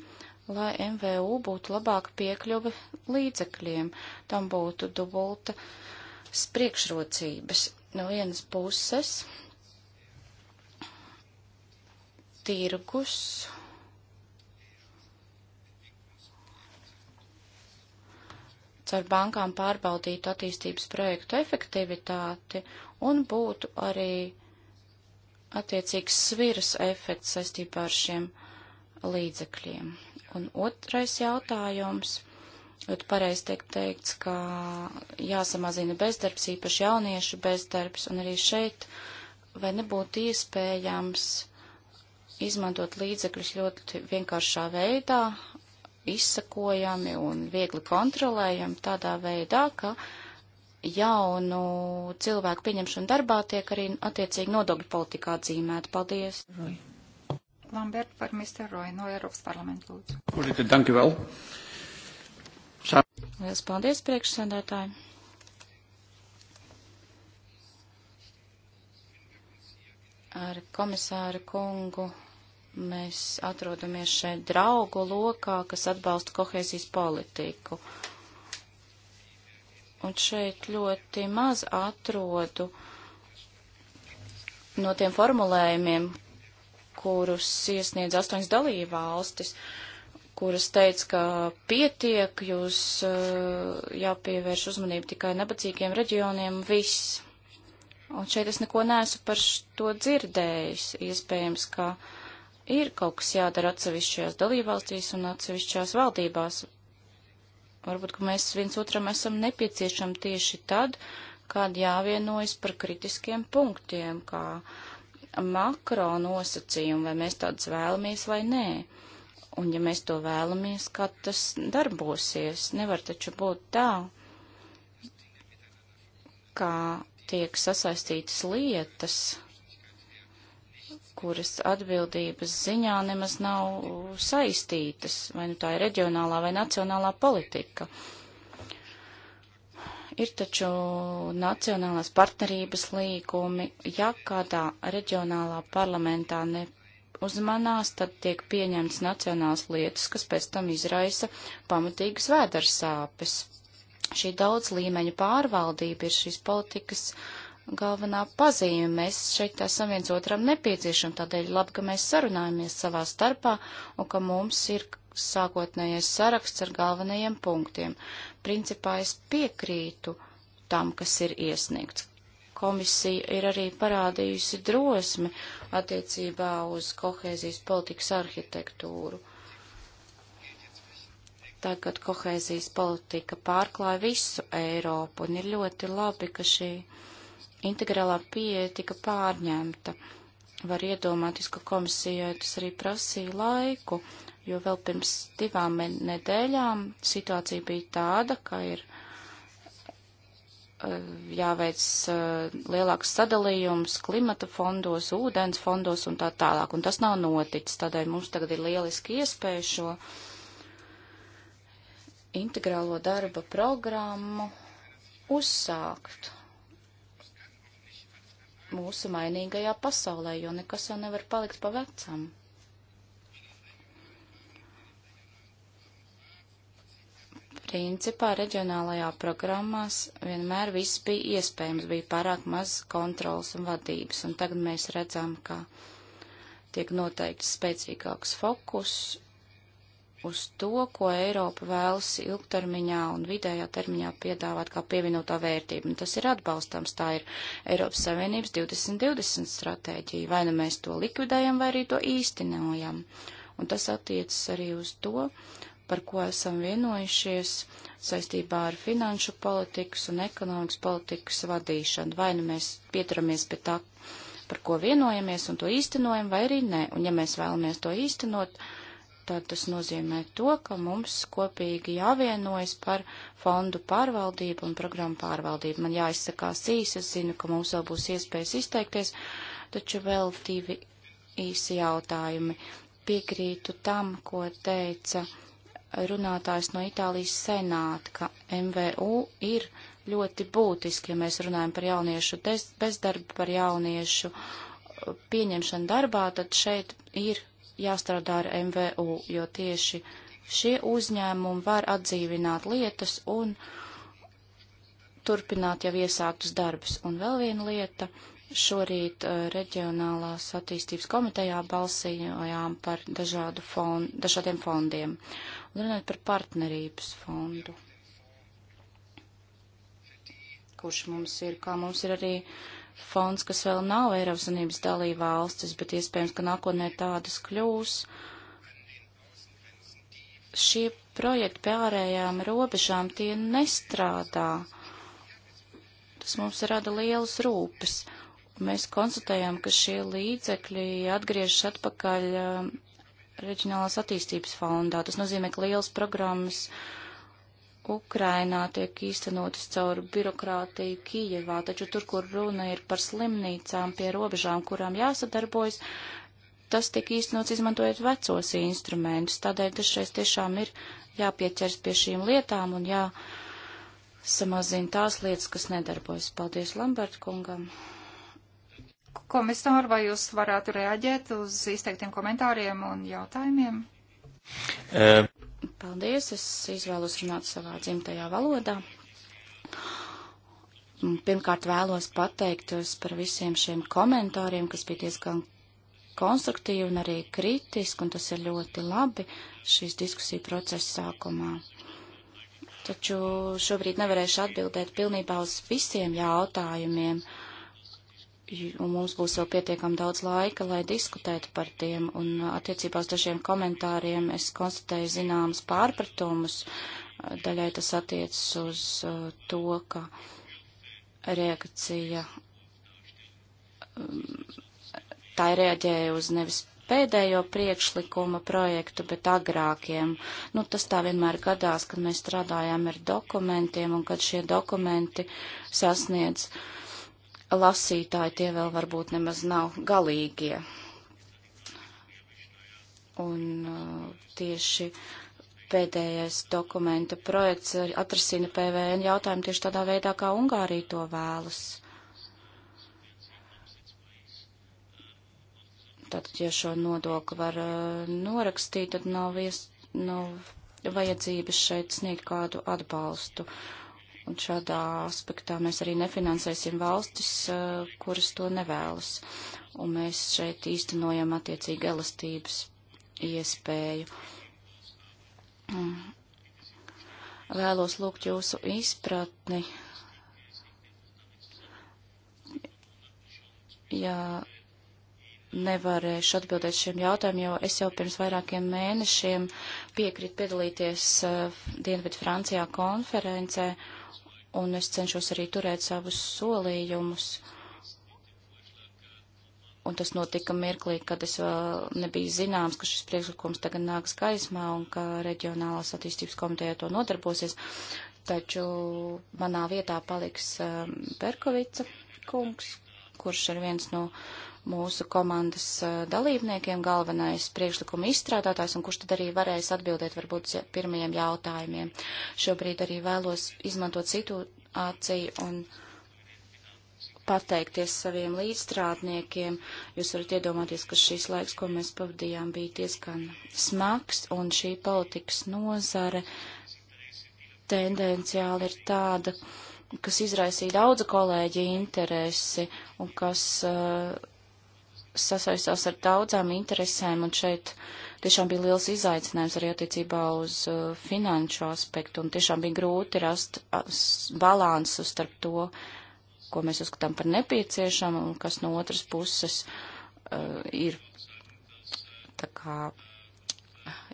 lai MVU būtu labāka piekļuve līdzekļiem, tam būtu dubulta spriekšrocības. No vienas puses tirgus. Caur bankām pārbaudītu attīstības projektu efektivitāti un būtu arī attiecīgs sviras efekts saistībā ar šiem līdzekļiem. Un otrais jautājums. Ļoti pareizi tiek teikts, ka jāsamazina bezdarbs, īpaši jauniešu bezdarbs, un arī šeit vai nebūtu iespējams izmantot līdzekļus ļoti vienkāršā veidā, izsakojami un viegli kontrolējami tādā veidā, ka jaunu cilvēku pieņemšanu darbā tiek arī attiecīgi nodokļu politikā atzīmēta. Paldies! Roy. Lambert par Mr. Roy no Eiropas parlamenta lūdzu. Voorzitter, dank u wel. Sa Liels paldies, priekšsēdētāji. Ar komisāru kungu Mēs atrodamies šeit draugu lokā, kas atbalsta kohēzijas politiku. Un šeit ļoti maz atrodu no tiem formulējumiem, kurus iesniedz astoņas dalībvalstis, kuras teica, ka pietiek, jūs eh, jāpievērš uzmanību tikai nabadzīgiem reģioniem, viss. Un šeit es neko nesu par to dzirdējis. Iespējams, ka. Uh, ir kaut kas jādara atsevišķajās dalībvalstīs un atsevišķās valdībās. Varbūt, ka mēs viens otram esam nepieciešami tieši tad, kad jāvienojas par kritiskiem punktiem, kā makro nosacījumi, vai mēs tādus vēlamies vai nē. Un ja mēs to vēlamies, kā tas darbosies, nevar taču būt tā, kā tiek sasaistītas lietas, kuras atbildības ziņā nemaz nav saistītas, vai nu tā ir reģionālā vai nacionālā politika. Ir taču nacionālās partnerības līgumi, ja kādā reģionālā parlamentā ne uzmanās, tad tiek pieņemts nacionāls lietas, kas pēc tam izraisa pamatīgas vēdersāpes. Šī daudz līmeņa pārvaldība ir šīs politikas uh, galvenā pazīme. Mēs šeit esam viens otram nepieciešami, tādēļ labi, ka mēs sarunājamies savā starpā un ka mums ir sākotnējais saraksts ar galvenajiem punktiem. Principā es piekrītu tam, kas ir iesniegts. Komisija ir arī parādījusi drosmi attiecībā uz kohēzijas politikas arhitektūru. Tagad kohēzijas politika pārklāja visu Eiropu, un ir ļoti labi, ka šī uh, integrālā pieeja tika pārņemta. Var iedomāties, ka komisijai tas arī prasīja laiku, jo vēl pirms divām nedēļām situācija bija tāda, ka ir eh, jāveic eh, lielāks sadalījums klimata fondos, ūdens fondos un tā tālāk, un tas nav noticis, tādēļ mums tagad ir lieliski iespēja šo integrālo darba programmu uzsākt mūsu mainīgajā pasaulē, jo nekas jau nevar palikt pa vecam. Principā reģionālajā programmās vienmēr viss bija iespējams, bija pārāk maz kontrols un vadības, un tagad mēs redzam, ka tiek noteikts spēcīgāks fokus uz to, ko Eiropa vēlas ilgtermiņā un vidējā termiņā piedāvāt kā pievienotā vērtība. Un tas ir atbalstams, tā ir Eiropas Savienības 2020 stratēģija. Vai nu mēs to likvidējam, vai arī to īstenojam. Un tas attiecas arī uz to, par ko esam vienojušies saistībā ar finanšu politikas un ekonomikas politikas vadīšanu. Vai nu mēs pieturamies pie tā, par ko vienojamies un to īstenojam, vai arī nē. Un ja mēs vēlamies to īstenot, tad tas nozīmē to, ka mums kopīgi jāvienojas par fondu pārvaldību un programmu pārvaldību. Man jāizsakās īsi, es zinu, ka mums vēl būs iespējas izteikties, taču vēl divi īsi jautājumi. Piekrītu tam, ko teica runātājs no Itālijas senāta, ka MVU ir ļoti būtiski, ja mēs runājam par jauniešu bezdarbu, par jauniešu uh, pieņemšanu darbā, tad šeit ir jāstrādā ar MVU, jo tieši šie uzņēmumi var atdzīvināt lietas un turpināt jau iesāktus darbus. Un vēl viena lieta. Šorīt uh, reģionālās attīstības komitejā balsījām par dažādu fond, dažādiem fondiem. Un runājot par partnerības fondu, kurš mums ir, kā mums ir arī uh, fonds, kas vēl nav Eiropas Unības dalība valstis, bet iespējams, ka nākotnē tādas kļūs. Šie projekti pie ārējām robežām tie nestrādā. Tas mums rada lielas rūpes. Mēs konstatējam, ka šie līdzekļi atgriežas atpakaļ um, reģionālās attīstības fondā. Tas nozīmē, ka lielas programmas uh, Ukrainā tiek īstenotas caur birokrātiju Kijevā, taču tur, kur runa ir par slimnīcām pie robežām, kurām jāsadarbojas, tas tiek īstenots izmantojot vecos instrumentus. Tādēļ dažreiz tiešām ir jāpieķers pie šīm lietām un jāsamazina tās lietas, kas nedarbojas. Paldies Lambert kungam! Komisāri, vai jūs varētu reaģēt uz izteiktiem komentāriem un jautājumiem? Uh. Paldies, es izvēlos runāt savā dzimtajā valodā. Pirmkārt vēlos pateiktos par visiem šiem komentāriem, kas bija diezgan konstruktīvi un arī kritiski, un tas ir ļoti labi šīs diskusiju procesa sākumā. Taču šobrīd nevarēšu atbildēt pilnībā uz visiem jautājumiem. Uh, un mums būs vēl pietiekam daudz laika, lai diskutētu par tiem, un attiecībā uz dažiem komentāriem es konstatēju zināmas pārpratumus, daļai tas attiecas uz uh, to, ka reakcija, um, tā ir reaģēja uz nevis pēdējo priekšlikuma projektu, bet agrākiem. Nu, tas tā vienmēr gadās, kad mēs strādājām ar dokumentiem un kad šie dokumenti sasniedz uh, lasītāji tie vēl varbūt nemaz nav galīgie. Un uh, tieši pēdējais dokumenta projekts atrasina PVN jautājumu tieši tādā veidā, kā Ungārija to vēlas. Tātad, ja šo nodokli var uh, norakstīt, tad nav, vies, nav vajadzības šeit sniegt kādu atbalstu. Uh, Un šādā aspektā mēs arī nefinansēsim valstis, eh, kuras to nevēlas. Un mēs šeit īstenojam attiecīgi elastības iespēju. Mm. Vēlos lūgt jūsu izpratni. Ja nevarēšu atbildēt šiem jautājumiem, jo es jau pirms vairākiem mēnešiem piekrītu piedalīties uh, Dienvidu Francijā konferencē. Uh, un es cenšos arī turēt savus solījumus. Un tas notika mirklī, kad es vēl nebiju zināms, ka šis priekšlikums tagad nāks gaismā un ka reģionālās attīstības komiteja to nodarbosies. Taču manā vietā paliks um, Berkovica kungs, kurš ir viens no uh, mūsu komandas eh, dalībniekiem, galvenais priekšlikuma izstrādātājs, un kurš tad arī varēs atbildēt varbūt pirmajiem jautājumiem. Šobrīd arī vēlos izmantot situāciju un pateikties saviem līdzstrādniekiem. Jūs varat iedomāties, ka šīs laiks, ko mēs pavadījām, bija diezgan smags, un šī politikas nozare tendenciāli ir tāda, kas izraisīja daudzu kolēģi interesi un kas uh, sasaistās ar daudzām interesēm, un šeit tiešām bija liels izaicinājums arī attiecībā uz uh, finanšu aspektu, un tiešām bija grūti rast uh, balansu starp to, ko mēs uzskatām par nepieciešamu, un kas no otras puses uh, ir tā kā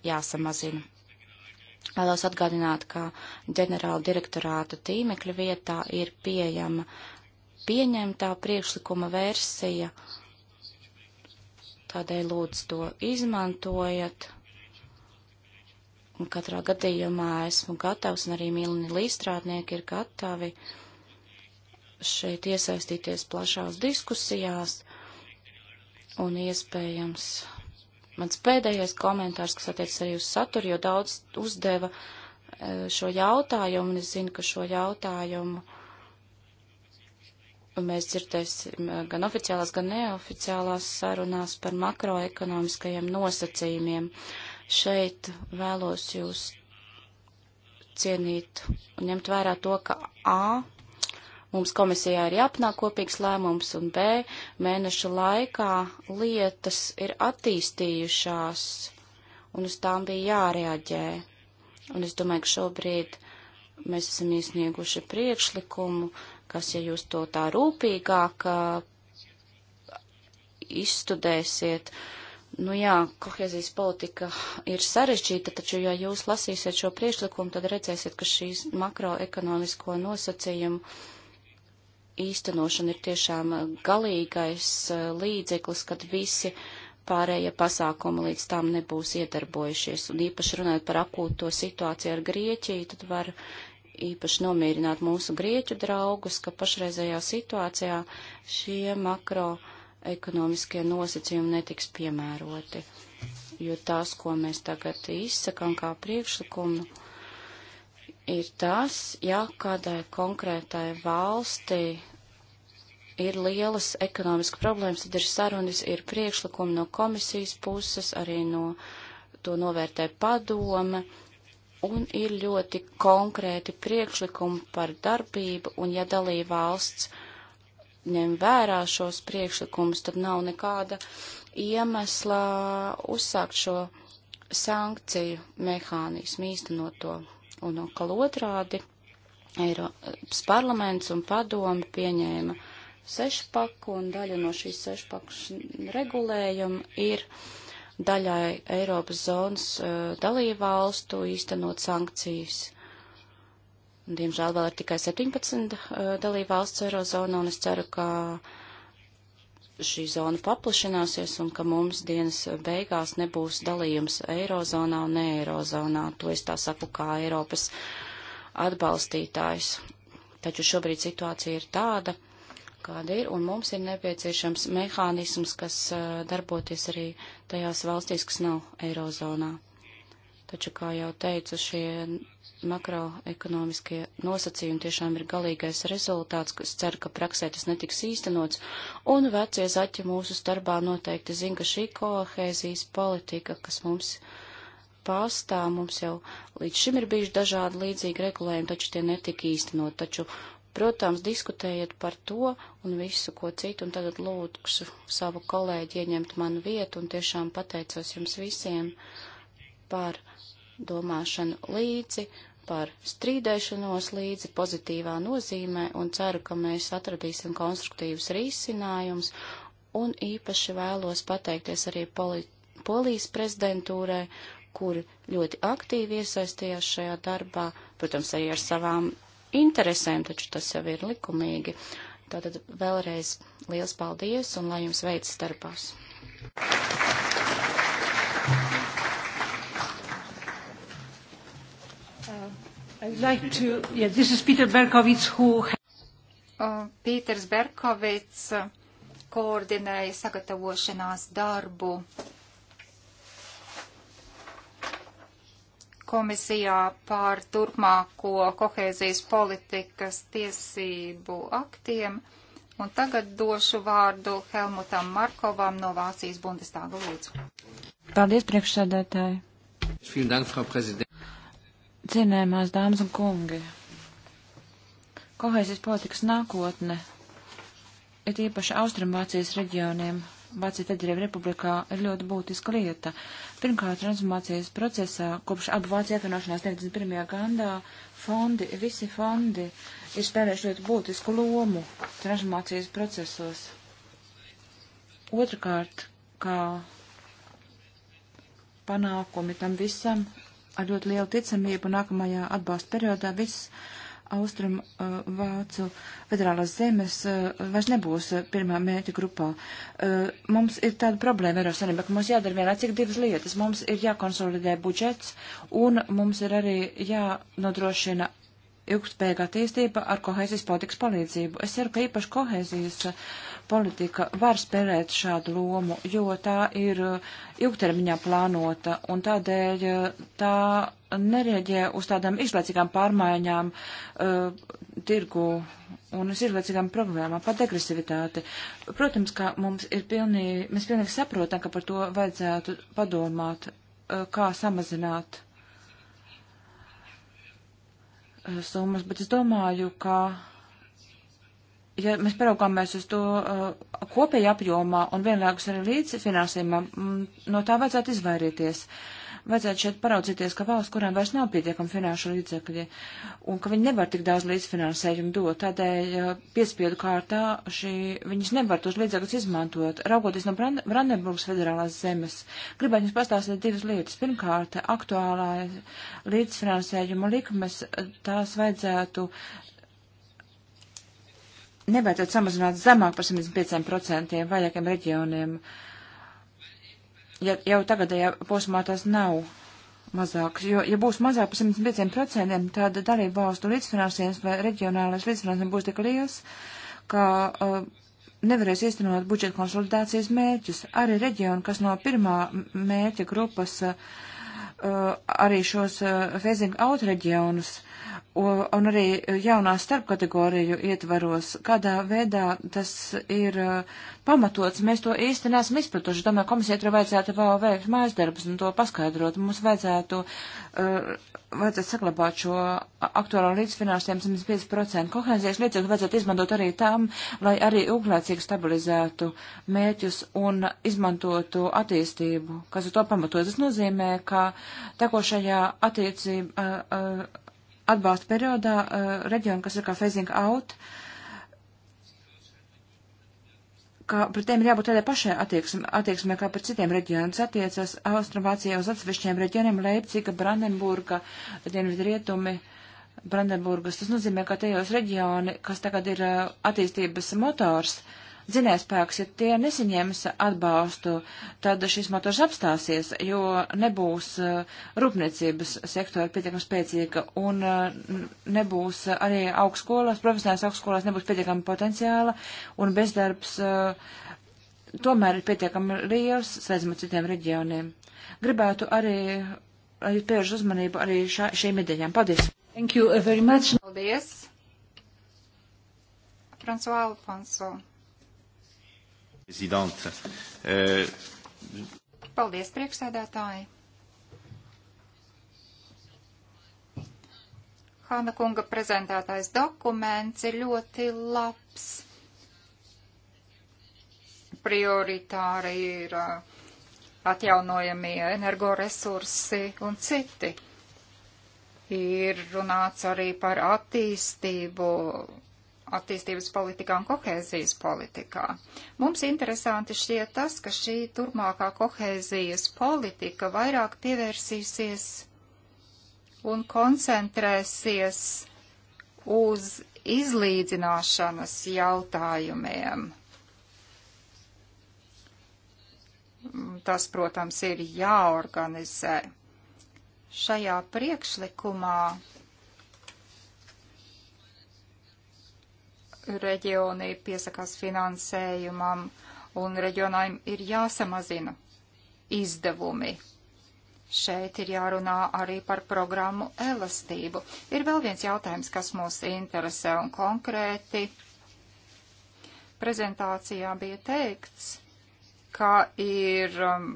jāsamazina. Vēlos atgādināt, ka ģenerāla direktorāta tīmekļa vietā ir pieejama pieņemtā priekšlikuma versija, uh, Tādēļ lūdzu to izmantojat. Un katrā gadījumā esmu gatavs, un arī mīlini līstrādnieki ir gatavi šeit iesaistīties plašās diskusijās. Un iespējams, mans pēdējais komentārs, kas attiecas arī uz saturu, jo daudz uzdeva eh, šo jautājumu, un es zinu, ka šo jautājumu mēs dzirdēsim eh, gan oficiālās, gan neoficiālās sarunās par makroekonomiskajiem nosacījumiem. Šeit vēlos jūs cienīt un ņemt vērā to, ka A. Mums komisijā ir jāpanāk kopīgs lēmums, un B. Mēnešu laikā lietas ir attīstījušās, un uz tām bija jārēģē. Un es domāju, ka šobrīd mēs esam iesnieguši priekšlikumu, uh, kas, ja jūs to tā rūpīgāk izstudēsiet, nu jā, kohēzijas politika ir sarežģīta, taču, ja jūs lasīsiet šo priekšlikumu, tad redzēsiet, ka šīs makroekonomisko nosacījumu īstenošana ir tiešām galīgais līdzeklis, kad visi pārējie pasākumi līdz tam nebūs iedarbojušies. Un īpaši runājot par akūto situāciju ar Grieķiju, tad var īpaši nomierināt mūsu grieķu draugus, ka pašreizējā situācijā šie makroekonomiskie nosacījumi netiks piemēroti, jo tas, ko mēs tagad izsakam kā priekšlikumu, ir tas, ja kādai konkrētai valstī ir lielas ekonomiska problēmas, tad ir sarunas, ir priekšlikumi no komisijas puses, arī no to novērtē padome, un ir ļoti konkrēti priekšlikumi par darbību, un ja dalība valsts ņem vērā šos priekšlikumus, tad nav nekāda iemesla uzsākt šo sankciju mehānismu, īstenot to. Un atkal otrādi, Eiropas parlaments un padomi pieņēma sešpaku, un daļa no šīs sešpakas regulējuma ir uh, daļai Eiropas zonas eh, dalībvalstu īstenot sankcijas. Diemžēl vēl ir tikai 17 uh, eh, dalībvalsts Eirozonā, un es ceru, ka šī zona paplašināsies un ka mums dienas beigās nebūs dalījums Eirozonā un ne Eirozonā. To es tā saku kā Eiropas atbalstītājs. Taču šobrīd situācija ir tāda, kāda ir, un mums ir nepieciešams mehānisms, kas darboties arī tajās valstīs, kas nav Eirozonā. Taču, kā jau teicu, šie makroekonomiskie nosacījumi tiešām ir galīgais rezultāts, kas cer, ka praksē tas netiks īstenots, un vecie zaķi mūsu starpā noteikti zina, ka šī kohēzijas politika, kas mums pastāv, mums jau līdz šim ir bijuši dažādi līdzīgi regulējumi, taču tie netika īstenot, taču protams, diskutējiet par to un visu, ko citu, un tagad lūdzu savu kolēģi ieņemt manu vietu, un tiešām pateicos jums visiem par domāšanu līdzi, par strīdēšanos līdzi pozitīvā nozīmē, un ceru, ka mēs atradīsim konstruktīvus risinājumus, un īpaši vēlos pateikties arī poli Polijas prezidentūrai, kuri ļoti aktīvi iesaistījās šajā darbā, protams, arī ar savām interesēm, taču tas jau ir likumīgi. Tātad vēlreiz liels paldies un lai jums veicas darbās. Uh, like to, yeah, this is Peter Berkovits who uh, Pīters Berkovits uh, koordinēja sagatavošanās darbu komisijā pār turpmāko kohēzijas politikas tiesību aktiem. Un tagad došu vārdu Helmutam Markovam no Vācijas Bundestāga lūdzu. Paldies, priekšsēdētāji. Cienējamās dāmas un kungi. Kohēzijas politikas nākotne ir īpaši Austrumvācijas reģioniem Vācijas Federēja Republikā ir ļoti būtiska lieta. Pirmkārt, transformācijas procesā kopš abu Vācijas apvienošanās 91. gadā fondi, visi fondi ir spēlējuši ļoti būtisku lomu transformācijas procesos. Otrakārt, kā panākumi tam visam ar ļoti lielu ticamību nākamajā atbalsta periodā viss Austrum uh, Vācu federālās zemes uh, vairs nebūs uh, pirmā mērķa grupā. Uh, mums ir tāda problēma Eiropas Savienībā, ka mums jādara vienlaicīgi divas lietas. Mums ir jākonsolidē budžets un mums ir arī jānodrošina ilgspējīga attīstība ar kohēzijas politikas palīdzību. Es ceru, ka īpaši kohēzijas uh, politika var spēlēt šādu lomu, jo tā ir uh, ilgtermiņā plānota un tādēļ tā nereaģē uz tādām izlaicīgām pārmaiņām uh, tirgu un uz izlaicīgām programmām par degresivitāti. Protams, ka mums ir pilnīgi, mēs pilnīgi saprotam, ka par to vajadzētu padomāt, uh, kā samazināt uh, summas, bet es domāju, ka. Ja mēs paraugāmies uz to uh, kopēju apjomā un vienlaikus arī līdzfinansējumā, mm, no tā vajadzētu izvairīties. Uh, vajadzētu šeit paraudzīties, ka valsts, kurām vairs nav pietiekami finanšu līdzekļi, un ka viņi nevar tik daudz līdzfinansējumu dot, tādēļ piespiedu kārtā šī, viņas nevar tos līdzekļus izmantot. Raugoties no Brandenburgas federālās zemes, gribētu jums pastāstīt divas lietas. Pirmkārt, aktuālā līdzfinansējuma likmes, tās vajadzētu nevajadzētu samazināt zemāk par 75% vajagiem reģioniem. Uh, ja jau tagadējā ja posmā tas nav mazāks, jo, ja būs mazāk par 75%, tad darība valstu līdzfinansējums vai reģionālais līdzfinansējums būs tik liels, ka uh, nevarēs īstenot budžeta konsolidācijas mērķus. Arī reģioni, kas no pirmā mērķa grupas uh, uh arī šos uh, phasing out reģionus un arī jaunā starpkategoriju ietvaros, kādā veidā tas ir uh, pamatots. Mēs to īsti neesam izpratuši. Domāju, komisija tur vajadzētu vēl veikt mājas darbus un to paskaidrot. Mums vajadzētu, uh, vajadzētu saglabāt šo aktuālo līdzfinansējumu 75%. Kohēzijas līdzekļus vajadzētu izmantot arī tam, lai arī uglēcīgi stabilizētu mēķus un izmantotu attīstību, kas ir to pamatots. Tas nozīmē, ka tekošajā attiecība. Uh, uh, atbalsta periodā uh, reģionu, kas ir kā phasing out, ka pret tiem ir jābūt tādai pašai attieksmē, attieksmē kā pret citiem reģioniem. Tas attiecas Austrumvācijā uz atsevišķiem reģioniem - Leipciga, Brandenburga, Dienvidrietumi, Brandenburgas. Tas nozīmē, ka tajos reģioni, kas tagad ir uh, attīstības motors, uh, dzinējspēks, ja tie nesaņems atbalstu, tad šis motors apstāsies, jo nebūs eh, rūpniecības sektora pietiekami spēcīga un eh, nebūs arī augstskolās, profesionālās augstskolās nebūs pietiekami potenciāla un bezdarbs eh, tomēr ir pietiekami liels, sveicam citiem reģioniem. Gribētu arī, arī pievērst uzmanību arī šā, šīm idejām. Paldies! Thank you very much. Paldies! François Alfonso. Prezidente. Paldies, priekšsēdētāji. Hāna kunga prezentētais dokuments ir ļoti labs. Prioritāri ir e, atjaunojamie energoresursi un citi. Ir runāts arī par attīstību attīstības politikā un kohēzijas politikā. Mums interesanti šķiet tas, ka šī turpmākā kohēzijas politika vairāk pievērsīsies un koncentrēsies uz izlīdzināšanas jautājumiem. Tas, protams, ir jāorganizē. Šajā priekšlikumā reģioni piesakās finansējumam un reģionājiem ir jāsamazina izdevumi. Šeit ir jārunā arī par programmu elastību. Ir vēl viens jautājums, kas mūs interesē un konkrēti. Prezentācijā bija teikts, ka ir um,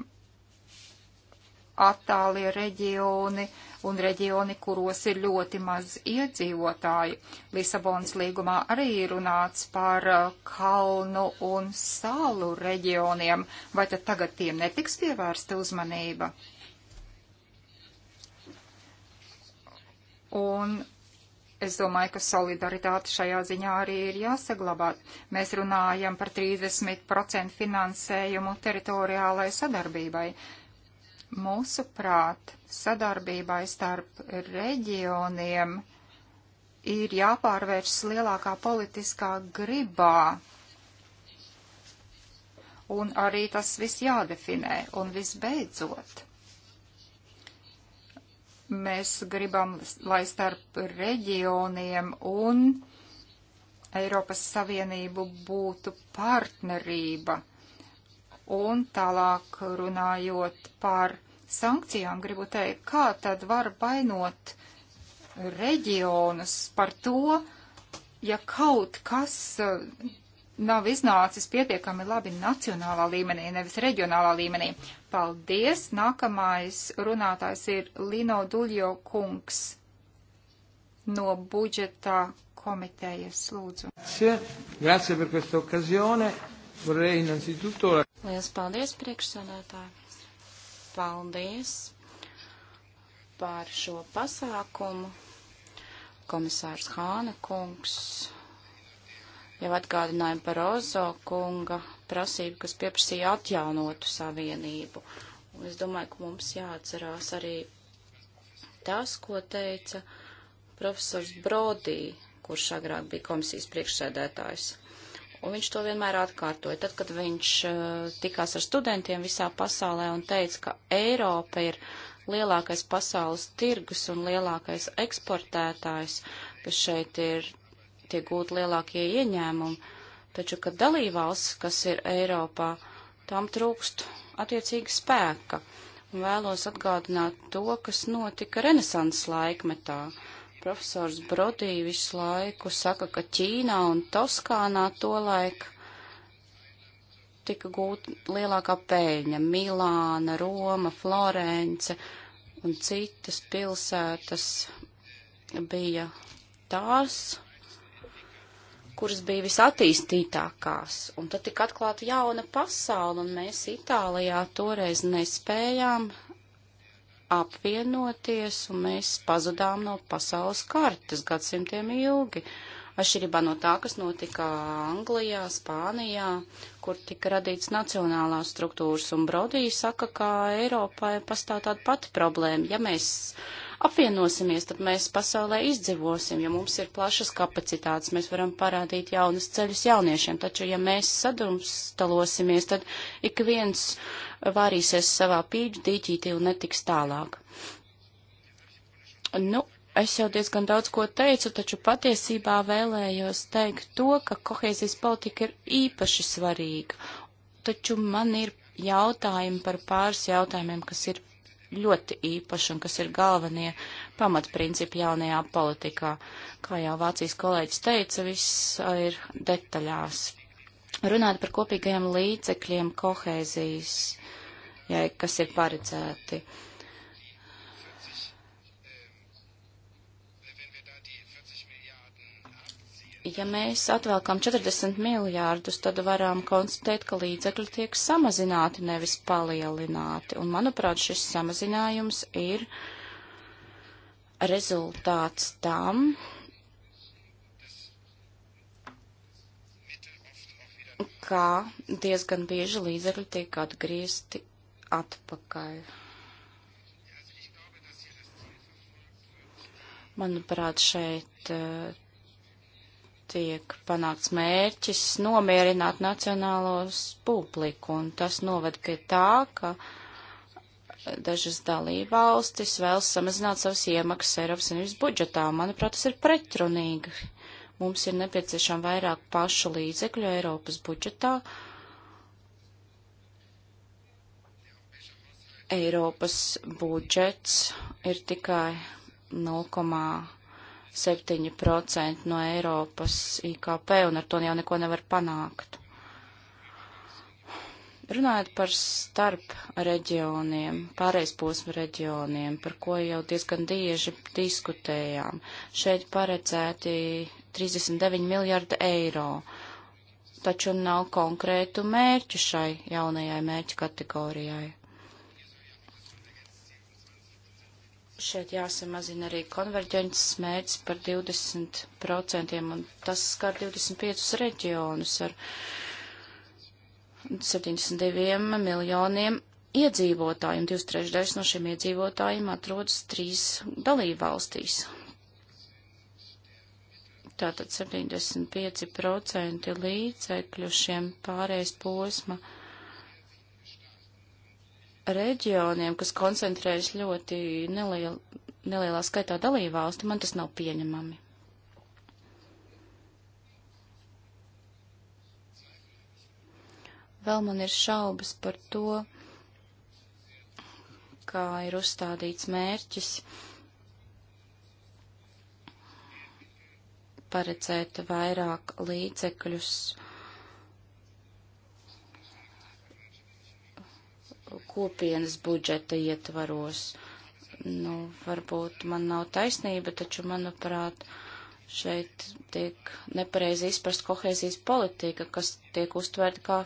attālie reģioni, uh, un reģioni, kuros ir ļoti maz iedzīvotāji. Lisabonas līgumā arī runāts par uh, kalnu un salu reģioniem, vai tad tagad tiem netiks pievērsta uzmanība? Un Es domāju, ka solidaritāte šajā ziņā arī ir jāsaglabā. Mēs runājam par 30% finansējumu teritoriālai sadarbībai. Mūsuprāt, sadarbībai starp reģioniem ir jāpārvēršas lielākā politiskā gribā. Un arī tas viss jādefinē. Un visbeidzot, mēs gribam, lai starp reģioniem un Eiropas Savienību būtu partnerība Un tālāk runājot par sankcijām, gribu teikt, kā tad var vainot reģionus par to, ja kaut kas eh, nav iznācis pietiekami labi nacionālā līmenī, nevis reģionālā līmenī. Paldies! Nākamais runātājs ir Lino Duļo kungs no budžeta komitejas. Lūdzu. Grazie, grazie par questo occasione. Lielas paldies, priekšsēdētāji! Paldies par šo pasākumu. Komisārs Hāna kungs jau atgādināja par Ozo kunga prasību, kas pieprasīja atjaunotu savienību. Un es domāju, ka mums jāatcerās arī tas, ko teica profesors Brodī, kurš agrāk bija komisijas priekšsēdētājs. Un viņš to vienmēr atkārtoja. Tad, kad viņš uh, tikās ar studentiem visā pasaulē un teica, ka Eiropa ir lielākais pasaules tirgus un lielākais eksportētājs, ka šeit ir tiek gūt lielākie ieņēmumi, taču, ka dalībvalsts, kas ir Eiropā, tam trūkst attiecīgi spēka. Un vēlos atgādināt to, kas notika renesanses laikmetā. Uh, Profesors Brodī visu laiku saka, ka Ķīnā un Toskānā tolaik tika gūta lielākā peļņa - Milāna, Roma, Florence un citas pilsētas bija tās, kuras bija visattīstītākās. Un tad tika atklāta jauna pasaule, un mēs Itālijā toreiz nespējām apvienoties, un mēs pazudām no pasaules kartes gadsimtiem ilgi. Atšķirībā no tā, kas notika Anglijā, Spānijā, kur tika radīts nacionālās struktūras, un Brodija saka, ka Eiropai pastāv tāda pati problēma. Ja mēs uh, apvienosimies, tad mēs pasaulē izdzīvosim, jo mums ir plašas kapacitātes, mēs varam parādīt jaunas ceļus jauniešiem, taču ja mēs sadrumstalosimies, tad ik viens vārīsies savā pīģu dīķītī un netiks tālāk. Nu, es jau diezgan daudz ko teicu, taču patiesībā vēlējos teikt to, ka kohēzijas politika ir īpaši svarīga. Taču man ir jautājumi par pāris jautājumiem, kas ir ļoti īpaši un kas ir galvenie pamatprincipi jaunajā politikā. Kā jau Vācijas kolēģis teica, viss ir detaļās. Runāt par kopīgajiem līdzekļiem kohēzijas, ja, kas ir paredzēti. Uh, ja mēs atvēlkam 40 miljārdus, tad varam konstatēt, ka līdzekļi tiek samazināti, nevis palielināti. Un, manuprāt, šis samazinājums ir rezultāts tam, kā diezgan bieži līdzekļi tiek atgriezti atpakaļ. Manuprāt, šeit eh, tiek panākts mērķis nomierināt nacionālos publiku, un tas noved pie tā, ka dažas dalībvalstis vēlas samazināt savas iemaksas Eiropas Savienības budžetā. Manuprāt, tas ir pretrunīgi. Mums ir nepieciešama vairāk pašu līdzekļu Eiropas budžetā. Eiropas budžets ir tikai 0,5 7% no Eiropas IKP, un ar to jau neko nevar panākt. Runājot par starp reģioniem, pārējais posmu reģioniem, par ko jau diezgan dieži diskutējām, šeit paredzēti 39 miljārdi eiro, taču nav konkrētu mērķu šai jaunajai mērķu kategorijai. šeit jāsamazina arī konverģences mērķis par 20%, un tas skar 25 reģionus ar 72 miljoniem iedzīvotāju, un 2 trešdaļas no šiem iedzīvotājiem atrodas trīs dalībvalstīs. Tātad 75% līdzekļu šiem pārējais posma reģioniem, kas koncentrējas ļoti neliel, nelielā skaitā dalībvalstu, man tas nav pieņemami. Vēl man ir šaubas par to, kā ir uzstādīts mērķis paredzēt vairāk līdzekļus uh, kopienas budžeta ietvaros. Nu, varbūt man nav taisnība, taču, manuprāt, šeit tiek nepareizi izprast kohēzijas politika, kas tiek uztverta kā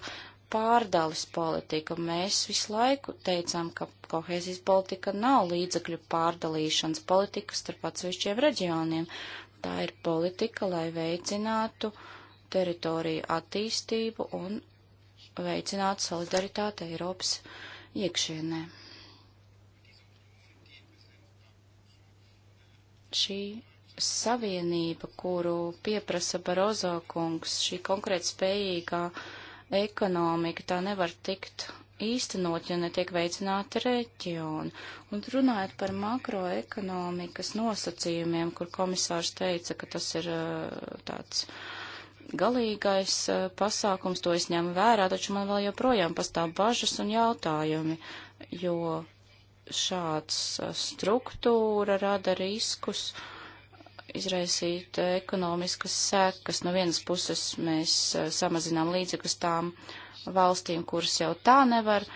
pārdalis politika. Mēs visu laiku teicām, ka kohēzijas politika nav līdzekļu pārdalīšanas politika starp atsevišķiem reģioniem. Tā ir politika, lai veicinātu teritoriju attīstību un veicinātu solidaritāti Eiropas iekšienē. Šī savienība, kuru pieprasa Barozo kungs, šī konkrēti spējīgā ekonomika, tā nevar tikt īstenot, ja netiek veicināti reģioni. Un runājot par makroekonomikas nosacījumiem, kur komisārs teica, ka tas ir eh, tāds uh, galīgais eh, pasākums, to es ņemu vērā, taču man vēl joprojām pastāv bažas un jautājumi, jo šāds eh, struktūra rada riskus izraisīt eh, ekonomiskas sekas. No vienas puses mēs samazinām līdzekļus tām valstīm, kuras jau tā nevar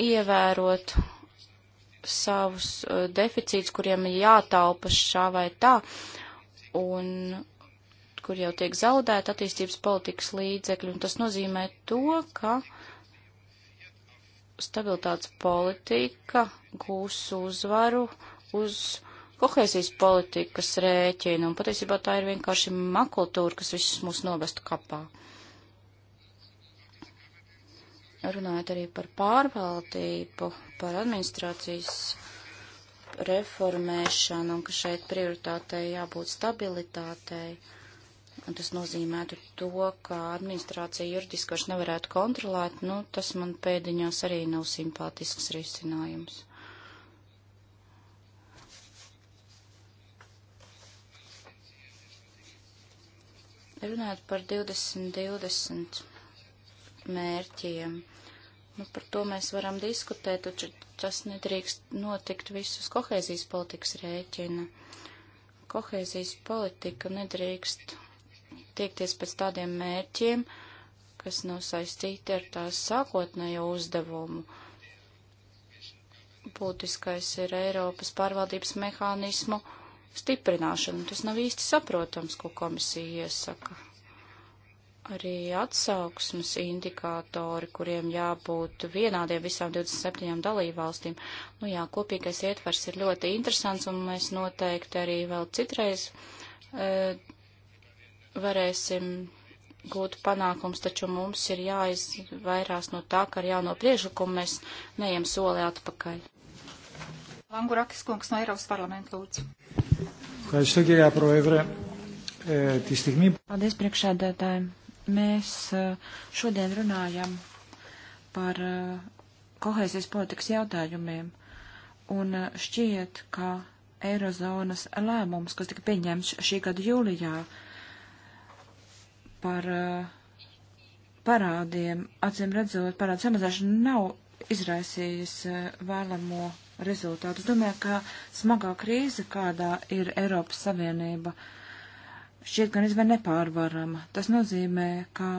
ievērot savus deficīts, kuriem ir jātaupa šā vai tā. Un kur jau tiek zaudēta attīstības politikas līdzekļi, un tas nozīmē to, ka stabilitātes politika gūs uzvaru uz kohēzijas politikas rēķinu, un patiesībā tā ir vienkārši makultūra, kas visus mūs novestu kapā. Runājot arī par pārvaldību, par administrācijas reformēšanu, un ka šeit prioritātei jābūt stabilitātei. Uh, un tas nozīmētu to, ka administrācija juridiskoši nevarētu kontrolēt, nu, tas man pēdiņās arī nav simpātisks risinājums. Runājot par 2020 mērķiem, nu, par to mēs varam diskutēt, taču tas nedrīkst notikt visus kohēzijas politikas rēķina. Kohēzijas politika nedrīkst tiekties pēc tādiem mērķiem, kas nav saistīti ar tās sākotnējo uzdevumu. Būtiskais ir Eiropas pārvaldības mehānismu stiprināšana. Tas nav īsti saprotams, ko komisija iesaka. Arī atsauksmes indikātori, kuriem jābūt vienādiem visām 27 dalībvalstīm. Nu jā, kopīgais ietvers ir ļoti interesants, un mēs noteikti arī vēl citreiz e, varēsim gūt panākums, taču mums ir jāizvairās no tā, ka ar jauno priešlikumu mēs neiem soli atpakaļ. Langurakis kungs no Eiropas parlamenta lūdzu. Paldies priekšādētājiem. Mēs eh, šodien runājam par eh, kohēzijas politikas jautājumiem un eh, šķiet, ka Eirozonas lēmums, kas tika pieņemts šī gada jūlijā, uh, par eh, parādiem. Acīm redzot, parādu samazināšana nav izraisījis eh, vēlamo rezultātu. Es domāju, ka smagā krīze, kādā ir Eiropas Savienība, šķiet gan izvien nepārvarama. Tas nozīmē, ka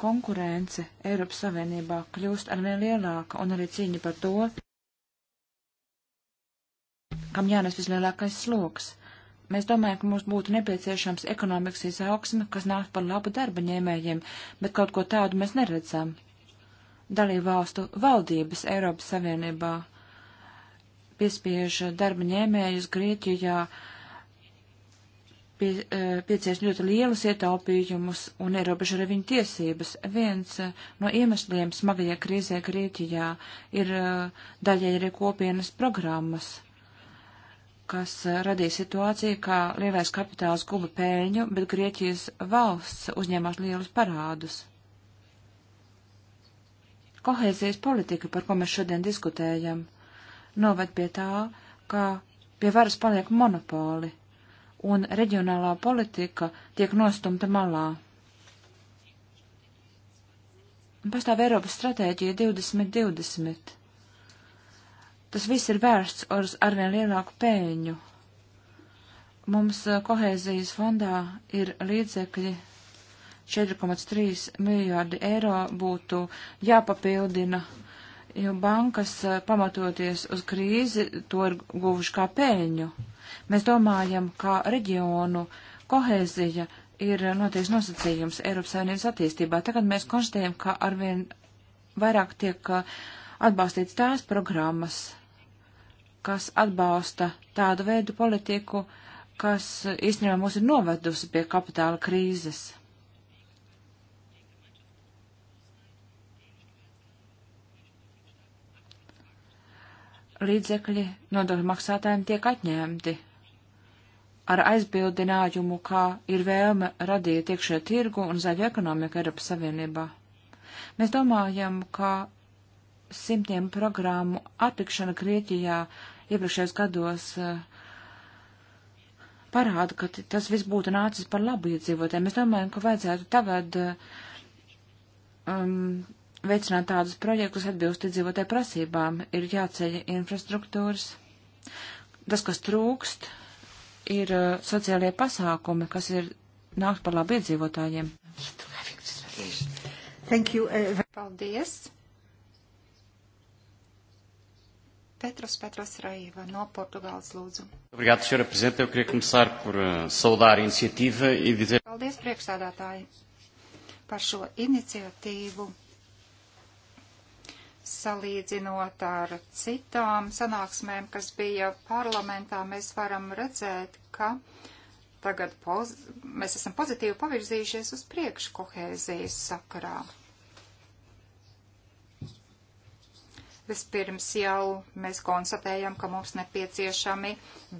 konkurence Eiropas Savienībā kļūst arvien lielāka un arī cīņa par to, kam jānes vislielākais sloks. Mēs domājam, ka mums būtu nepieciešams ekonomikas izaugsme, kas nāk par labu darba ņēmējiem, bet kaut ko tādu mēs neredzam. Dalībvalstu valdības Eiropas Savienībā piespiež darba ņēmējus Grieķijā, pie, e, piecieš ļoti lielus ietaupījumus un ierobežo arī viņu tiesības. Viens e, no iemesliem smagajā krīzē Grieķijā ir e, daļai arī kopienas programmas kas eh, radīja situāciju, kā lielais kapitāls guva pēļņu, bet Grieķijas valsts uzņēmās lielus parādus. Kohēzijas politika, par ko mēs šodien diskutējam, noved pie tā, ka pie varas paliek monopoli, un reģionālā politika tiek nostumta malā. Pastāv Eiropas stratēģija 2020 Tas viss ir vērsts uz arvien lielāku pēļņu. Mums eh, kohēzijas fondā ir līdzekļi 4,3 miljārdi eiro būtu jāpapildina, jo bankas eh, pamatoties uz krīzi to ir guvuši kā pēļņu. Mēs domājam, kā reģionu kohēzija ir noteikti nosacījums Eiropas Savienības attīstībā. Tagad mēs konstatējam, ka arvien vairāk tiek eh, atbalstīts tās programmas, kas atbalsta tādu veidu politiku, kas īstenībā mūs ir novedusi pie kapitāla krīzes. Līdzekļi nodokļu maksātājiem tiek atņemti ar aizbildinājumu, kā ir vēlme radīt iekšē tirgu un zaļu ekonomiku Eiropas Savienībā. Mēs domājam, ka simtiem programmu atlikšana Grieķijā iepriekšējos gados eh, parāda, ka tas viss būtu nācis par labu iedzīvotājiem. Es domāju, ka vajadzētu tagad eh, um, veicināt tādus projektus atbilst iedzīvotāju prasībām. Ir jāceļ infrastruktūras. Tas, kas trūkst, ir eh, sociālie pasākumi, kas ir nākt par labu iedzīvotājiem. Thank you. Paldies. Petros Petros Raiva, no Portugāles lūdzu. Obrigado, Sra. Presidente. Eu queria começar por eh, saudar a iniciativa e dizer... Paldies, priekšsādātāji, par šo iniciatīvu. Salīdzinot ar citām sanāksmēm, kas bija parlamentā, mēs varam redzēt, ka tagad poz... mēs esam pozitīvi pavirzījušies uz priekšu kohēzijas sakarā. Vispirms jau mēs konstatējam, ka mums nepieciešami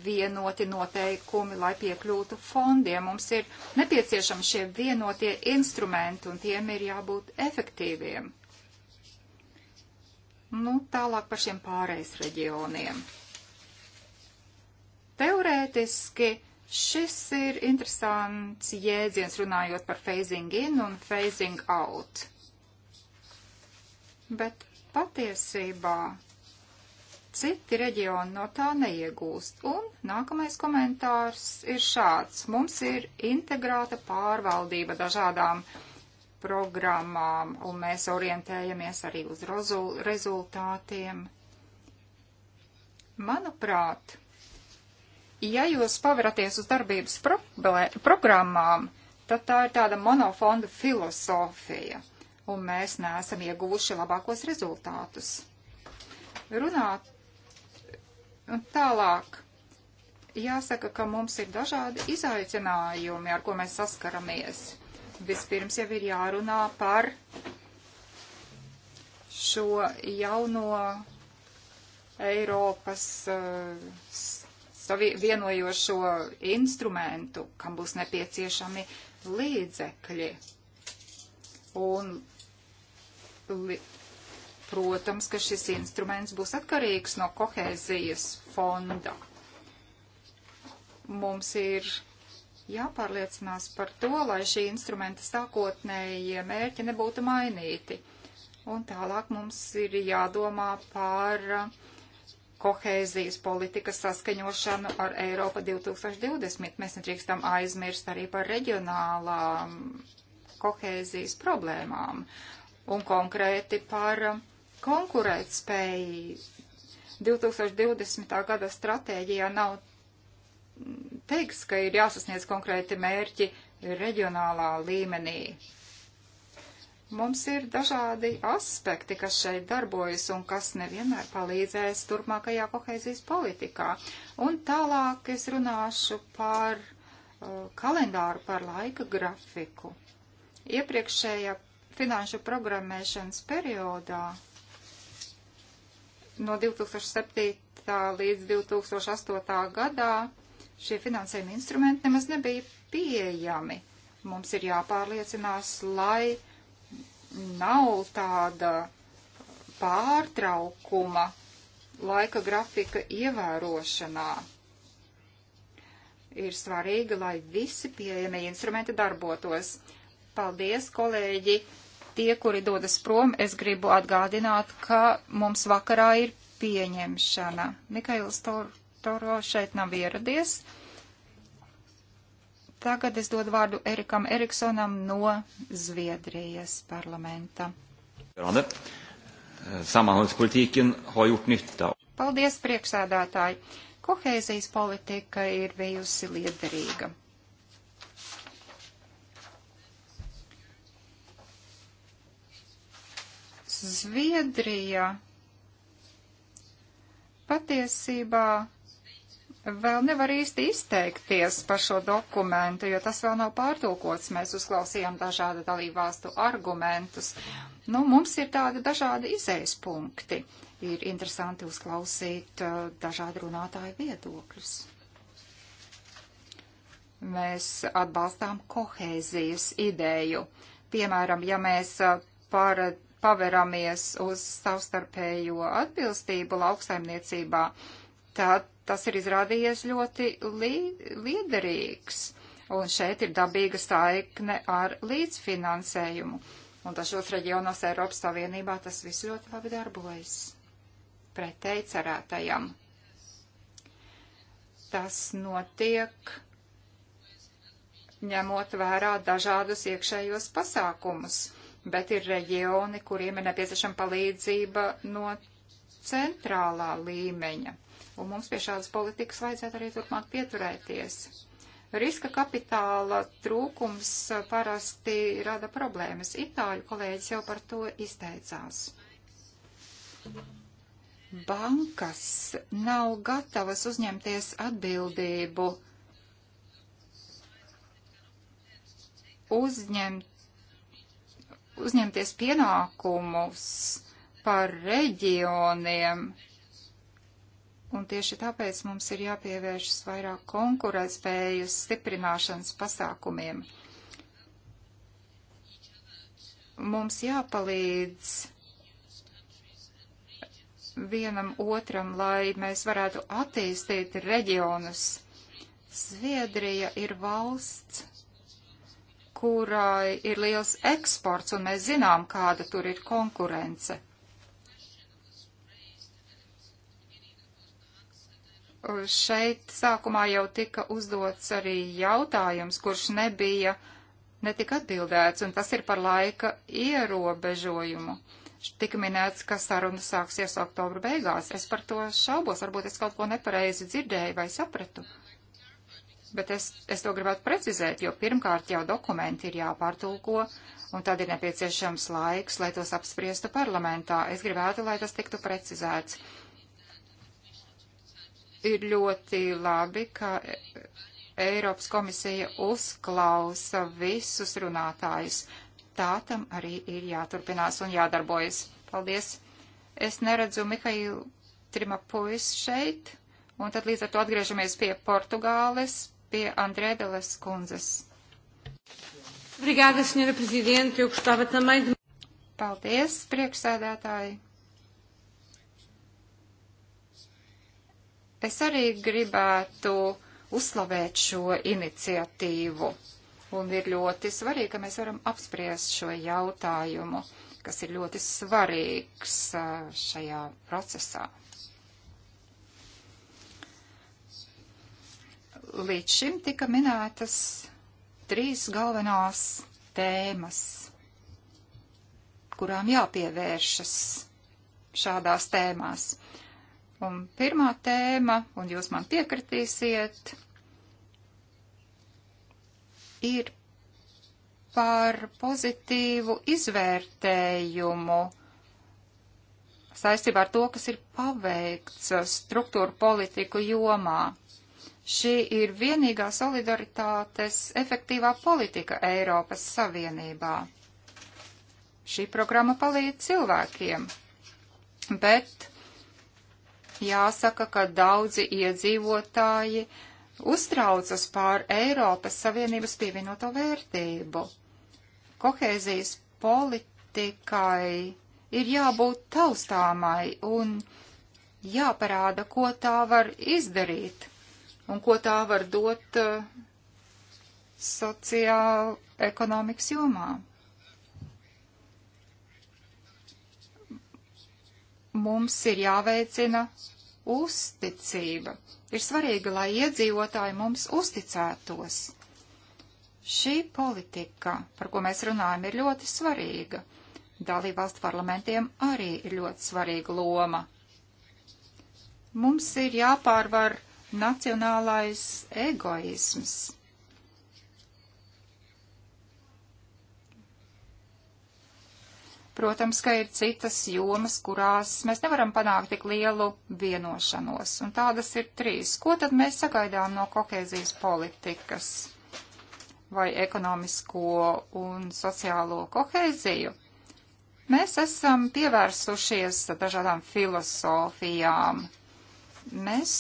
vienoti noteikumi, lai piekļūtu fondiem. Mums ir nepieciešami šie vienotie instrumenti, un tiem ir jābūt efektīviem. Nu, tālāk par šiem pārējais reģioniem. Teorētiski šis ir interesants jēdziens runājot par phasing in un phasing out. Bet Patiesībā citi reģioni no tā neiegūst. Un nākamais komentārs ir šāds. Mums ir integrēta pārvaldība dažādām programmām, un mēs orientējamies arī uz rezultātiem. Manuprāt, ja jūs paveraties uz darbības pro programmām, tad tā ir tāda monofonda filosofija un mēs neesam ieguvuši labākos rezultātus. Runāt tālāk. Jāsaka, ka mums ir dažādi izaicinājumi, ar ko mēs saskaramies. Vispirms jau ir jārunā par šo jauno Eiropas uh, savi, vienojošo instrumentu, kam būs nepieciešami līdzekļi. Un Protams, ka šis instruments būs atkarīgs no kohēzijas fonda. Mums ir jāpārliecinās par to, lai šī instrumenta sākotnējie mērķi nebūtu mainīti. Un tālāk mums ir jādomā par kohēzijas politikas saskaņošanu ar Eiropa 2020. Mēs nedrīkstam aizmirst arī par reģionālām kohēzijas problēmām un konkrēti par um, konkurētspēju. 2020. gada stratēģijā nav mm, teiks, ka ir jāsasniedz konkrēti mērķi reģionālā līmenī. Mums ir dažādi aspekti, kas šeit darbojas un kas nevienmēr palīdzēs turpmākajā kohēzijas politikā. Un tālāk es runāšu par uh, kalendāru, par laika grafiku. Iepriekšējā finanšu programmēšanas periodā no 2007. līdz 2008. gadā šie finansējuma instrumenti nemaz nebija pieejami. Mums ir jāpārliecinās, lai nav tāda pārtraukuma laika grafika ievērošanā. Ir svarīgi, lai visi pieejamie instrumenti darbotos. Paldies, kolēģi, tie, kuri dodas prom, es gribu atgādināt, ka mums vakarā ir pieņemšana. Mikails Tor Toro šeit nav ieradies. Tagad es dodu vārdu Erikam Eriksonam no Zviedrijas parlamenta. Eh, Samanhållspolitiken har gjort nytta. Paldies, priekšsēdētāji! Kohēzijas politika ir bijusi liederīga. Zviedrija patiesībā vēl nevar īsti izteikties par šo dokumentu, jo tas vēl nav pārtulkots. Mēs uzklausījām dažādu dalībvalstu argumentus. Nu, mums ir tādi dažādi izējas punkti. Ir interesanti uzklausīt uh, dažādu runātāju viedokļus. Mēs atbalstām kohēzijas ideju. Piemēram, ja mēs uh, par paveramies uz savstarpējo atbilstību lauksaimniecībā, tad tas ir izrādījies ļoti li liederīgs. Un šeit ir dabīga saikne ar līdzfinansējumu. Un dažos reģionos Eiropas Savienībā tas viss ļoti labi darbojas. Pretēji cerētajam. Tas notiek ņemot vērā dažādus iekšējos pasākumus bet ir reģioni, kuriem ir nepieciešama palīdzība no centrālā līmeņa. Un mums pie šādas politikas vajadzētu arī turpmāk pieturēties. Riska kapitāla trūkums parasti rada problēmas. Itāļu kolēģis jau par to izteicās. Bankas nav gatavas uzņemties atbildību uzņemt uzņemties pienākumus par reģioniem. Un tieši tāpēc mums ir jāpievēršas vairāk konkurētspējas stiprināšanas pasākumiem. Mums jāpalīdz vienam otram, lai mēs varētu attīstīt reģionus. Zviedrija ir valsts, kurai ir liels eksports, un mēs zinām, kāda tur ir konkurence. Šeit sākumā jau tika uzdots arī jautājums, kurš nebija netika atbildēts, un tas ir par laika ierobežojumu. Tika minēts, ka saruna sāksies oktobra beigās. Es par to šaubos, varbūt es kaut ko nepareizi dzirdēju vai sapratu. Uh, bet es, es to gribētu precizēt, jo pirmkārt jau dokumenti ir jāpārtulko, un tad ir nepieciešams laiks, lai tos apspriestu parlamentā. Es gribētu, lai tas tiktu precizēts. Ir ļoti labi, ka Eiropas komisija uzklausa visus runātājus. Tā tam arī ir jāturpinās un jādarbojas. Paldies! Es neredzu Mihailu Trimapuis šeit, un tad līdz ar to atgriežamies pie Portugāles pie Andrēdeles kundzes. Brigāda, senjora prezidente, jau gostava tamai de... Paldies, priekšsēdētāji. Es arī gribētu uzslavēt šo iniciatīvu. Un ir ļoti svarīgi, ka mēs varam apspriest šo jautājumu, kas ir ļoti svarīgs šajā procesā. Līdz šim tika minētas trīs galvenās tēmas, kurām jāpievēršas šādās tēmās. Un pirmā tēma, un jūs man piekritīsiet, ir par pozitīvu izvērtējumu saistībā ar to, kas ir paveikts struktūra politiku jomā. Šī ir vienīgā solidaritātes efektīvā politika Eiropas Savienībā. Šī programma palīdz cilvēkiem, bet jāsaka, ka daudzi iedzīvotāji uztraucas pār Eiropas Savienības pievienoto vērtību. Kohēzijas politikai ir jābūt taustāmai un jāparāda, ko tā var izdarīt un ko tā var dot uh, sociāla ekonomikas jomā. Mums ir jāveicina uzticība. Ir svarīgi, lai iedzīvotāji mums uzticētos. Šī politika, par ko mēs runājam, ir ļoti svarīga. Dalībvalstu parlamentiem arī ir ļoti svarīga loma. Mums ir jāpārvar nacionālais egoisms. Protams, ka ir citas jomas, kurās mēs nevaram panākt tik lielu vienošanos, un tādas ir trīs. Ko tad mēs sagaidām no kohēzijas politikas vai ekonomisko un sociālo kohēziju? Mēs esam pievērsušies dažādām filozofijām. Mēs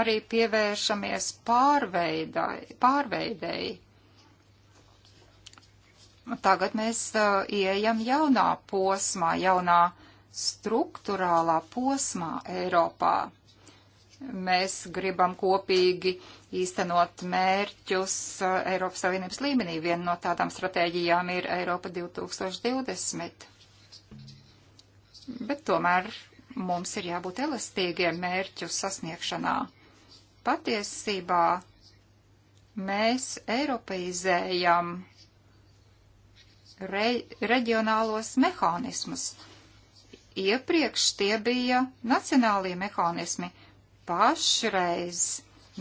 arī pievēršamies pārveidēji. Tagad mēs uh, ieejam jaunā posmā, jaunā struktūrālā posmā Eiropā. Mēs gribam kopīgi īstenot mērķus uh, Eiropas Savienības līmenī. Viena no tādām stratēģijām ir Eiropa 2020. Bet tomēr mums ir jābūt elastīgiem mērķu sasniegšanā. Patiesībā mēs eiropeizējam re, reģionālos mehānismus. Iepriekš tie bija nacionālie mehānismi. Pašreiz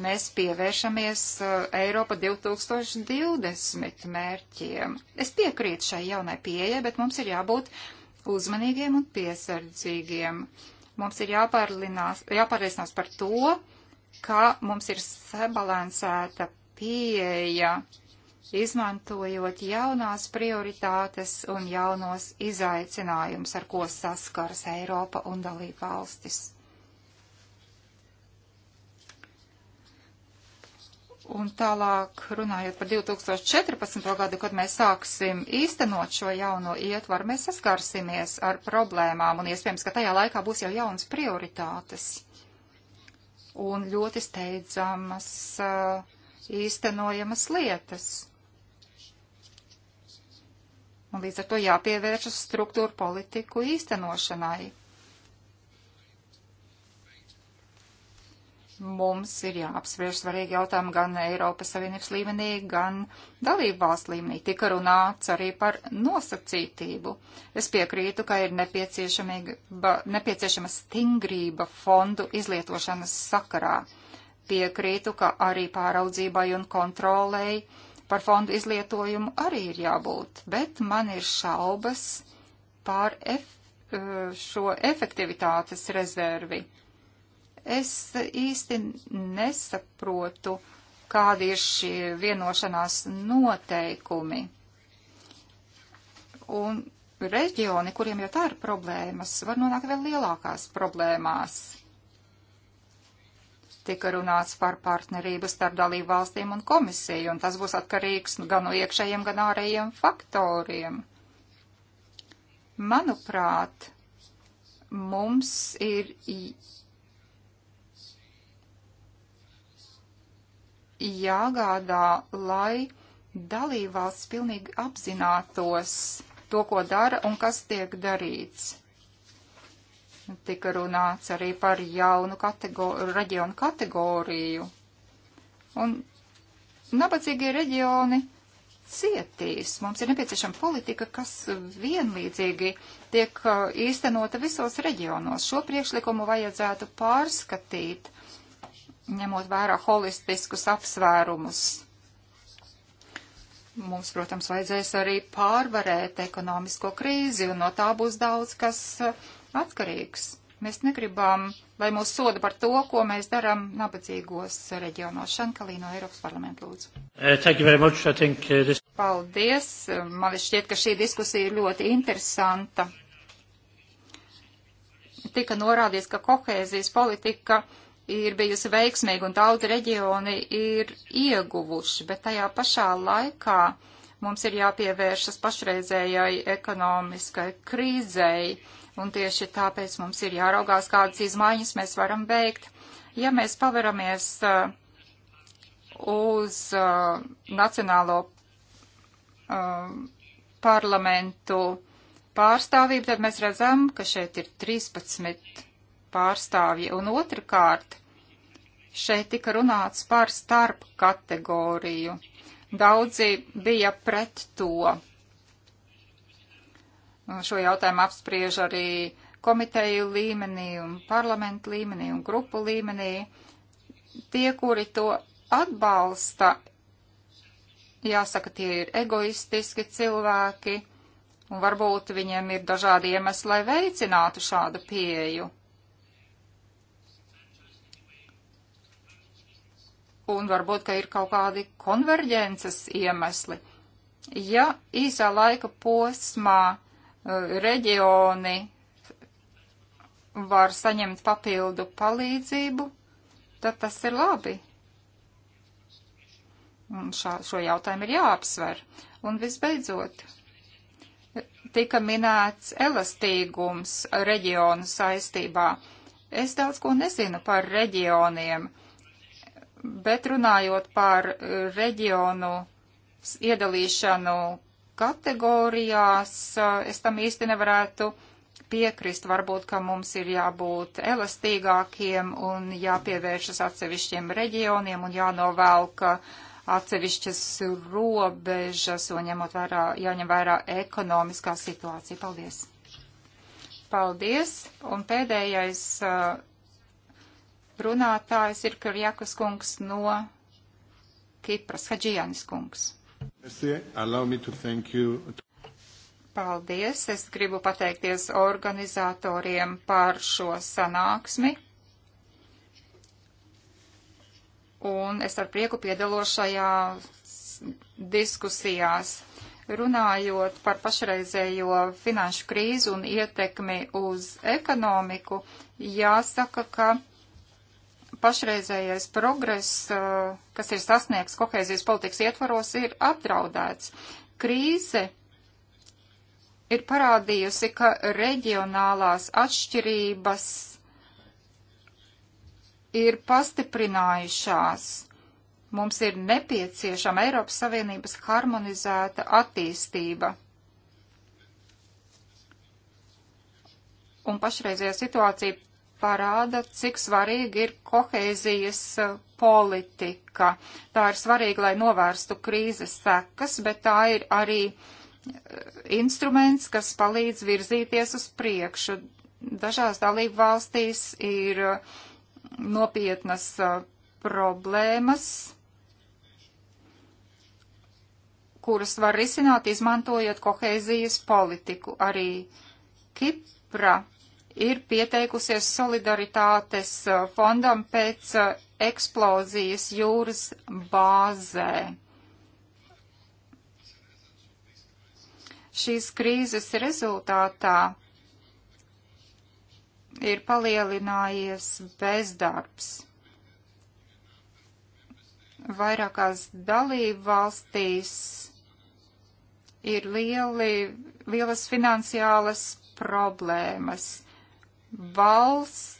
mēs pievēršamies uh, Eiropa 2020 mērķiem. Es piekrītu šai jaunai pieejai, bet mums ir jābūt uzmanīgiem un piesardzīgiem. Mums ir jāpārliecinās par to, ka mums ir sabalansēta pieeja, izmantojot jaunās prioritātes un jaunos izaicinājumus, ar ko saskars Eiropa un dalība valstis. Un tālāk runājot par 2014. gadu, kad mēs sāksim īstenot šo jauno ietvaru, mēs saskarsimies ar problēmām un iespējams, ka tajā laikā būs jau jaunas prioritātes un ļoti steidzamas uh, īstenojamas lietas. Un līdz ar to jāpievēršas struktūra politiku īstenošanai. mums ir jāapspriež svarīgi jautājumi gan Eiropas Savienības līmenī, gan dalību valsts līmenī. Tika runāts arī par nosacītību. Es piekrītu, ka ir ba, nepieciešama stingrība fondu izlietošanas sakarā. Piekrītu, ka arī pāraudzībai un kontrolēji par fondu izlietojumu arī ir jābūt, bet man ir šaubas pār ef, eh, šo efektivitātes rezervi Es īsti nesaprotu, kādi ir šie vienošanās noteikumi. Un reģioni, kuriem jau tā ir problēmas, var nonākt vēl lielākās problēmās. Tika runāts par partnerību starp dalību valstīm un komisiju, un tas būs atkarīgs gan no iekšējiem, gan ārējiem faktoriem. Manuprāt, mums ir jāgādā, lai dalībvalsts pilnīgi apzinātos to, ko dara un kas tiek darīts. Tika runāts arī par jaunu kategori, reģionu kategoriju. Un nabadzīgie reģioni cietīs. Mums ir nepieciešama politika, kas vienlīdzīgi tiek uh, īstenota visos reģionos. Šo priekšlikumu vajadzētu pārskatīt ņemot vērā holistiskus apsvērumus. Mums, protams, vajadzēs arī pārvarēt ekonomisko krīzi, un no tā būs daudz kas eh, atkarīgs. Mēs negribam, lai mūs soda par to, ko mēs darām nabadzīgos reģionos. Šankalī no Eiropas parlamenta lūdzu. Eh, eh, this... Paldies. Man šķiet, ka šī diskusija ir ļoti interesanta. Tika norādīts, ka kohēzijas politika ir bijusi veiksmīga un daudz reģioni ir ieguvuši, bet tajā pašā laikā mums ir jāpievēršas pašreizējai ekonomiskai krīzei, un tieši tāpēc mums ir jāraugās, kādas izmaiņas mēs varam veikt. Ja mēs paveramies uh, uz uh, nacionālo uh, parlamentu pārstāvību, tad mēs redzam, ka šeit ir 13 pārstāvji. Un otrkārt, šeit tika runāts par starp kategoriju. Daudzi bija pret to. Un šo jautājumu apspriež arī komiteju līmenī un parlamentu līmenī un grupu līmenī. Tie, kuri to atbalsta, jāsaka, tie ir egoistiski cilvēki, un varbūt viņiem ir dažādi iemesli, lai veicinātu šādu pieju. un varbūt, ka ir kaut kādi konverģences iemesli. Ja īsā laika posmā e, reģioni var saņemt papildu palīdzību, tad tas ir labi. Un šā, šo jautājumu ir jāapsver. Un visbeidzot, tika minēts elastīgums reģionu saistībā. Es daudz ko nezinu par reģioniem. Bet runājot par eh, reģionu iedalīšanu kategorijās, eh, es tam īsti nevarētu piekrist. Varbūt, ka mums ir jābūt elastīgākiem un jāpievēršas atsevišķiem reģioniem un jānovelk atsevišķas robežas un ņemot vērā, jāņem vērā ekonomiskā situācija. Paldies! Paldies! Un pēdējais eh, runātājs ir Kirjakas kungs no Kipras, Hadžijanis kungs. Paldies! Es gribu pateikties organizatoriem par šo sanāksmi. Un es ar prieku piedalos šajā diskusijās runājot par pašreizējo finanšu krīzi un ietekmi uz ekonomiku, jāsaka, ka pašreizējais progress, kas ir sasniegts kohēzijas politikas ietvaros, ir apdraudēts. Krīze ir parādījusi, ka reģionālās atšķirības ir pastiprinājušās. Mums ir nepieciešama Eiropas Savienības harmonizēta attīstība. Un pašreizējā situācija parāda, cik svarīgi ir kohēzijas e, politika. Tā ir svarīga, lai novērstu krīzes sekas, bet tā ir arī e, instruments, kas palīdz virzīties uz priekšu. Dažās dalību valstīs ir e, nopietnas problēmas, kuras var risināt, izmantojot kohēzijas politiku. Arī Kipra ir pieteikusies solidaritātes uh, fondam pēc uh, eksplozijas jūras bāzē. Šīs krīzes rezultātā ir palielinājies bezdarbs. Vairākās dalību valstīs ir lieli, lielas finansiālas problēmas valsts,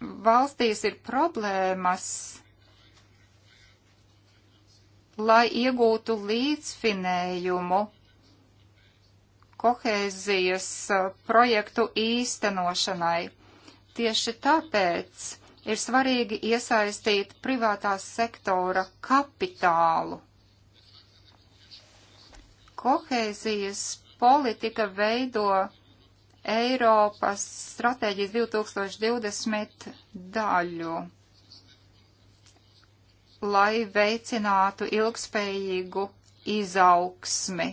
valstīs ir problēmas, lai iegūtu līdzfinējumu kohēzijas uh, projektu īstenošanai. Tieši tāpēc ir svarīgi iesaistīt privātās sektora kapitālu. Kohēzijas politika veido Eiropas stratēģijas 2020 daļu, lai veicinātu ilgspējīgu izaugsmi.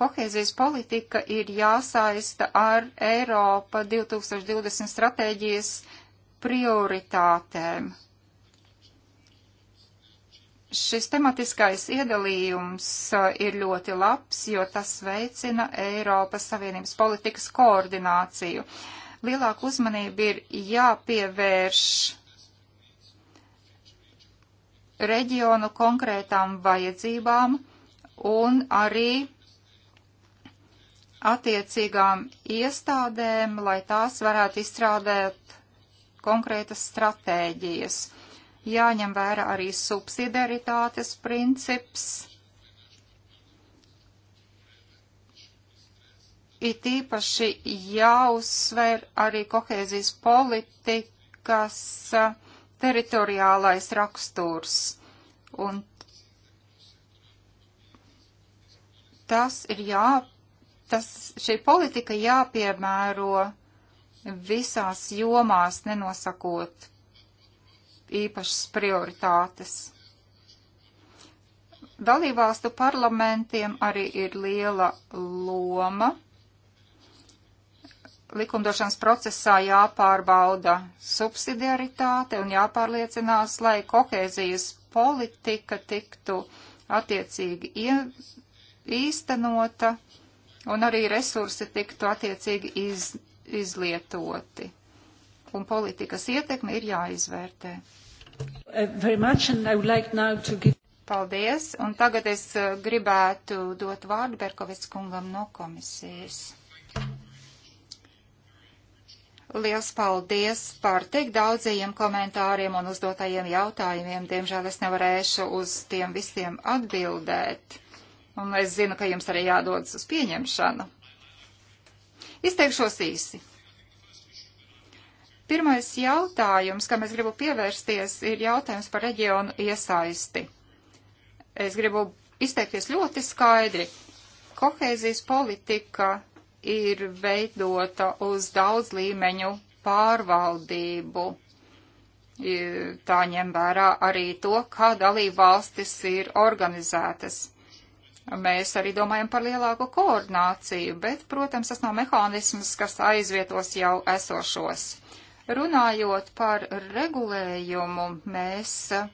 Kohēzijas politika ir jāsaista ar Eiropa 2020 stratēģijas prioritātēm. Šis tematiskais iedalījums uh, ir ļoti labs, jo tas veicina Eiropas Savienības politikas koordināciju. Lielāka uzmanība ir jāpievērš reģionu konkrētām vajadzībām un arī attiecīgām iestādēm, lai tās varētu izstrādāt konkrētas stratēģijas jāņem vērā arī subsidiaritātes princips. It īpaši jāuzsver arī kohēzijas politikas teritoriālais raksturs. Un tas ir jā, tas, šī politika jāpiemēro visās jomās, nenosakot īpašas prioritātes. Dalībvalstu parlamentiem arī ir liela loma. Likumdošanas procesā jāpārbauda subsidiaritāte un jāpārliecinās, lai kohēzijas politika tiktu attiecīgi īstenota un arī resursi tiktu attiecīgi iz, izlietoti un politikas ietekme ir jāizvērtē. Uh, like give... Paldies, un tagad es uh, gribētu dot vārdu Berkovits kungam no komisijas. Liels paldies par tik daudzajiem komentāriem un uzdotajiem jautājumiem. Diemžēl es nevarēšu uz tiem visiem atbildēt. Un es zinu, ka jums arī jādodas uz pieņemšanu. Izteikšos īsi. Pirmais jautājums, kam es gribu pievērsties, ir jautājums par reģionu iesaisti. Es gribu izteikties ļoti skaidri. Kohēzijas politika ir veidota uz daudz līmeņu pārvaldību. Tā ņem vērā arī to, kā dalība valstis ir organizētas. Mēs arī domājam par lielāku koordināciju, bet, protams, tas nav mehānisms, kas aizvietos jau esošos. Runājot par regulējumu, mēs uh,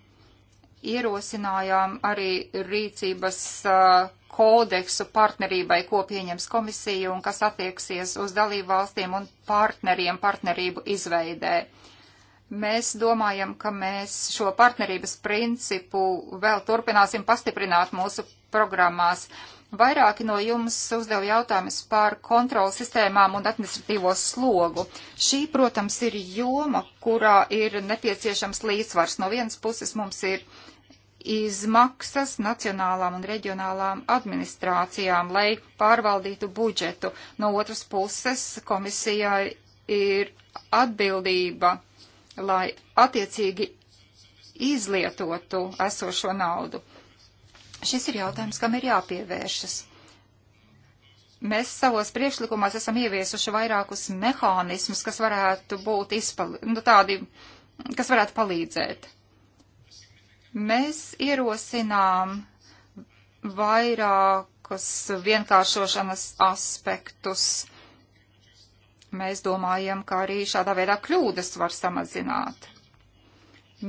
ierosinājām arī rīcības uh, kodeksu partnerībai, ko pieņems komisija un kas attieksies uz dalību valstīm un partneriem partnerību izveidē. Mēs domājam, ka mēs šo partnerības principu vēl turpināsim pastiprināt mūsu programmās. Uh, Vairāki no jums uzdeva jautājumus par kontrolas sistēmām un administratīvo slogu. Šī, protams, ir joma, kurā ir nepieciešams līdzsvars. No vienas puses mums ir izmaksas nacionālām un reģionālām administrācijām, lai pārvaldītu budžetu. No otras puses komisijai ir atbildība, lai attiecīgi izlietotu esošo naudu. Šis ir jautājums, kam ir jāpievēršas. Mēs savos priekšlikumos esam ieviesuši vairākus mehānismus, kas varētu būt izpali, nu, tādi, kas varētu palīdzēt. Mēs ierosinām vairākus vienkāršošanas aspektus. Mēs domājam, ka arī šādā veidā kļūdas var samazināt.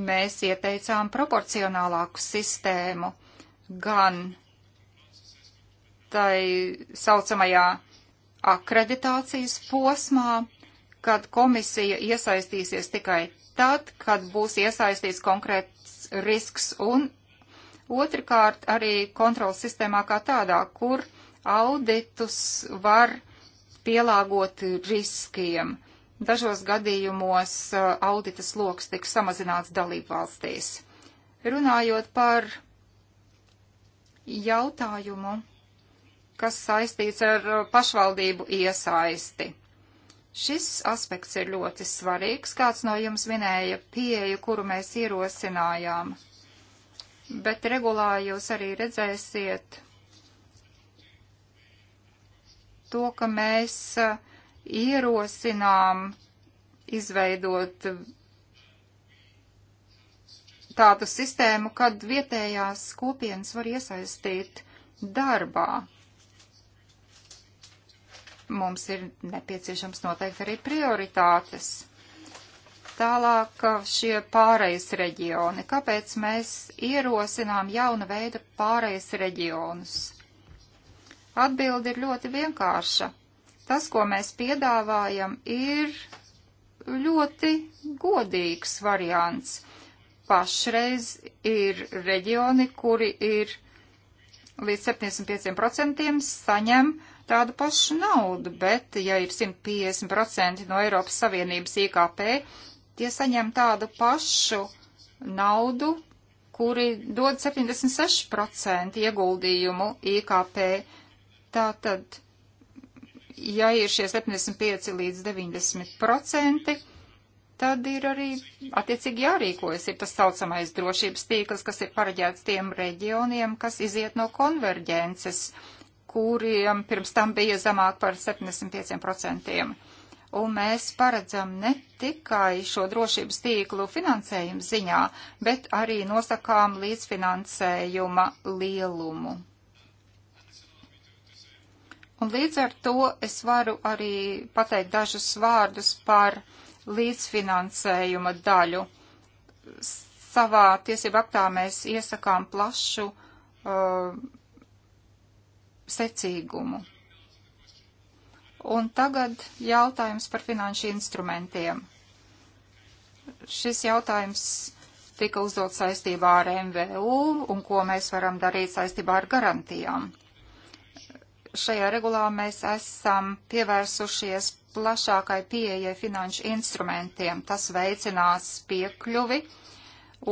Mēs ieteicām proporcionālāku sistēmu gan tai saucamajā akreditācijas posmā, kad komisija iesaistīsies tikai tad, kad būs iesaistīts konkrēts risks un otrkārt arī kontrols sistēmā kā tādā, kur auditus var pielāgot riskiem. Dažos gadījumos uh, audita sloks tiks samazināts dalību valstīs. Runājot par jautājumu, kas saistīts ar uh, pašvaldību iesaisti. Šis aspekts ir ļoti svarīgs, kāds no jums minēja pieeju, kuru mēs ierosinājām, bet regulā jūs arī redzēsiet to, ka mēs uh, ierosinām izveidot tādu sistēmu, kad vietējās kopienas var iesaistīt darbā. Mums ir nepieciešams noteikti arī prioritātes. Tālāk uh, šie pārejas reģioni. Kāpēc mēs ierosinām jauna veida pārejas reģionus? Atbildi ir ļoti vienkārša. Tas, ko mēs piedāvājam, ir ļoti godīgs variants pašreiz ir reģioni, kuri ir līdz 75% saņem tādu pašu naudu, bet ja ir 150% no Eiropas Savienības IKP, tie saņem tādu pašu naudu, kuri dod 76% ieguldījumu IKP. Tātad, ja ir šie 75 līdz 90%, tad ir arī attiecīgi jārīkojas. Ir tas saucamais drošības tīkls, kas ir pareģēts tiem reģioniem, kas iziet no konverģences, kuriem pirms tam bija zemāk par 75%. Un mēs paredzam ne tikai šo drošības tīklu finansējumu ziņā, bet arī nosakām līdzfinansējuma lielumu. Un līdz ar to es varu arī pateikt dažus vārdus par uh, līdzfinansējuma daļu. Savā tiesību aktā mēs iesakām plašu uh, secīgumu. Un tagad jautājums par finanšu instrumentiem. Šis jautājums tika uzdot saistībā ar MVU un ko mēs varam darīt saistībā ar garantijām. Uh, šajā regulā mēs esam pievērsušies plašākai pieejai finanšu instrumentiem. Tas veicinās piekļuvi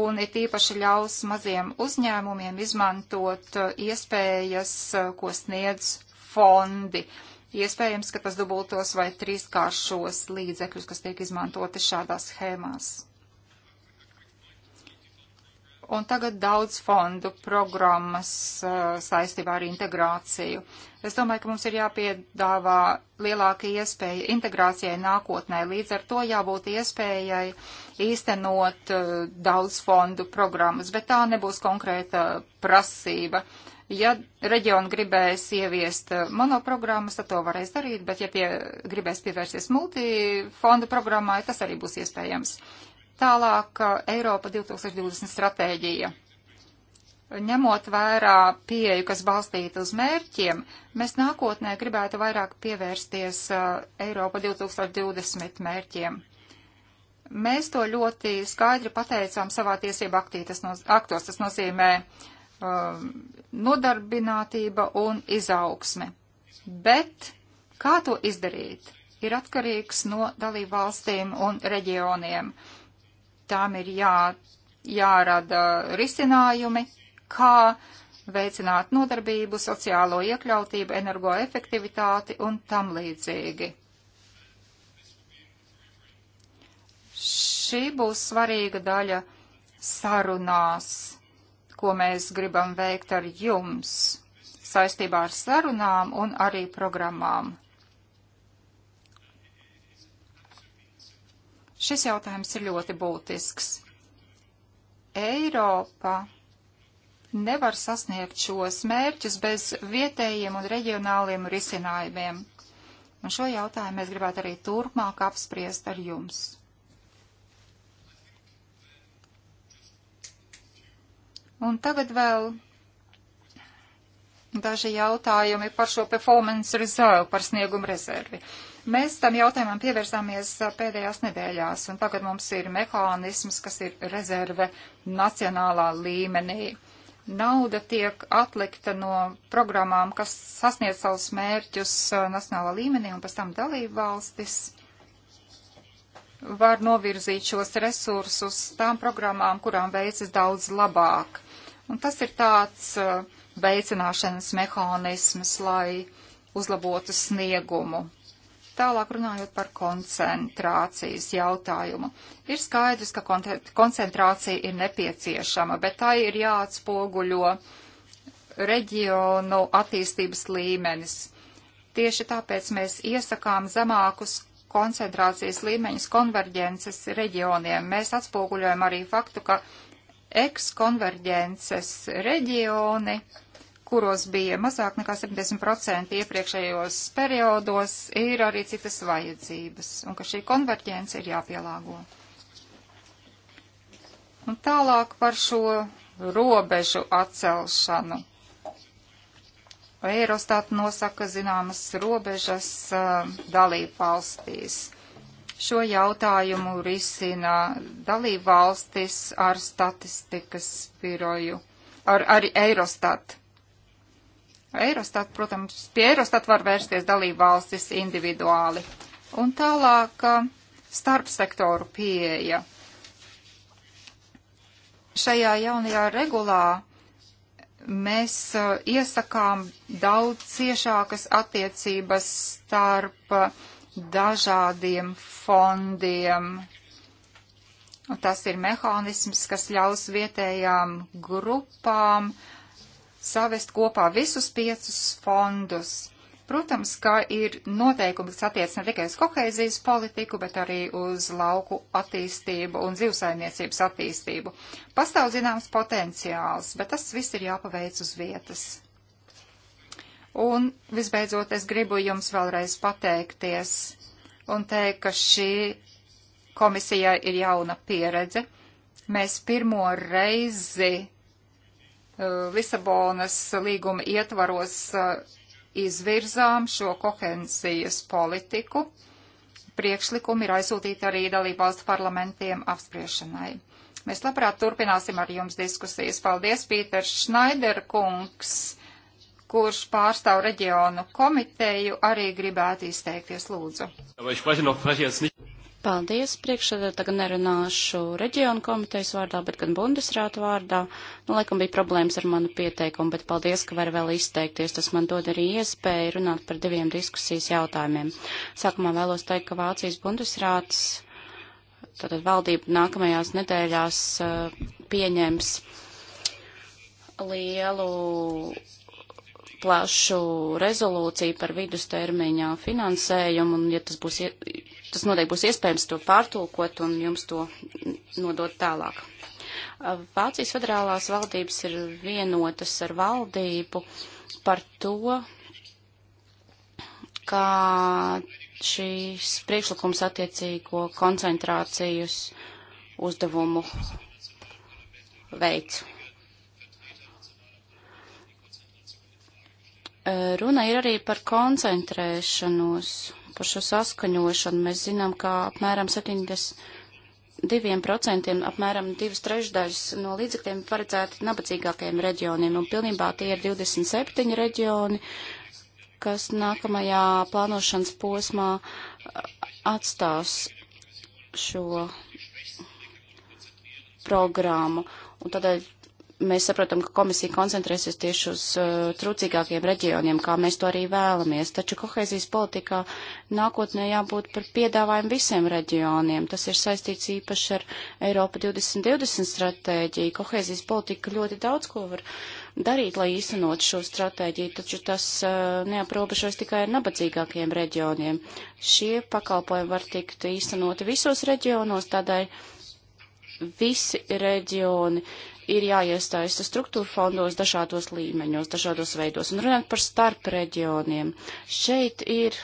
un it īpaši ļaus maziem uzņēmumiem izmantot uh, iespējas, uh, ko sniedz fondi. Iespējams, ka tas dubultos vai trīskāršos līdzekļus, kas tiek izmantoti šādās schēmās. Un tagad daudz fondu programmas uh, saistībā ar integrāciju. Es domāju, ka mums ir jāpiedāvā lielāka iespēja integrācijai nākotnē. Līdz ar to jābūt iespējai īstenot uh, daudz fondu programmas, bet tā nebūs konkrēta prasība. Ja reģioni gribēs ieviest uh, monoprogrammas, tad to varēs darīt, bet ja pie, gribēs pievērsties multifondu programmai, tas arī būs iespējams. Tālāk uh, Eiropa 2020 stratēģija. Ņemot vērā pieeju, kas balstīta uz mērķiem, mēs nākotnē gribētu vairāk pievērsties uh, Eiropa 2020 mērķiem. Mēs to ļoti skaidri pateicām savā tiesību aktī, tas no, aktos. Tas nozīmē um, nodarbinātība un izaugsme. Bet kā to izdarīt, ir atkarīgs no dalību valstīm un reģioniem. Uh, tām ir jā, jārada risinājumi, kā veicināt nodarbību, sociālo iekļautību, energoefektivitāti un tam līdzīgi. Šī būs svarīga daļa sarunās, ko mēs gribam veikt ar jums saistībā ar sarunām un arī programmām. Šis jautājums ir ļoti būtisks. Eiropa nevar sasniegt šos mērķus bez vietējiem un reģionāliem risinājumiem. Un šo jautājumu mēs gribētu arī turpmāk apspriest ar jums. Un tagad vēl daži jautājumi par šo performance rezervu, par sniegumu rezervi. Uh, Mēs tam jautājumam pievērsāmies uh, pēdējās nedēļās, un tagad mums ir mehānisms, kas ir rezerve nacionālā līmenī. Nauda tiek atlikta no programmām, kas sasniedz savus mērķus uh, nacionālā līmenī, un pēc tam dalību valstis var novirzīt šos resursus tām programmām, kurām veicas daudz labāk. Un tas ir tāds uh, veicināšanas mehānisms, lai uzlabotu sniegumu. Tālāk runājot par koncentrācijas jautājumu. Ir skaidrs, ka koncentrācija ir nepieciešama, bet tā ir jāatspoguļo reģionu attīstības līmenis. Tieši tāpēc mēs iesakām zemākus koncentrācijas līmeņus konverģences reģioniem. Mēs atspoguļojam arī faktu, ka ekskonverģences reģioni kuros bija mazāk nekā 70% iepriekšējos periodos, ir arī citas vajadzības, un ka šī konverģence ir jāpielāgo. Un tālāk par šo robežu atcelšanu. Eirostat nosaka zināmas robežas uh, dalību valstīs. Šo jautājumu risina dalību valstis ar statistikas biroju, ar, ar Eirostatu Eirostat, protams, pie Eirostat var vērsties dalību valstis individuāli. Un tālāk uh, starpsektoru pieeja. Šajā jaunajā regulā mēs uh, iesakām daudz ciešākas attiecības starp uh, dažādiem fondiem. Tas ir mehānisms, kas ļaus vietējām grupām uh, savest kopā visus piecus fondus. Protams, ka ir noteikumi, kas attiec ne tikai uz kohēzijas politiku, bet arī uz lauku attīstību un zivsaimniecības attīstību. Pastāv zināms potenciāls, bet tas viss ir jāpaveic uz vietas. Un visbeidzot, es gribu jums vēlreiz pateikties un teikt, ka šī komisijai ir jauna pieredze. Mēs pirmo reizi Eh, Lisabonas līguma ietvaros eh, izvirzām šo kohensijas politiku. Priekšlikumi ir aizsūtīti arī dalībvalstu parlamentiem apspriešanai. Mēs labprāt turpināsim ar jums diskusijas. Paldies, Pīters Šnaiderkungs, kurš pārstāv reģionu komiteju, arī gribētu izteikties lūdzu. Paldies, priekšsēdētā gan nerunāšu reģionu komitejas vārdā, bet gan bundesrāta vārdā. Nu, laikam bija problēmas ar manu pieteikumu, bet paldies, ka var vēl izteikties. Tas man dod arī iespēju runāt par diviem diskusijas jautājumiem. Sākumā vēlos teikt, ka Vācijas bundesrāts, tātad valdība nākamajās nedēļās eh, pieņems lielu plašu rezolūciju par vidustermiņā finansējumu, un ja tas būs Tas noteikti būs iespējams to pārtulkot un jums to nodot tālāk. Vācijas federālās valdības ir vienotas ar valdību par to, kā šīs priekšlikums attiecīgo koncentrācijas uzdevumu veids. Runa ir arī par koncentrēšanos par šo saskaņošanu. Mēs zinām, ka apmēram 72% apmēram divas trešdaļas no līdzekļiem paredzēti nabadzīgākajiem reģioniem, un pilnībā tie ir 27 reģioni, kas nākamajā plānošanas posmā atstās šo programmu. Un tādēļ mēs saprotam, ka komisija koncentrēsies tieši uz uh, trūcīgākiem reģioniem, kā mēs to arī vēlamies. Taču kohēzijas politikā nākotnē jābūt par piedāvājumu visiem reģioniem. Tas ir saistīts īpaši ar Eiropa 2020 stratēģiju. Kohēzijas politika ļoti daudz ko var darīt, lai īstenot šo stratēģiju, taču tas uh, neaprobežojas tikai ar nabadzīgākiem reģioniem. Šie pakalpojumi var tikt īstenoti visos reģionos, tādai visi reģioni ir jāiestaista struktūra fondos dažādos līmeņos, dažādos veidos. Un runāt par starp reģioniem. Šeit ir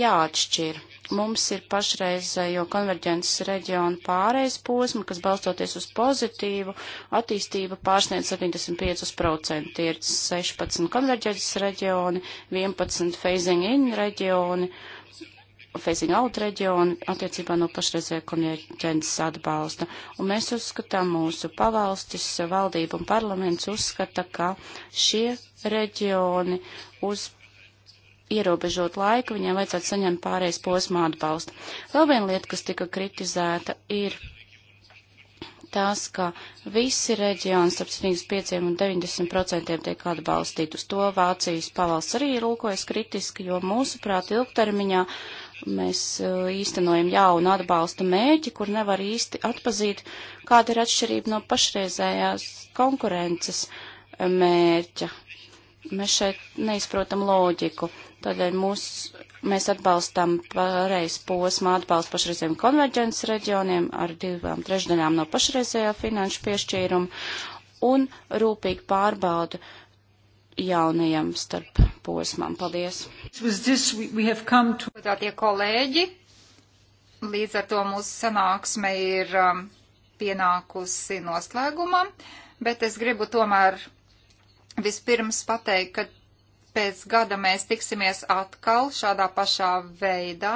jāatšķir. Mums ir pašreizējo konverģences reģionu pārējais posma, kas balstoties uz pozitīvu attīstību pārsniedz 75%. Tie ir 16 konverģences reģioni, 11 phasing in reģioni phasing out reģionu attiecībā no pašreizē konverģences atbalsta. Un mēs uzskatām, mūsu pavalstis, valdība un parlaments uzskata, ka šie reģioni uz ierobežot laiku viņiem vajadzētu saņemt pārējais posmā atbalstu. Vēl viena lieta, kas tika kritizēta, ir tas, ka visi reģioni starp 75 un 90 procentiem tiek atbalstīti. Uz to Vācijas pavalsts arī lūkojas kritiski, jo mūsuprāt ilgtermiņā uh, Mēs uh, īstenojam jaunu atbalsta mēķi, kur nevar īsti atpazīt, kāda ir atšķirība no pašreizējās konkurences uh, mērķa. Mēs šeit neizprotam loģiku. Tādēļ mūs, mēs atbalstam pareiz posmu atbalstu pašreizējiem konverģences reģioniem ar divām trešdaļām no pašreizējā finanšu piešķīruma un rūpīgi pārbaudu uh, jaunajam starp posmam. Paldies! Tātie to... kolēģi, līdz ar to mūsu sanāksme ir um, pienākusi noslēgumam, bet es gribu tomēr vispirms pateikt, ka pēc gada mēs tiksimies atkal šādā pašā veidā.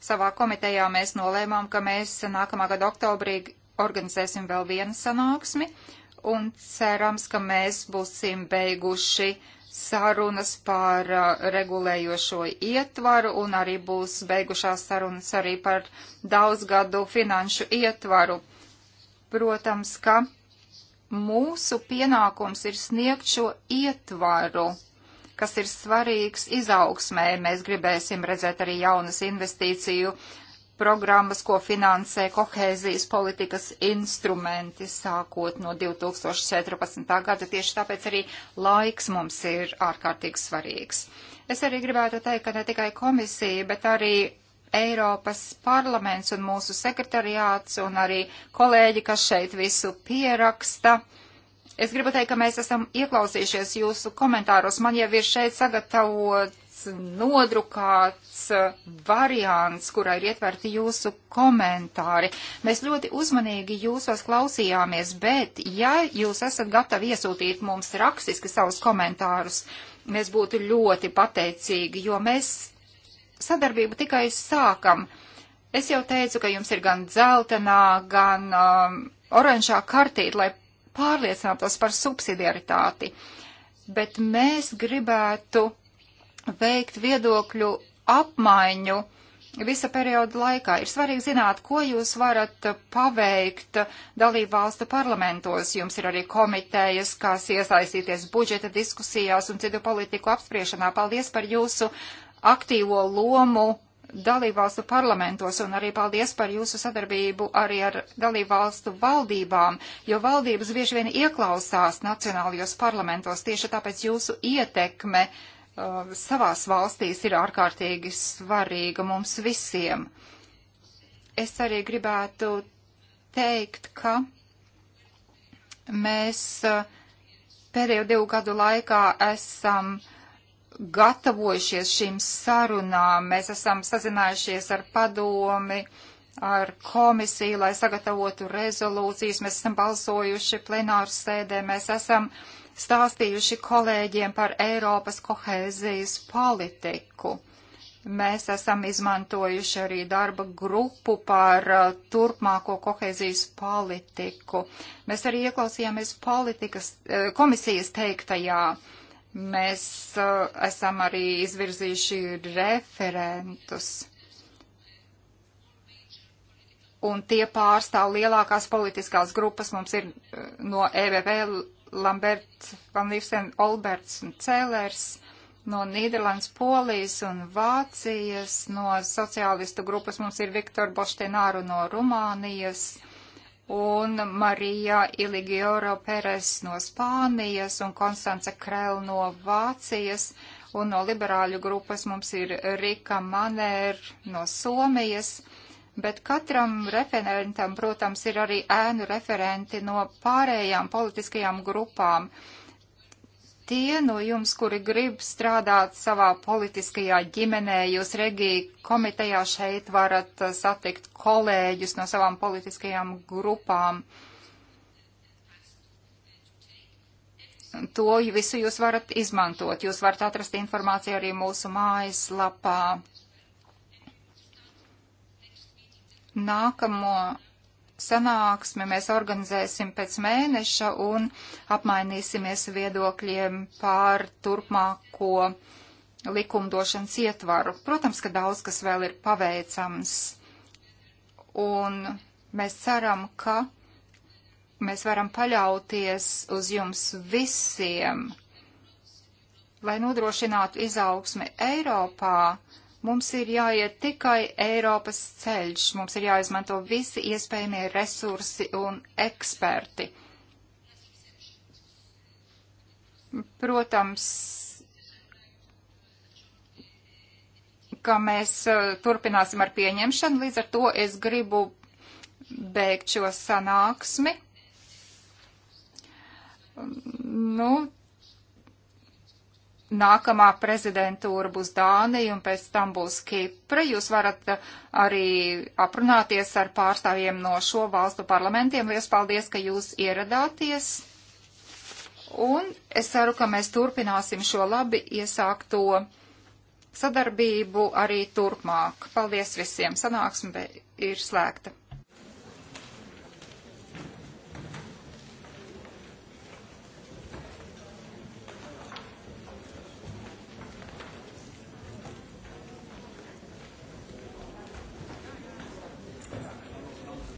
Savā komitejā mēs nolēmām, ka mēs nākamā gada oktobrī organizēsim vēl vienu sanāksmi. Uh, un cerams, ka mēs būsim beiguši sarunas par uh, regulējošo ietvaru un arī būs beigušās sarunas arī par daudzgadu finanšu ietvaru. Protams, ka mūsu pienākums ir sniegt šo ietvaru, kas ir svarīgs izaugsmē. Mēs gribēsim redzēt arī jaunas investīciju uh, programmas, ko finansē kohēzijas politikas instrumenti sākot no 2014. gada. Tieši tāpēc arī laiks mums ir ārkārtīgi svarīgs. Es arī gribētu teikt, ka ne tikai komisija, bet arī Eiropas parlaments un mūsu sekretariāts un arī kolēģi, kas šeit visu pieraksta. Es gribu teikt, ka mēs esam ieklausījušies jūsu komentāros. Man jau ir šeit sagatavot nodrukāts eh, variants, kurā ir ietverti jūsu komentāri. Mēs ļoti uzmanīgi jūsos klausījāmies, bet ja jūs esat gatavi iesūtīt mums rakstiski savus komentārus, mēs būtu ļoti pateicīgi, jo mēs sadarbību tikai sākam. Es jau teicu, ka jums ir gan dzeltenā, gan um, oranžā kartīte, lai pārliecinātos par subsidiaritāti, bet mēs gribētu veikt viedokļu apmaiņu visa perioda laikā. Ir svarīgi zināt, ko jūs varat paveikt dalību valstu parlamentos. Jums ir arī komitejas, kas iesaistīties budžeta diskusijās un citu politiku apspriešanā. Paldies par jūsu aktīvo lomu dalībvalstu parlamentos un arī paldies par jūsu sadarbību arī ar dalībvalstu valdībām, jo valdības bieži vien ieklausās nacionālajos parlamentos, tieši tāpēc jūsu ietekme uh, uh, savās valstīs ir ārkārtīgi svarīga mums visiem. Es arī gribētu teikt, ka mēs uh, pēdējo divu gadu laikā esam gatavojušies šīm sarunām, mēs esam sazinājušies ar padomi, ar komisiju, lai sagatavotu rezolūcijas, mēs esam balsojuši plenāru sēdē, mēs esam uh, stāstījuši kolēģiem par Eiropas kohēzijas politiku. Mēs esam izmantojuši arī darba grupu par uh, turpmāko kohēzijas politiku. Mēs arī ieklausījāmies politikas uh, komisijas teiktajā. Mēs uh, esam arī izvirzījuši referentus un tie pārstāv lielākās politiskās grupas. Mums ir uh, no EVP Lamberts, Van Livsen, Olberts un Cēlers no Nīderlandes, Polijas un Vācijas, no sociālistu grupas mums ir Viktor Boštenāru no Rumānijas un Marija Iligioro Peres no Spānijas un Konstance Krell no Vācijas un no liberāļu grupas mums ir Rika Maner no Somijas bet katram referentam, protams, ir arī ēnu referenti no pārējām politiskajām grupām. Tie no jums, kuri grib strādāt savā politiskajā ģimenē, jūs regiju komitejā šeit varat uh, satikt kolēģus no savām politiskajām grupām. To visu jūs varat izmantot. Jūs varat atrast informāciju arī mūsu mājas lapā. Nākamo sanāksmi mēs organizēsim pēc mēneša un apmainīsimies viedokļiem pār turpmāko likumdošanas ietvaru. Protams, ka daudz kas vēl ir paveicams. Un mēs ceram, ka mēs varam paļauties uz jums visiem, lai nodrošinātu izaugsmi Eiropā. Mums ir jāiet tikai Eiropas ceļš, mums ir jāizmanto visi iespējamie resursi un eksperti. Protams, ka mēs uh, turpināsim ar pieņemšanu, līdz ar to es gribu beigt šo sanāksmi. Mm, nu, nākamā prezidentūra būs Dānija un pēc tam būs Kipra. Jūs varat uh, arī aprunāties ar pārstāvjiem no šo valstu parlamentiem. Lielas paldies, ka jūs ieradāties. Un es ceru, ka mēs turpināsim šo labi iesākto sadarbību arī turpmāk. Paldies visiem. Sanāksme ir slēgta.